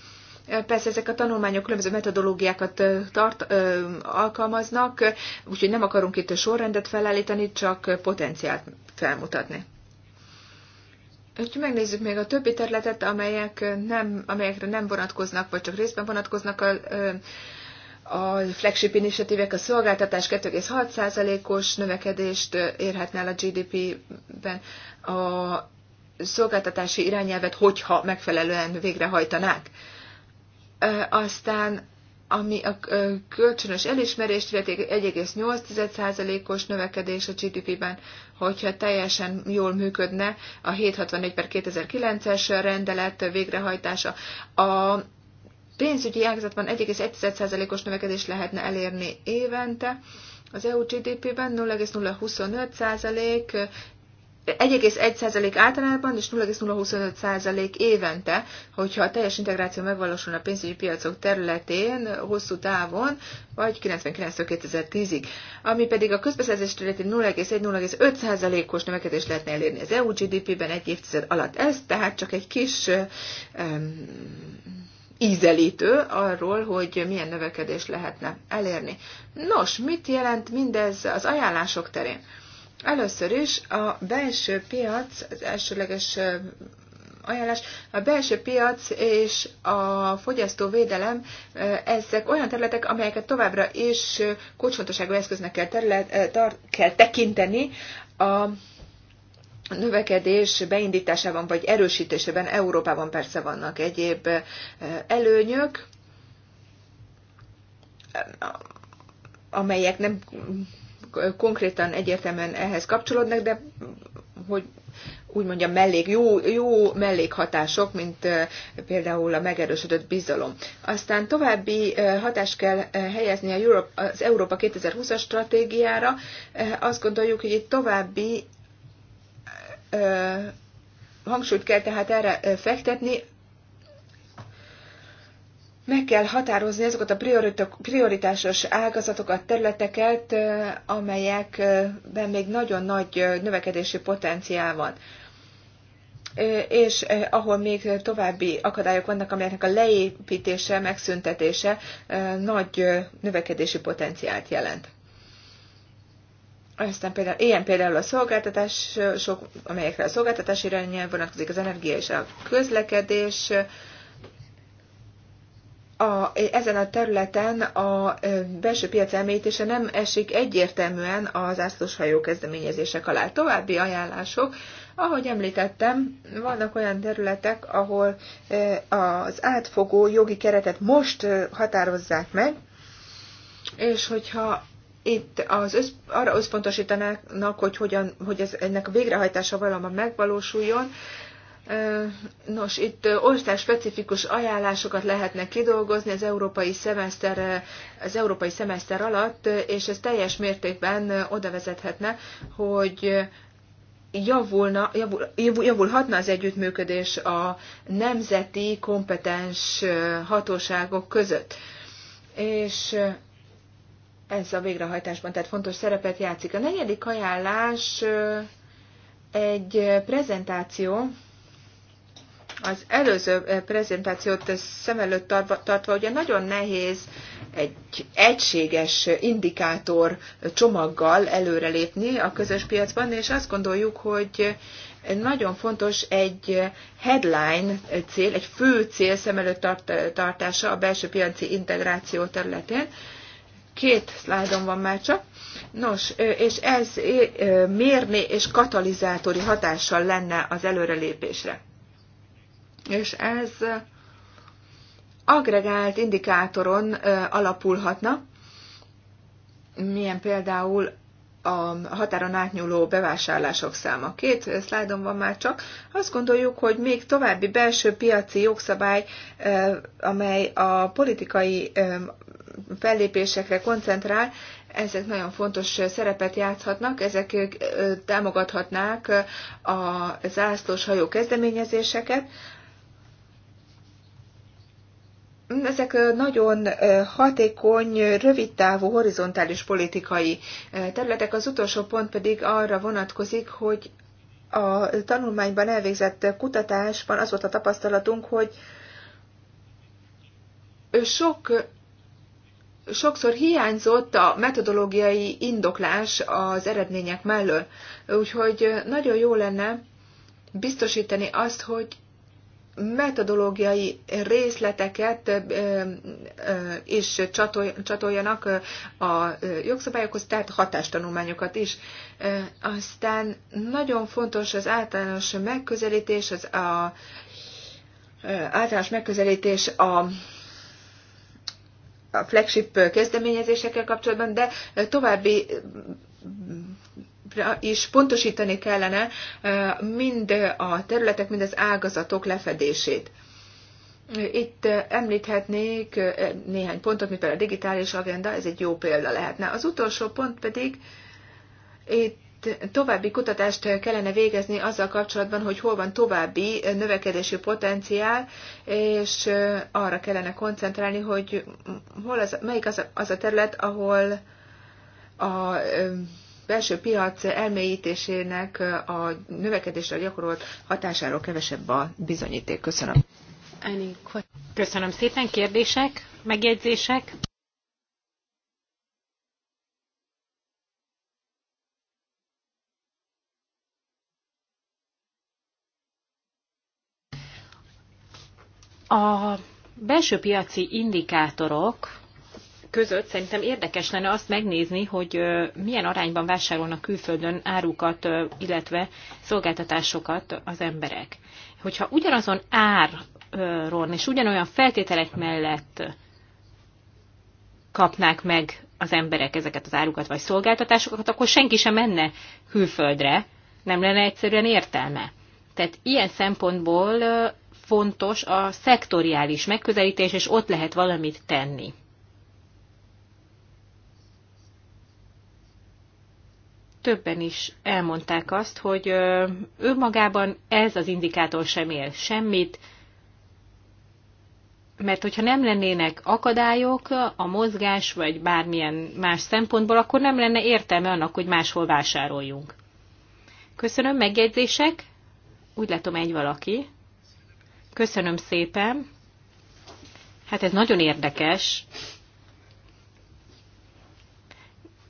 Persze ezek a tanulmányok különböző metodológiákat tart, ö, alkalmaznak, úgyhogy nem akarunk itt sorrendet felállítani, csak potenciált felmutatni. Úgyhogy megnézzük még a többi területet, amelyek nem, amelyekre nem vonatkoznak, vagy csak részben vonatkoznak a, a flagship initiatívek, a szolgáltatás 2,6%-os növekedést érhetne el a GDP-ben. A szolgáltatási irányelvet, hogyha megfelelően végrehajtanák aztán ami a kölcsönös elismerést illeti 1,8%-os növekedés a GDP-ben, hogyha teljesen jól működne a 761 per 2009-es rendelet végrehajtása. A pénzügyi ágazatban 1,1%-os növekedés lehetne elérni évente, az EU GDP-ben 0,025% 1,1% általában és 0,025% évente, hogyha a teljes integráció megvalósulna a pénzügyi piacok területén hosszú távon, vagy 99-2010-ig, ami pedig a közbeszerzés területén 0,1-0,5%-os növekedést lehetne elérni az EU GDP-ben egy évtized alatt. Ez tehát csak egy kis um, ízelítő arról, hogy milyen növekedés lehetne elérni. Nos, mit jelent mindez az ajánlások terén? Először is a belső piac, az elsőleges ajánlás, a belső piac és a fogyasztóvédelem, ezek olyan területek, amelyeket továbbra is kulcsfontosságú eszköznek kell, terület, tar, kell tekinteni a növekedés beindításában vagy erősítésében Európában persze vannak egyéb előnyök, amelyek nem konkrétan egyértelműen ehhez kapcsolódnak, de hogy úgy mondjam, mellék, jó, jó mellékhatások, mint például a megerősödött bizalom. Aztán további hatást kell helyezni a Europe, az Európa 2020-as stratégiára. Azt gondoljuk, hogy itt további hangsúlyt kell tehát erre fektetni, meg kell határozni azokat a prioritásos ágazatokat, területeket, amelyekben még nagyon nagy növekedési potenciál van és ahol még további akadályok vannak, amelyeknek a leépítése, megszüntetése nagy növekedési potenciált jelent. Aztán például, ilyen például a szolgáltatások, amelyekre a szolgáltatás irányel vonatkozik, az energia és a közlekedés, a, ezen a területen a belső piac elmélyítése nem esik egyértelműen az hajó kezdeményezések alá. További ajánlások, ahogy említettem, vannak olyan területek, ahol az átfogó jogi keretet most határozzák meg, és hogyha itt az össz, arra összpontosítanának, hogy, hogyan, hogy ez, ennek a végrehajtása valóban megvalósuljon, Nos, itt specifikus ajánlásokat lehetne kidolgozni az európai szemeszter, az európai szemeszter alatt, és ez teljes mértékben oda vezethetne, hogy javulna, javul, javulhatna az együttműködés a nemzeti kompetens hatóságok között. És ez a végrehajtásban tehát fontos szerepet játszik. A negyedik ajánlás egy prezentáció, az előző eh, prezentációt eh, szem előtt tartva, ugye nagyon nehéz egy egységes eh, indikátor csomaggal előrelépni a közös piacban, és azt gondoljuk, hogy nagyon fontos egy headline cél, egy fő cél szem előtt tart, tartása a belső piaci integráció területén. Két szlájdon van már csak. Nos, és ez mérni és katalizátori hatással lenne az előrelépésre és ez agregált indikátoron alapulhatna, milyen például a határon átnyúló bevásárlások száma. Két szlájdon van már csak. Azt gondoljuk, hogy még további belső piaci jogszabály, amely a politikai fellépésekre koncentrál, ezek nagyon fontos szerepet játszhatnak, ezek támogathatnák a zászlós hajó kezdeményezéseket, ezek nagyon hatékony, rövidtávú, horizontális politikai területek. Az utolsó pont pedig arra vonatkozik, hogy a tanulmányban elvégzett kutatásban az volt a tapasztalatunk, hogy sok, sokszor hiányzott a metodológiai indoklás az eredmények mellől. Úgyhogy nagyon jó lenne biztosítani azt, hogy metodológiai részleteket is csatoljanak a jogszabályokhoz, tehát hatástanulmányokat is. Aztán nagyon fontos az általános megközelítés, az a, általános megközelítés a a flagship kezdeményezésekkel kapcsolatban, de további is pontosítani kellene mind a területek, mind az ágazatok lefedését. Itt említhetnék néhány pontot, mint például a digitális agenda, ez egy jó példa lehetne. Az utolsó pont pedig, itt további kutatást kellene végezni azzal kapcsolatban, hogy hol van további növekedési potenciál, és arra kellene koncentrálni, hogy hol az, melyik az a, az a terület, ahol a belső piac elmélyítésének a növekedésre gyakorolt hatásáról kevesebb a bizonyíték. Köszönöm. Köszönöm szépen. Kérdések? Megjegyzések? A belső piaci indikátorok között szerintem érdekes lenne azt megnézni, hogy milyen arányban vásárolnak külföldön árukat, illetve szolgáltatásokat az emberek. Hogyha ugyanazon árról és ugyanolyan feltételek mellett kapnák meg az emberek ezeket az árukat vagy szolgáltatásokat, akkor senki sem menne külföldre, nem lenne egyszerűen értelme. Tehát ilyen szempontból fontos a szektoriális megközelítés, és ott lehet valamit tenni. többen is elmondták azt, hogy önmagában ez az indikátor sem ér semmit, mert hogyha nem lennének akadályok a mozgás vagy bármilyen más szempontból, akkor nem lenne értelme annak, hogy máshol vásároljunk. Köszönöm, megjegyzések? Úgy látom egy valaki. Köszönöm szépen. Hát ez nagyon érdekes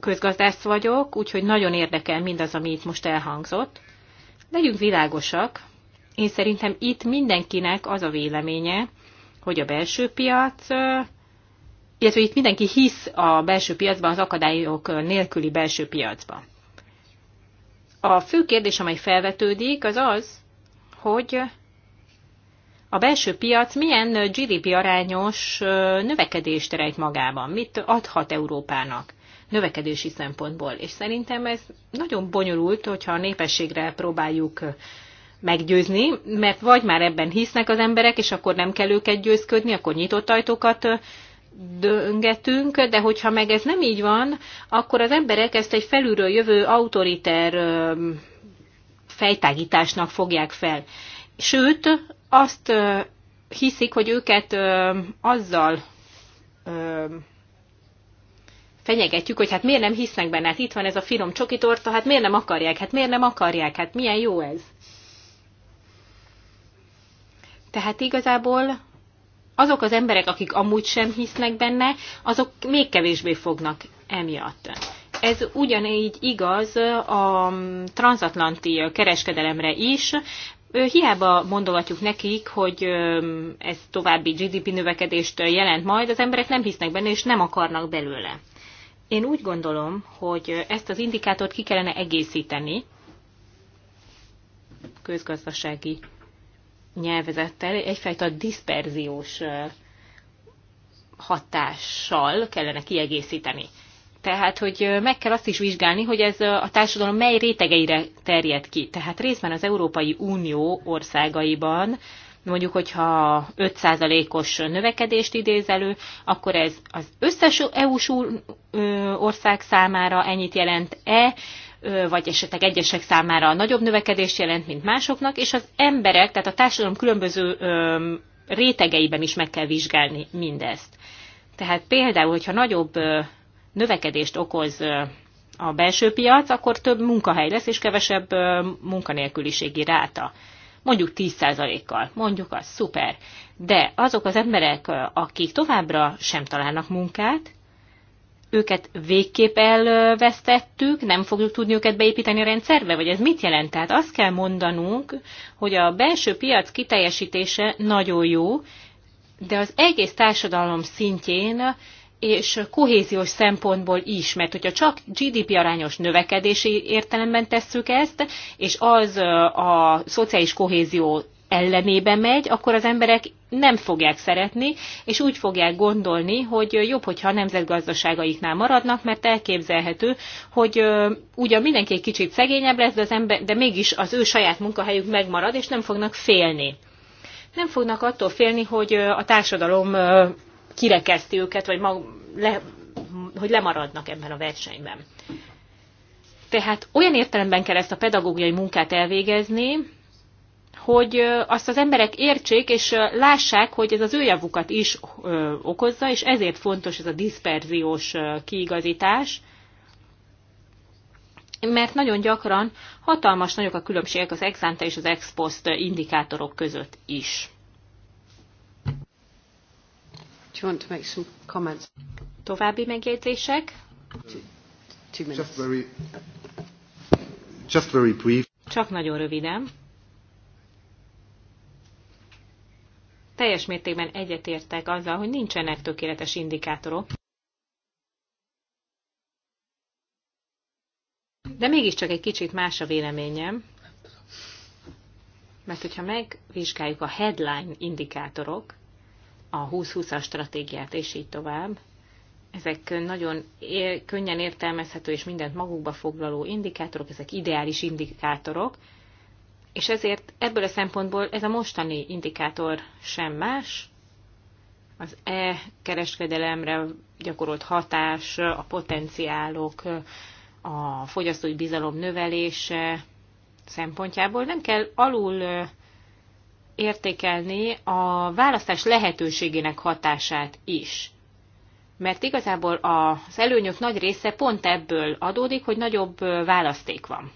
közgazdász vagyok, úgyhogy nagyon érdekel mindaz, ami itt most elhangzott. Legyünk világosak, én szerintem itt mindenkinek az a véleménye, hogy a belső piac, illetve itt mindenki hisz a belső piacban, az akadályok nélküli belső piacban. A fő kérdés, amely felvetődik, az az, hogy a belső piac milyen GDP arányos növekedést rejt magában, mit adhat Európának növekedési szempontból. És szerintem ez nagyon bonyolult, hogyha a népességre próbáljuk meggyőzni, mert vagy már ebben hisznek az emberek, és akkor nem kell őket győzködni, akkor nyitott ajtókat döngetünk, de hogyha meg ez nem így van, akkor az emberek ezt egy felülről jövő autoriter fejtágításnak fogják fel. Sőt, azt hiszik, hogy őket azzal fenyegetjük, hogy hát miért nem hisznek benne, hát itt van ez a finom csokitorta, hát miért nem akarják, hát miért nem akarják, hát milyen jó ez. Tehát igazából azok az emberek, akik amúgy sem hisznek benne, azok még kevésbé fognak emiatt. Ez ugyanígy igaz a transatlanti kereskedelemre is. Hiába mondogatjuk nekik, hogy ez további GDP növekedést jelent majd, az emberek nem hisznek benne, és nem akarnak belőle. Én úgy gondolom, hogy ezt az indikátort ki kellene egészíteni közgazdasági nyelvezettel, egyfajta disperziós hatással kellene kiegészíteni. Tehát, hogy meg kell azt is vizsgálni, hogy ez a társadalom mely rétegeire terjed ki. Tehát részben az Európai Unió országaiban mondjuk, hogyha 5%-os növekedést idéz elő, akkor ez az összes EU-s ország számára ennyit jelent-e, vagy esetleg egyesek számára nagyobb növekedést jelent, mint másoknak, és az emberek, tehát a társadalom különböző rétegeiben is meg kell vizsgálni mindezt. Tehát például, hogyha nagyobb növekedést okoz a belső piac, akkor több munkahely lesz, és kevesebb munkanélküliségi ráta mondjuk 10%-kal, mondjuk az szuper. De azok az emberek, akik továbbra sem találnak munkát, őket végképp elvesztettük, nem fogjuk tudni őket beépíteni a rendszerbe, vagy ez mit jelent? Tehát azt kell mondanunk, hogy a belső piac kiteljesítése nagyon jó, de az egész társadalom szintjén és kohéziós szempontból is, mert hogyha csak GDP arányos növekedési értelemben tesszük ezt, és az a szociális kohézió ellenébe megy, akkor az emberek nem fogják szeretni, és úgy fogják gondolni, hogy jobb, hogyha a nemzetgazdaságaiknál maradnak, mert elképzelhető, hogy ugyan mindenki egy kicsit szegényebb lesz, de, az ember, de mégis az ő saját munkahelyük megmarad, és nem fognak félni. Nem fognak attól félni, hogy a társadalom kirekeszti őket, vagy mag, le, hogy lemaradnak ebben a versenyben. Tehát olyan értelemben kell ezt a pedagógiai munkát elvégezni, hogy azt az emberek értsék és lássák, hogy ez az ő javukat is okozza, és ezért fontos ez a diszperziós kiigazítás, mert nagyon gyakran hatalmas nagyok a különbségek az ex és az ex post indikátorok között is. Do you want to make some comments? További megjegyzések? Just very, just very brief. Csak nagyon röviden. Teljes mértékben egyetértek azzal, hogy nincsenek tökéletes indikátorok. De mégiscsak egy kicsit más a véleményem, mert hogyha megvizsgáljuk a headline indikátorok, a 2020-as stratégiát, és így tovább. Ezek nagyon könnyen értelmezhető és mindent magukba foglaló indikátorok, ezek ideális indikátorok, és ezért ebből a szempontból ez a mostani indikátor sem más, az e-kereskedelemre gyakorolt hatás, a potenciálok, a fogyasztói bizalom növelése szempontjából nem kell alul értékelni a választás lehetőségének hatását is. Mert igazából az előnyök nagy része pont ebből adódik, hogy nagyobb választék van.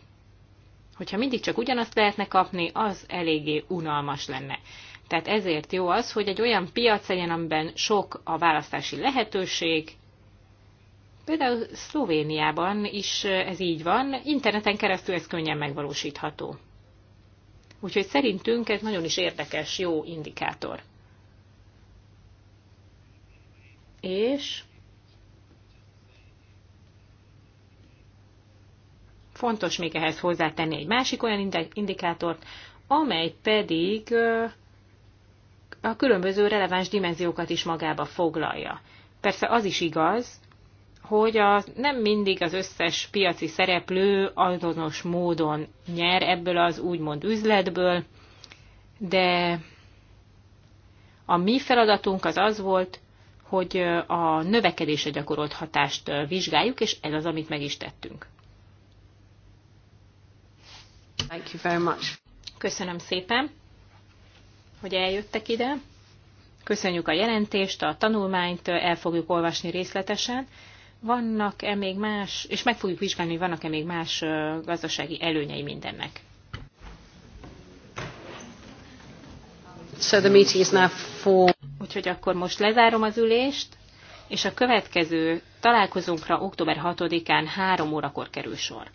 Hogyha mindig csak ugyanazt lehetne kapni, az eléggé unalmas lenne. Tehát ezért jó az, hogy egy olyan piac legyen, amiben sok a választási lehetőség. Például Szlovéniában is ez így van, interneten keresztül ez könnyen megvalósítható. Úgyhogy szerintünk ez nagyon is érdekes, jó indikátor. És fontos még ehhez hozzátenni egy másik olyan indikátort, amely pedig a különböző releváns dimenziókat is magába foglalja. Persze az is igaz, hogy a, nem mindig az összes piaci szereplő azonos módon nyer ebből az úgymond üzletből, de a mi feladatunk az az volt, hogy a növekedésre gyakorolt hatást vizsgáljuk, és ez az, amit meg is tettünk. Thank you very much. Köszönöm szépen, hogy eljöttek ide. Köszönjük a jelentést, a tanulmányt, el fogjuk olvasni részletesen vannak-e még más, és meg fogjuk vizsgálni, hogy vannak-e még más gazdasági előnyei mindennek. So the meeting is now for... Úgyhogy akkor most lezárom az ülést, és a következő találkozónkra október 6-án 3 órakor kerül sor.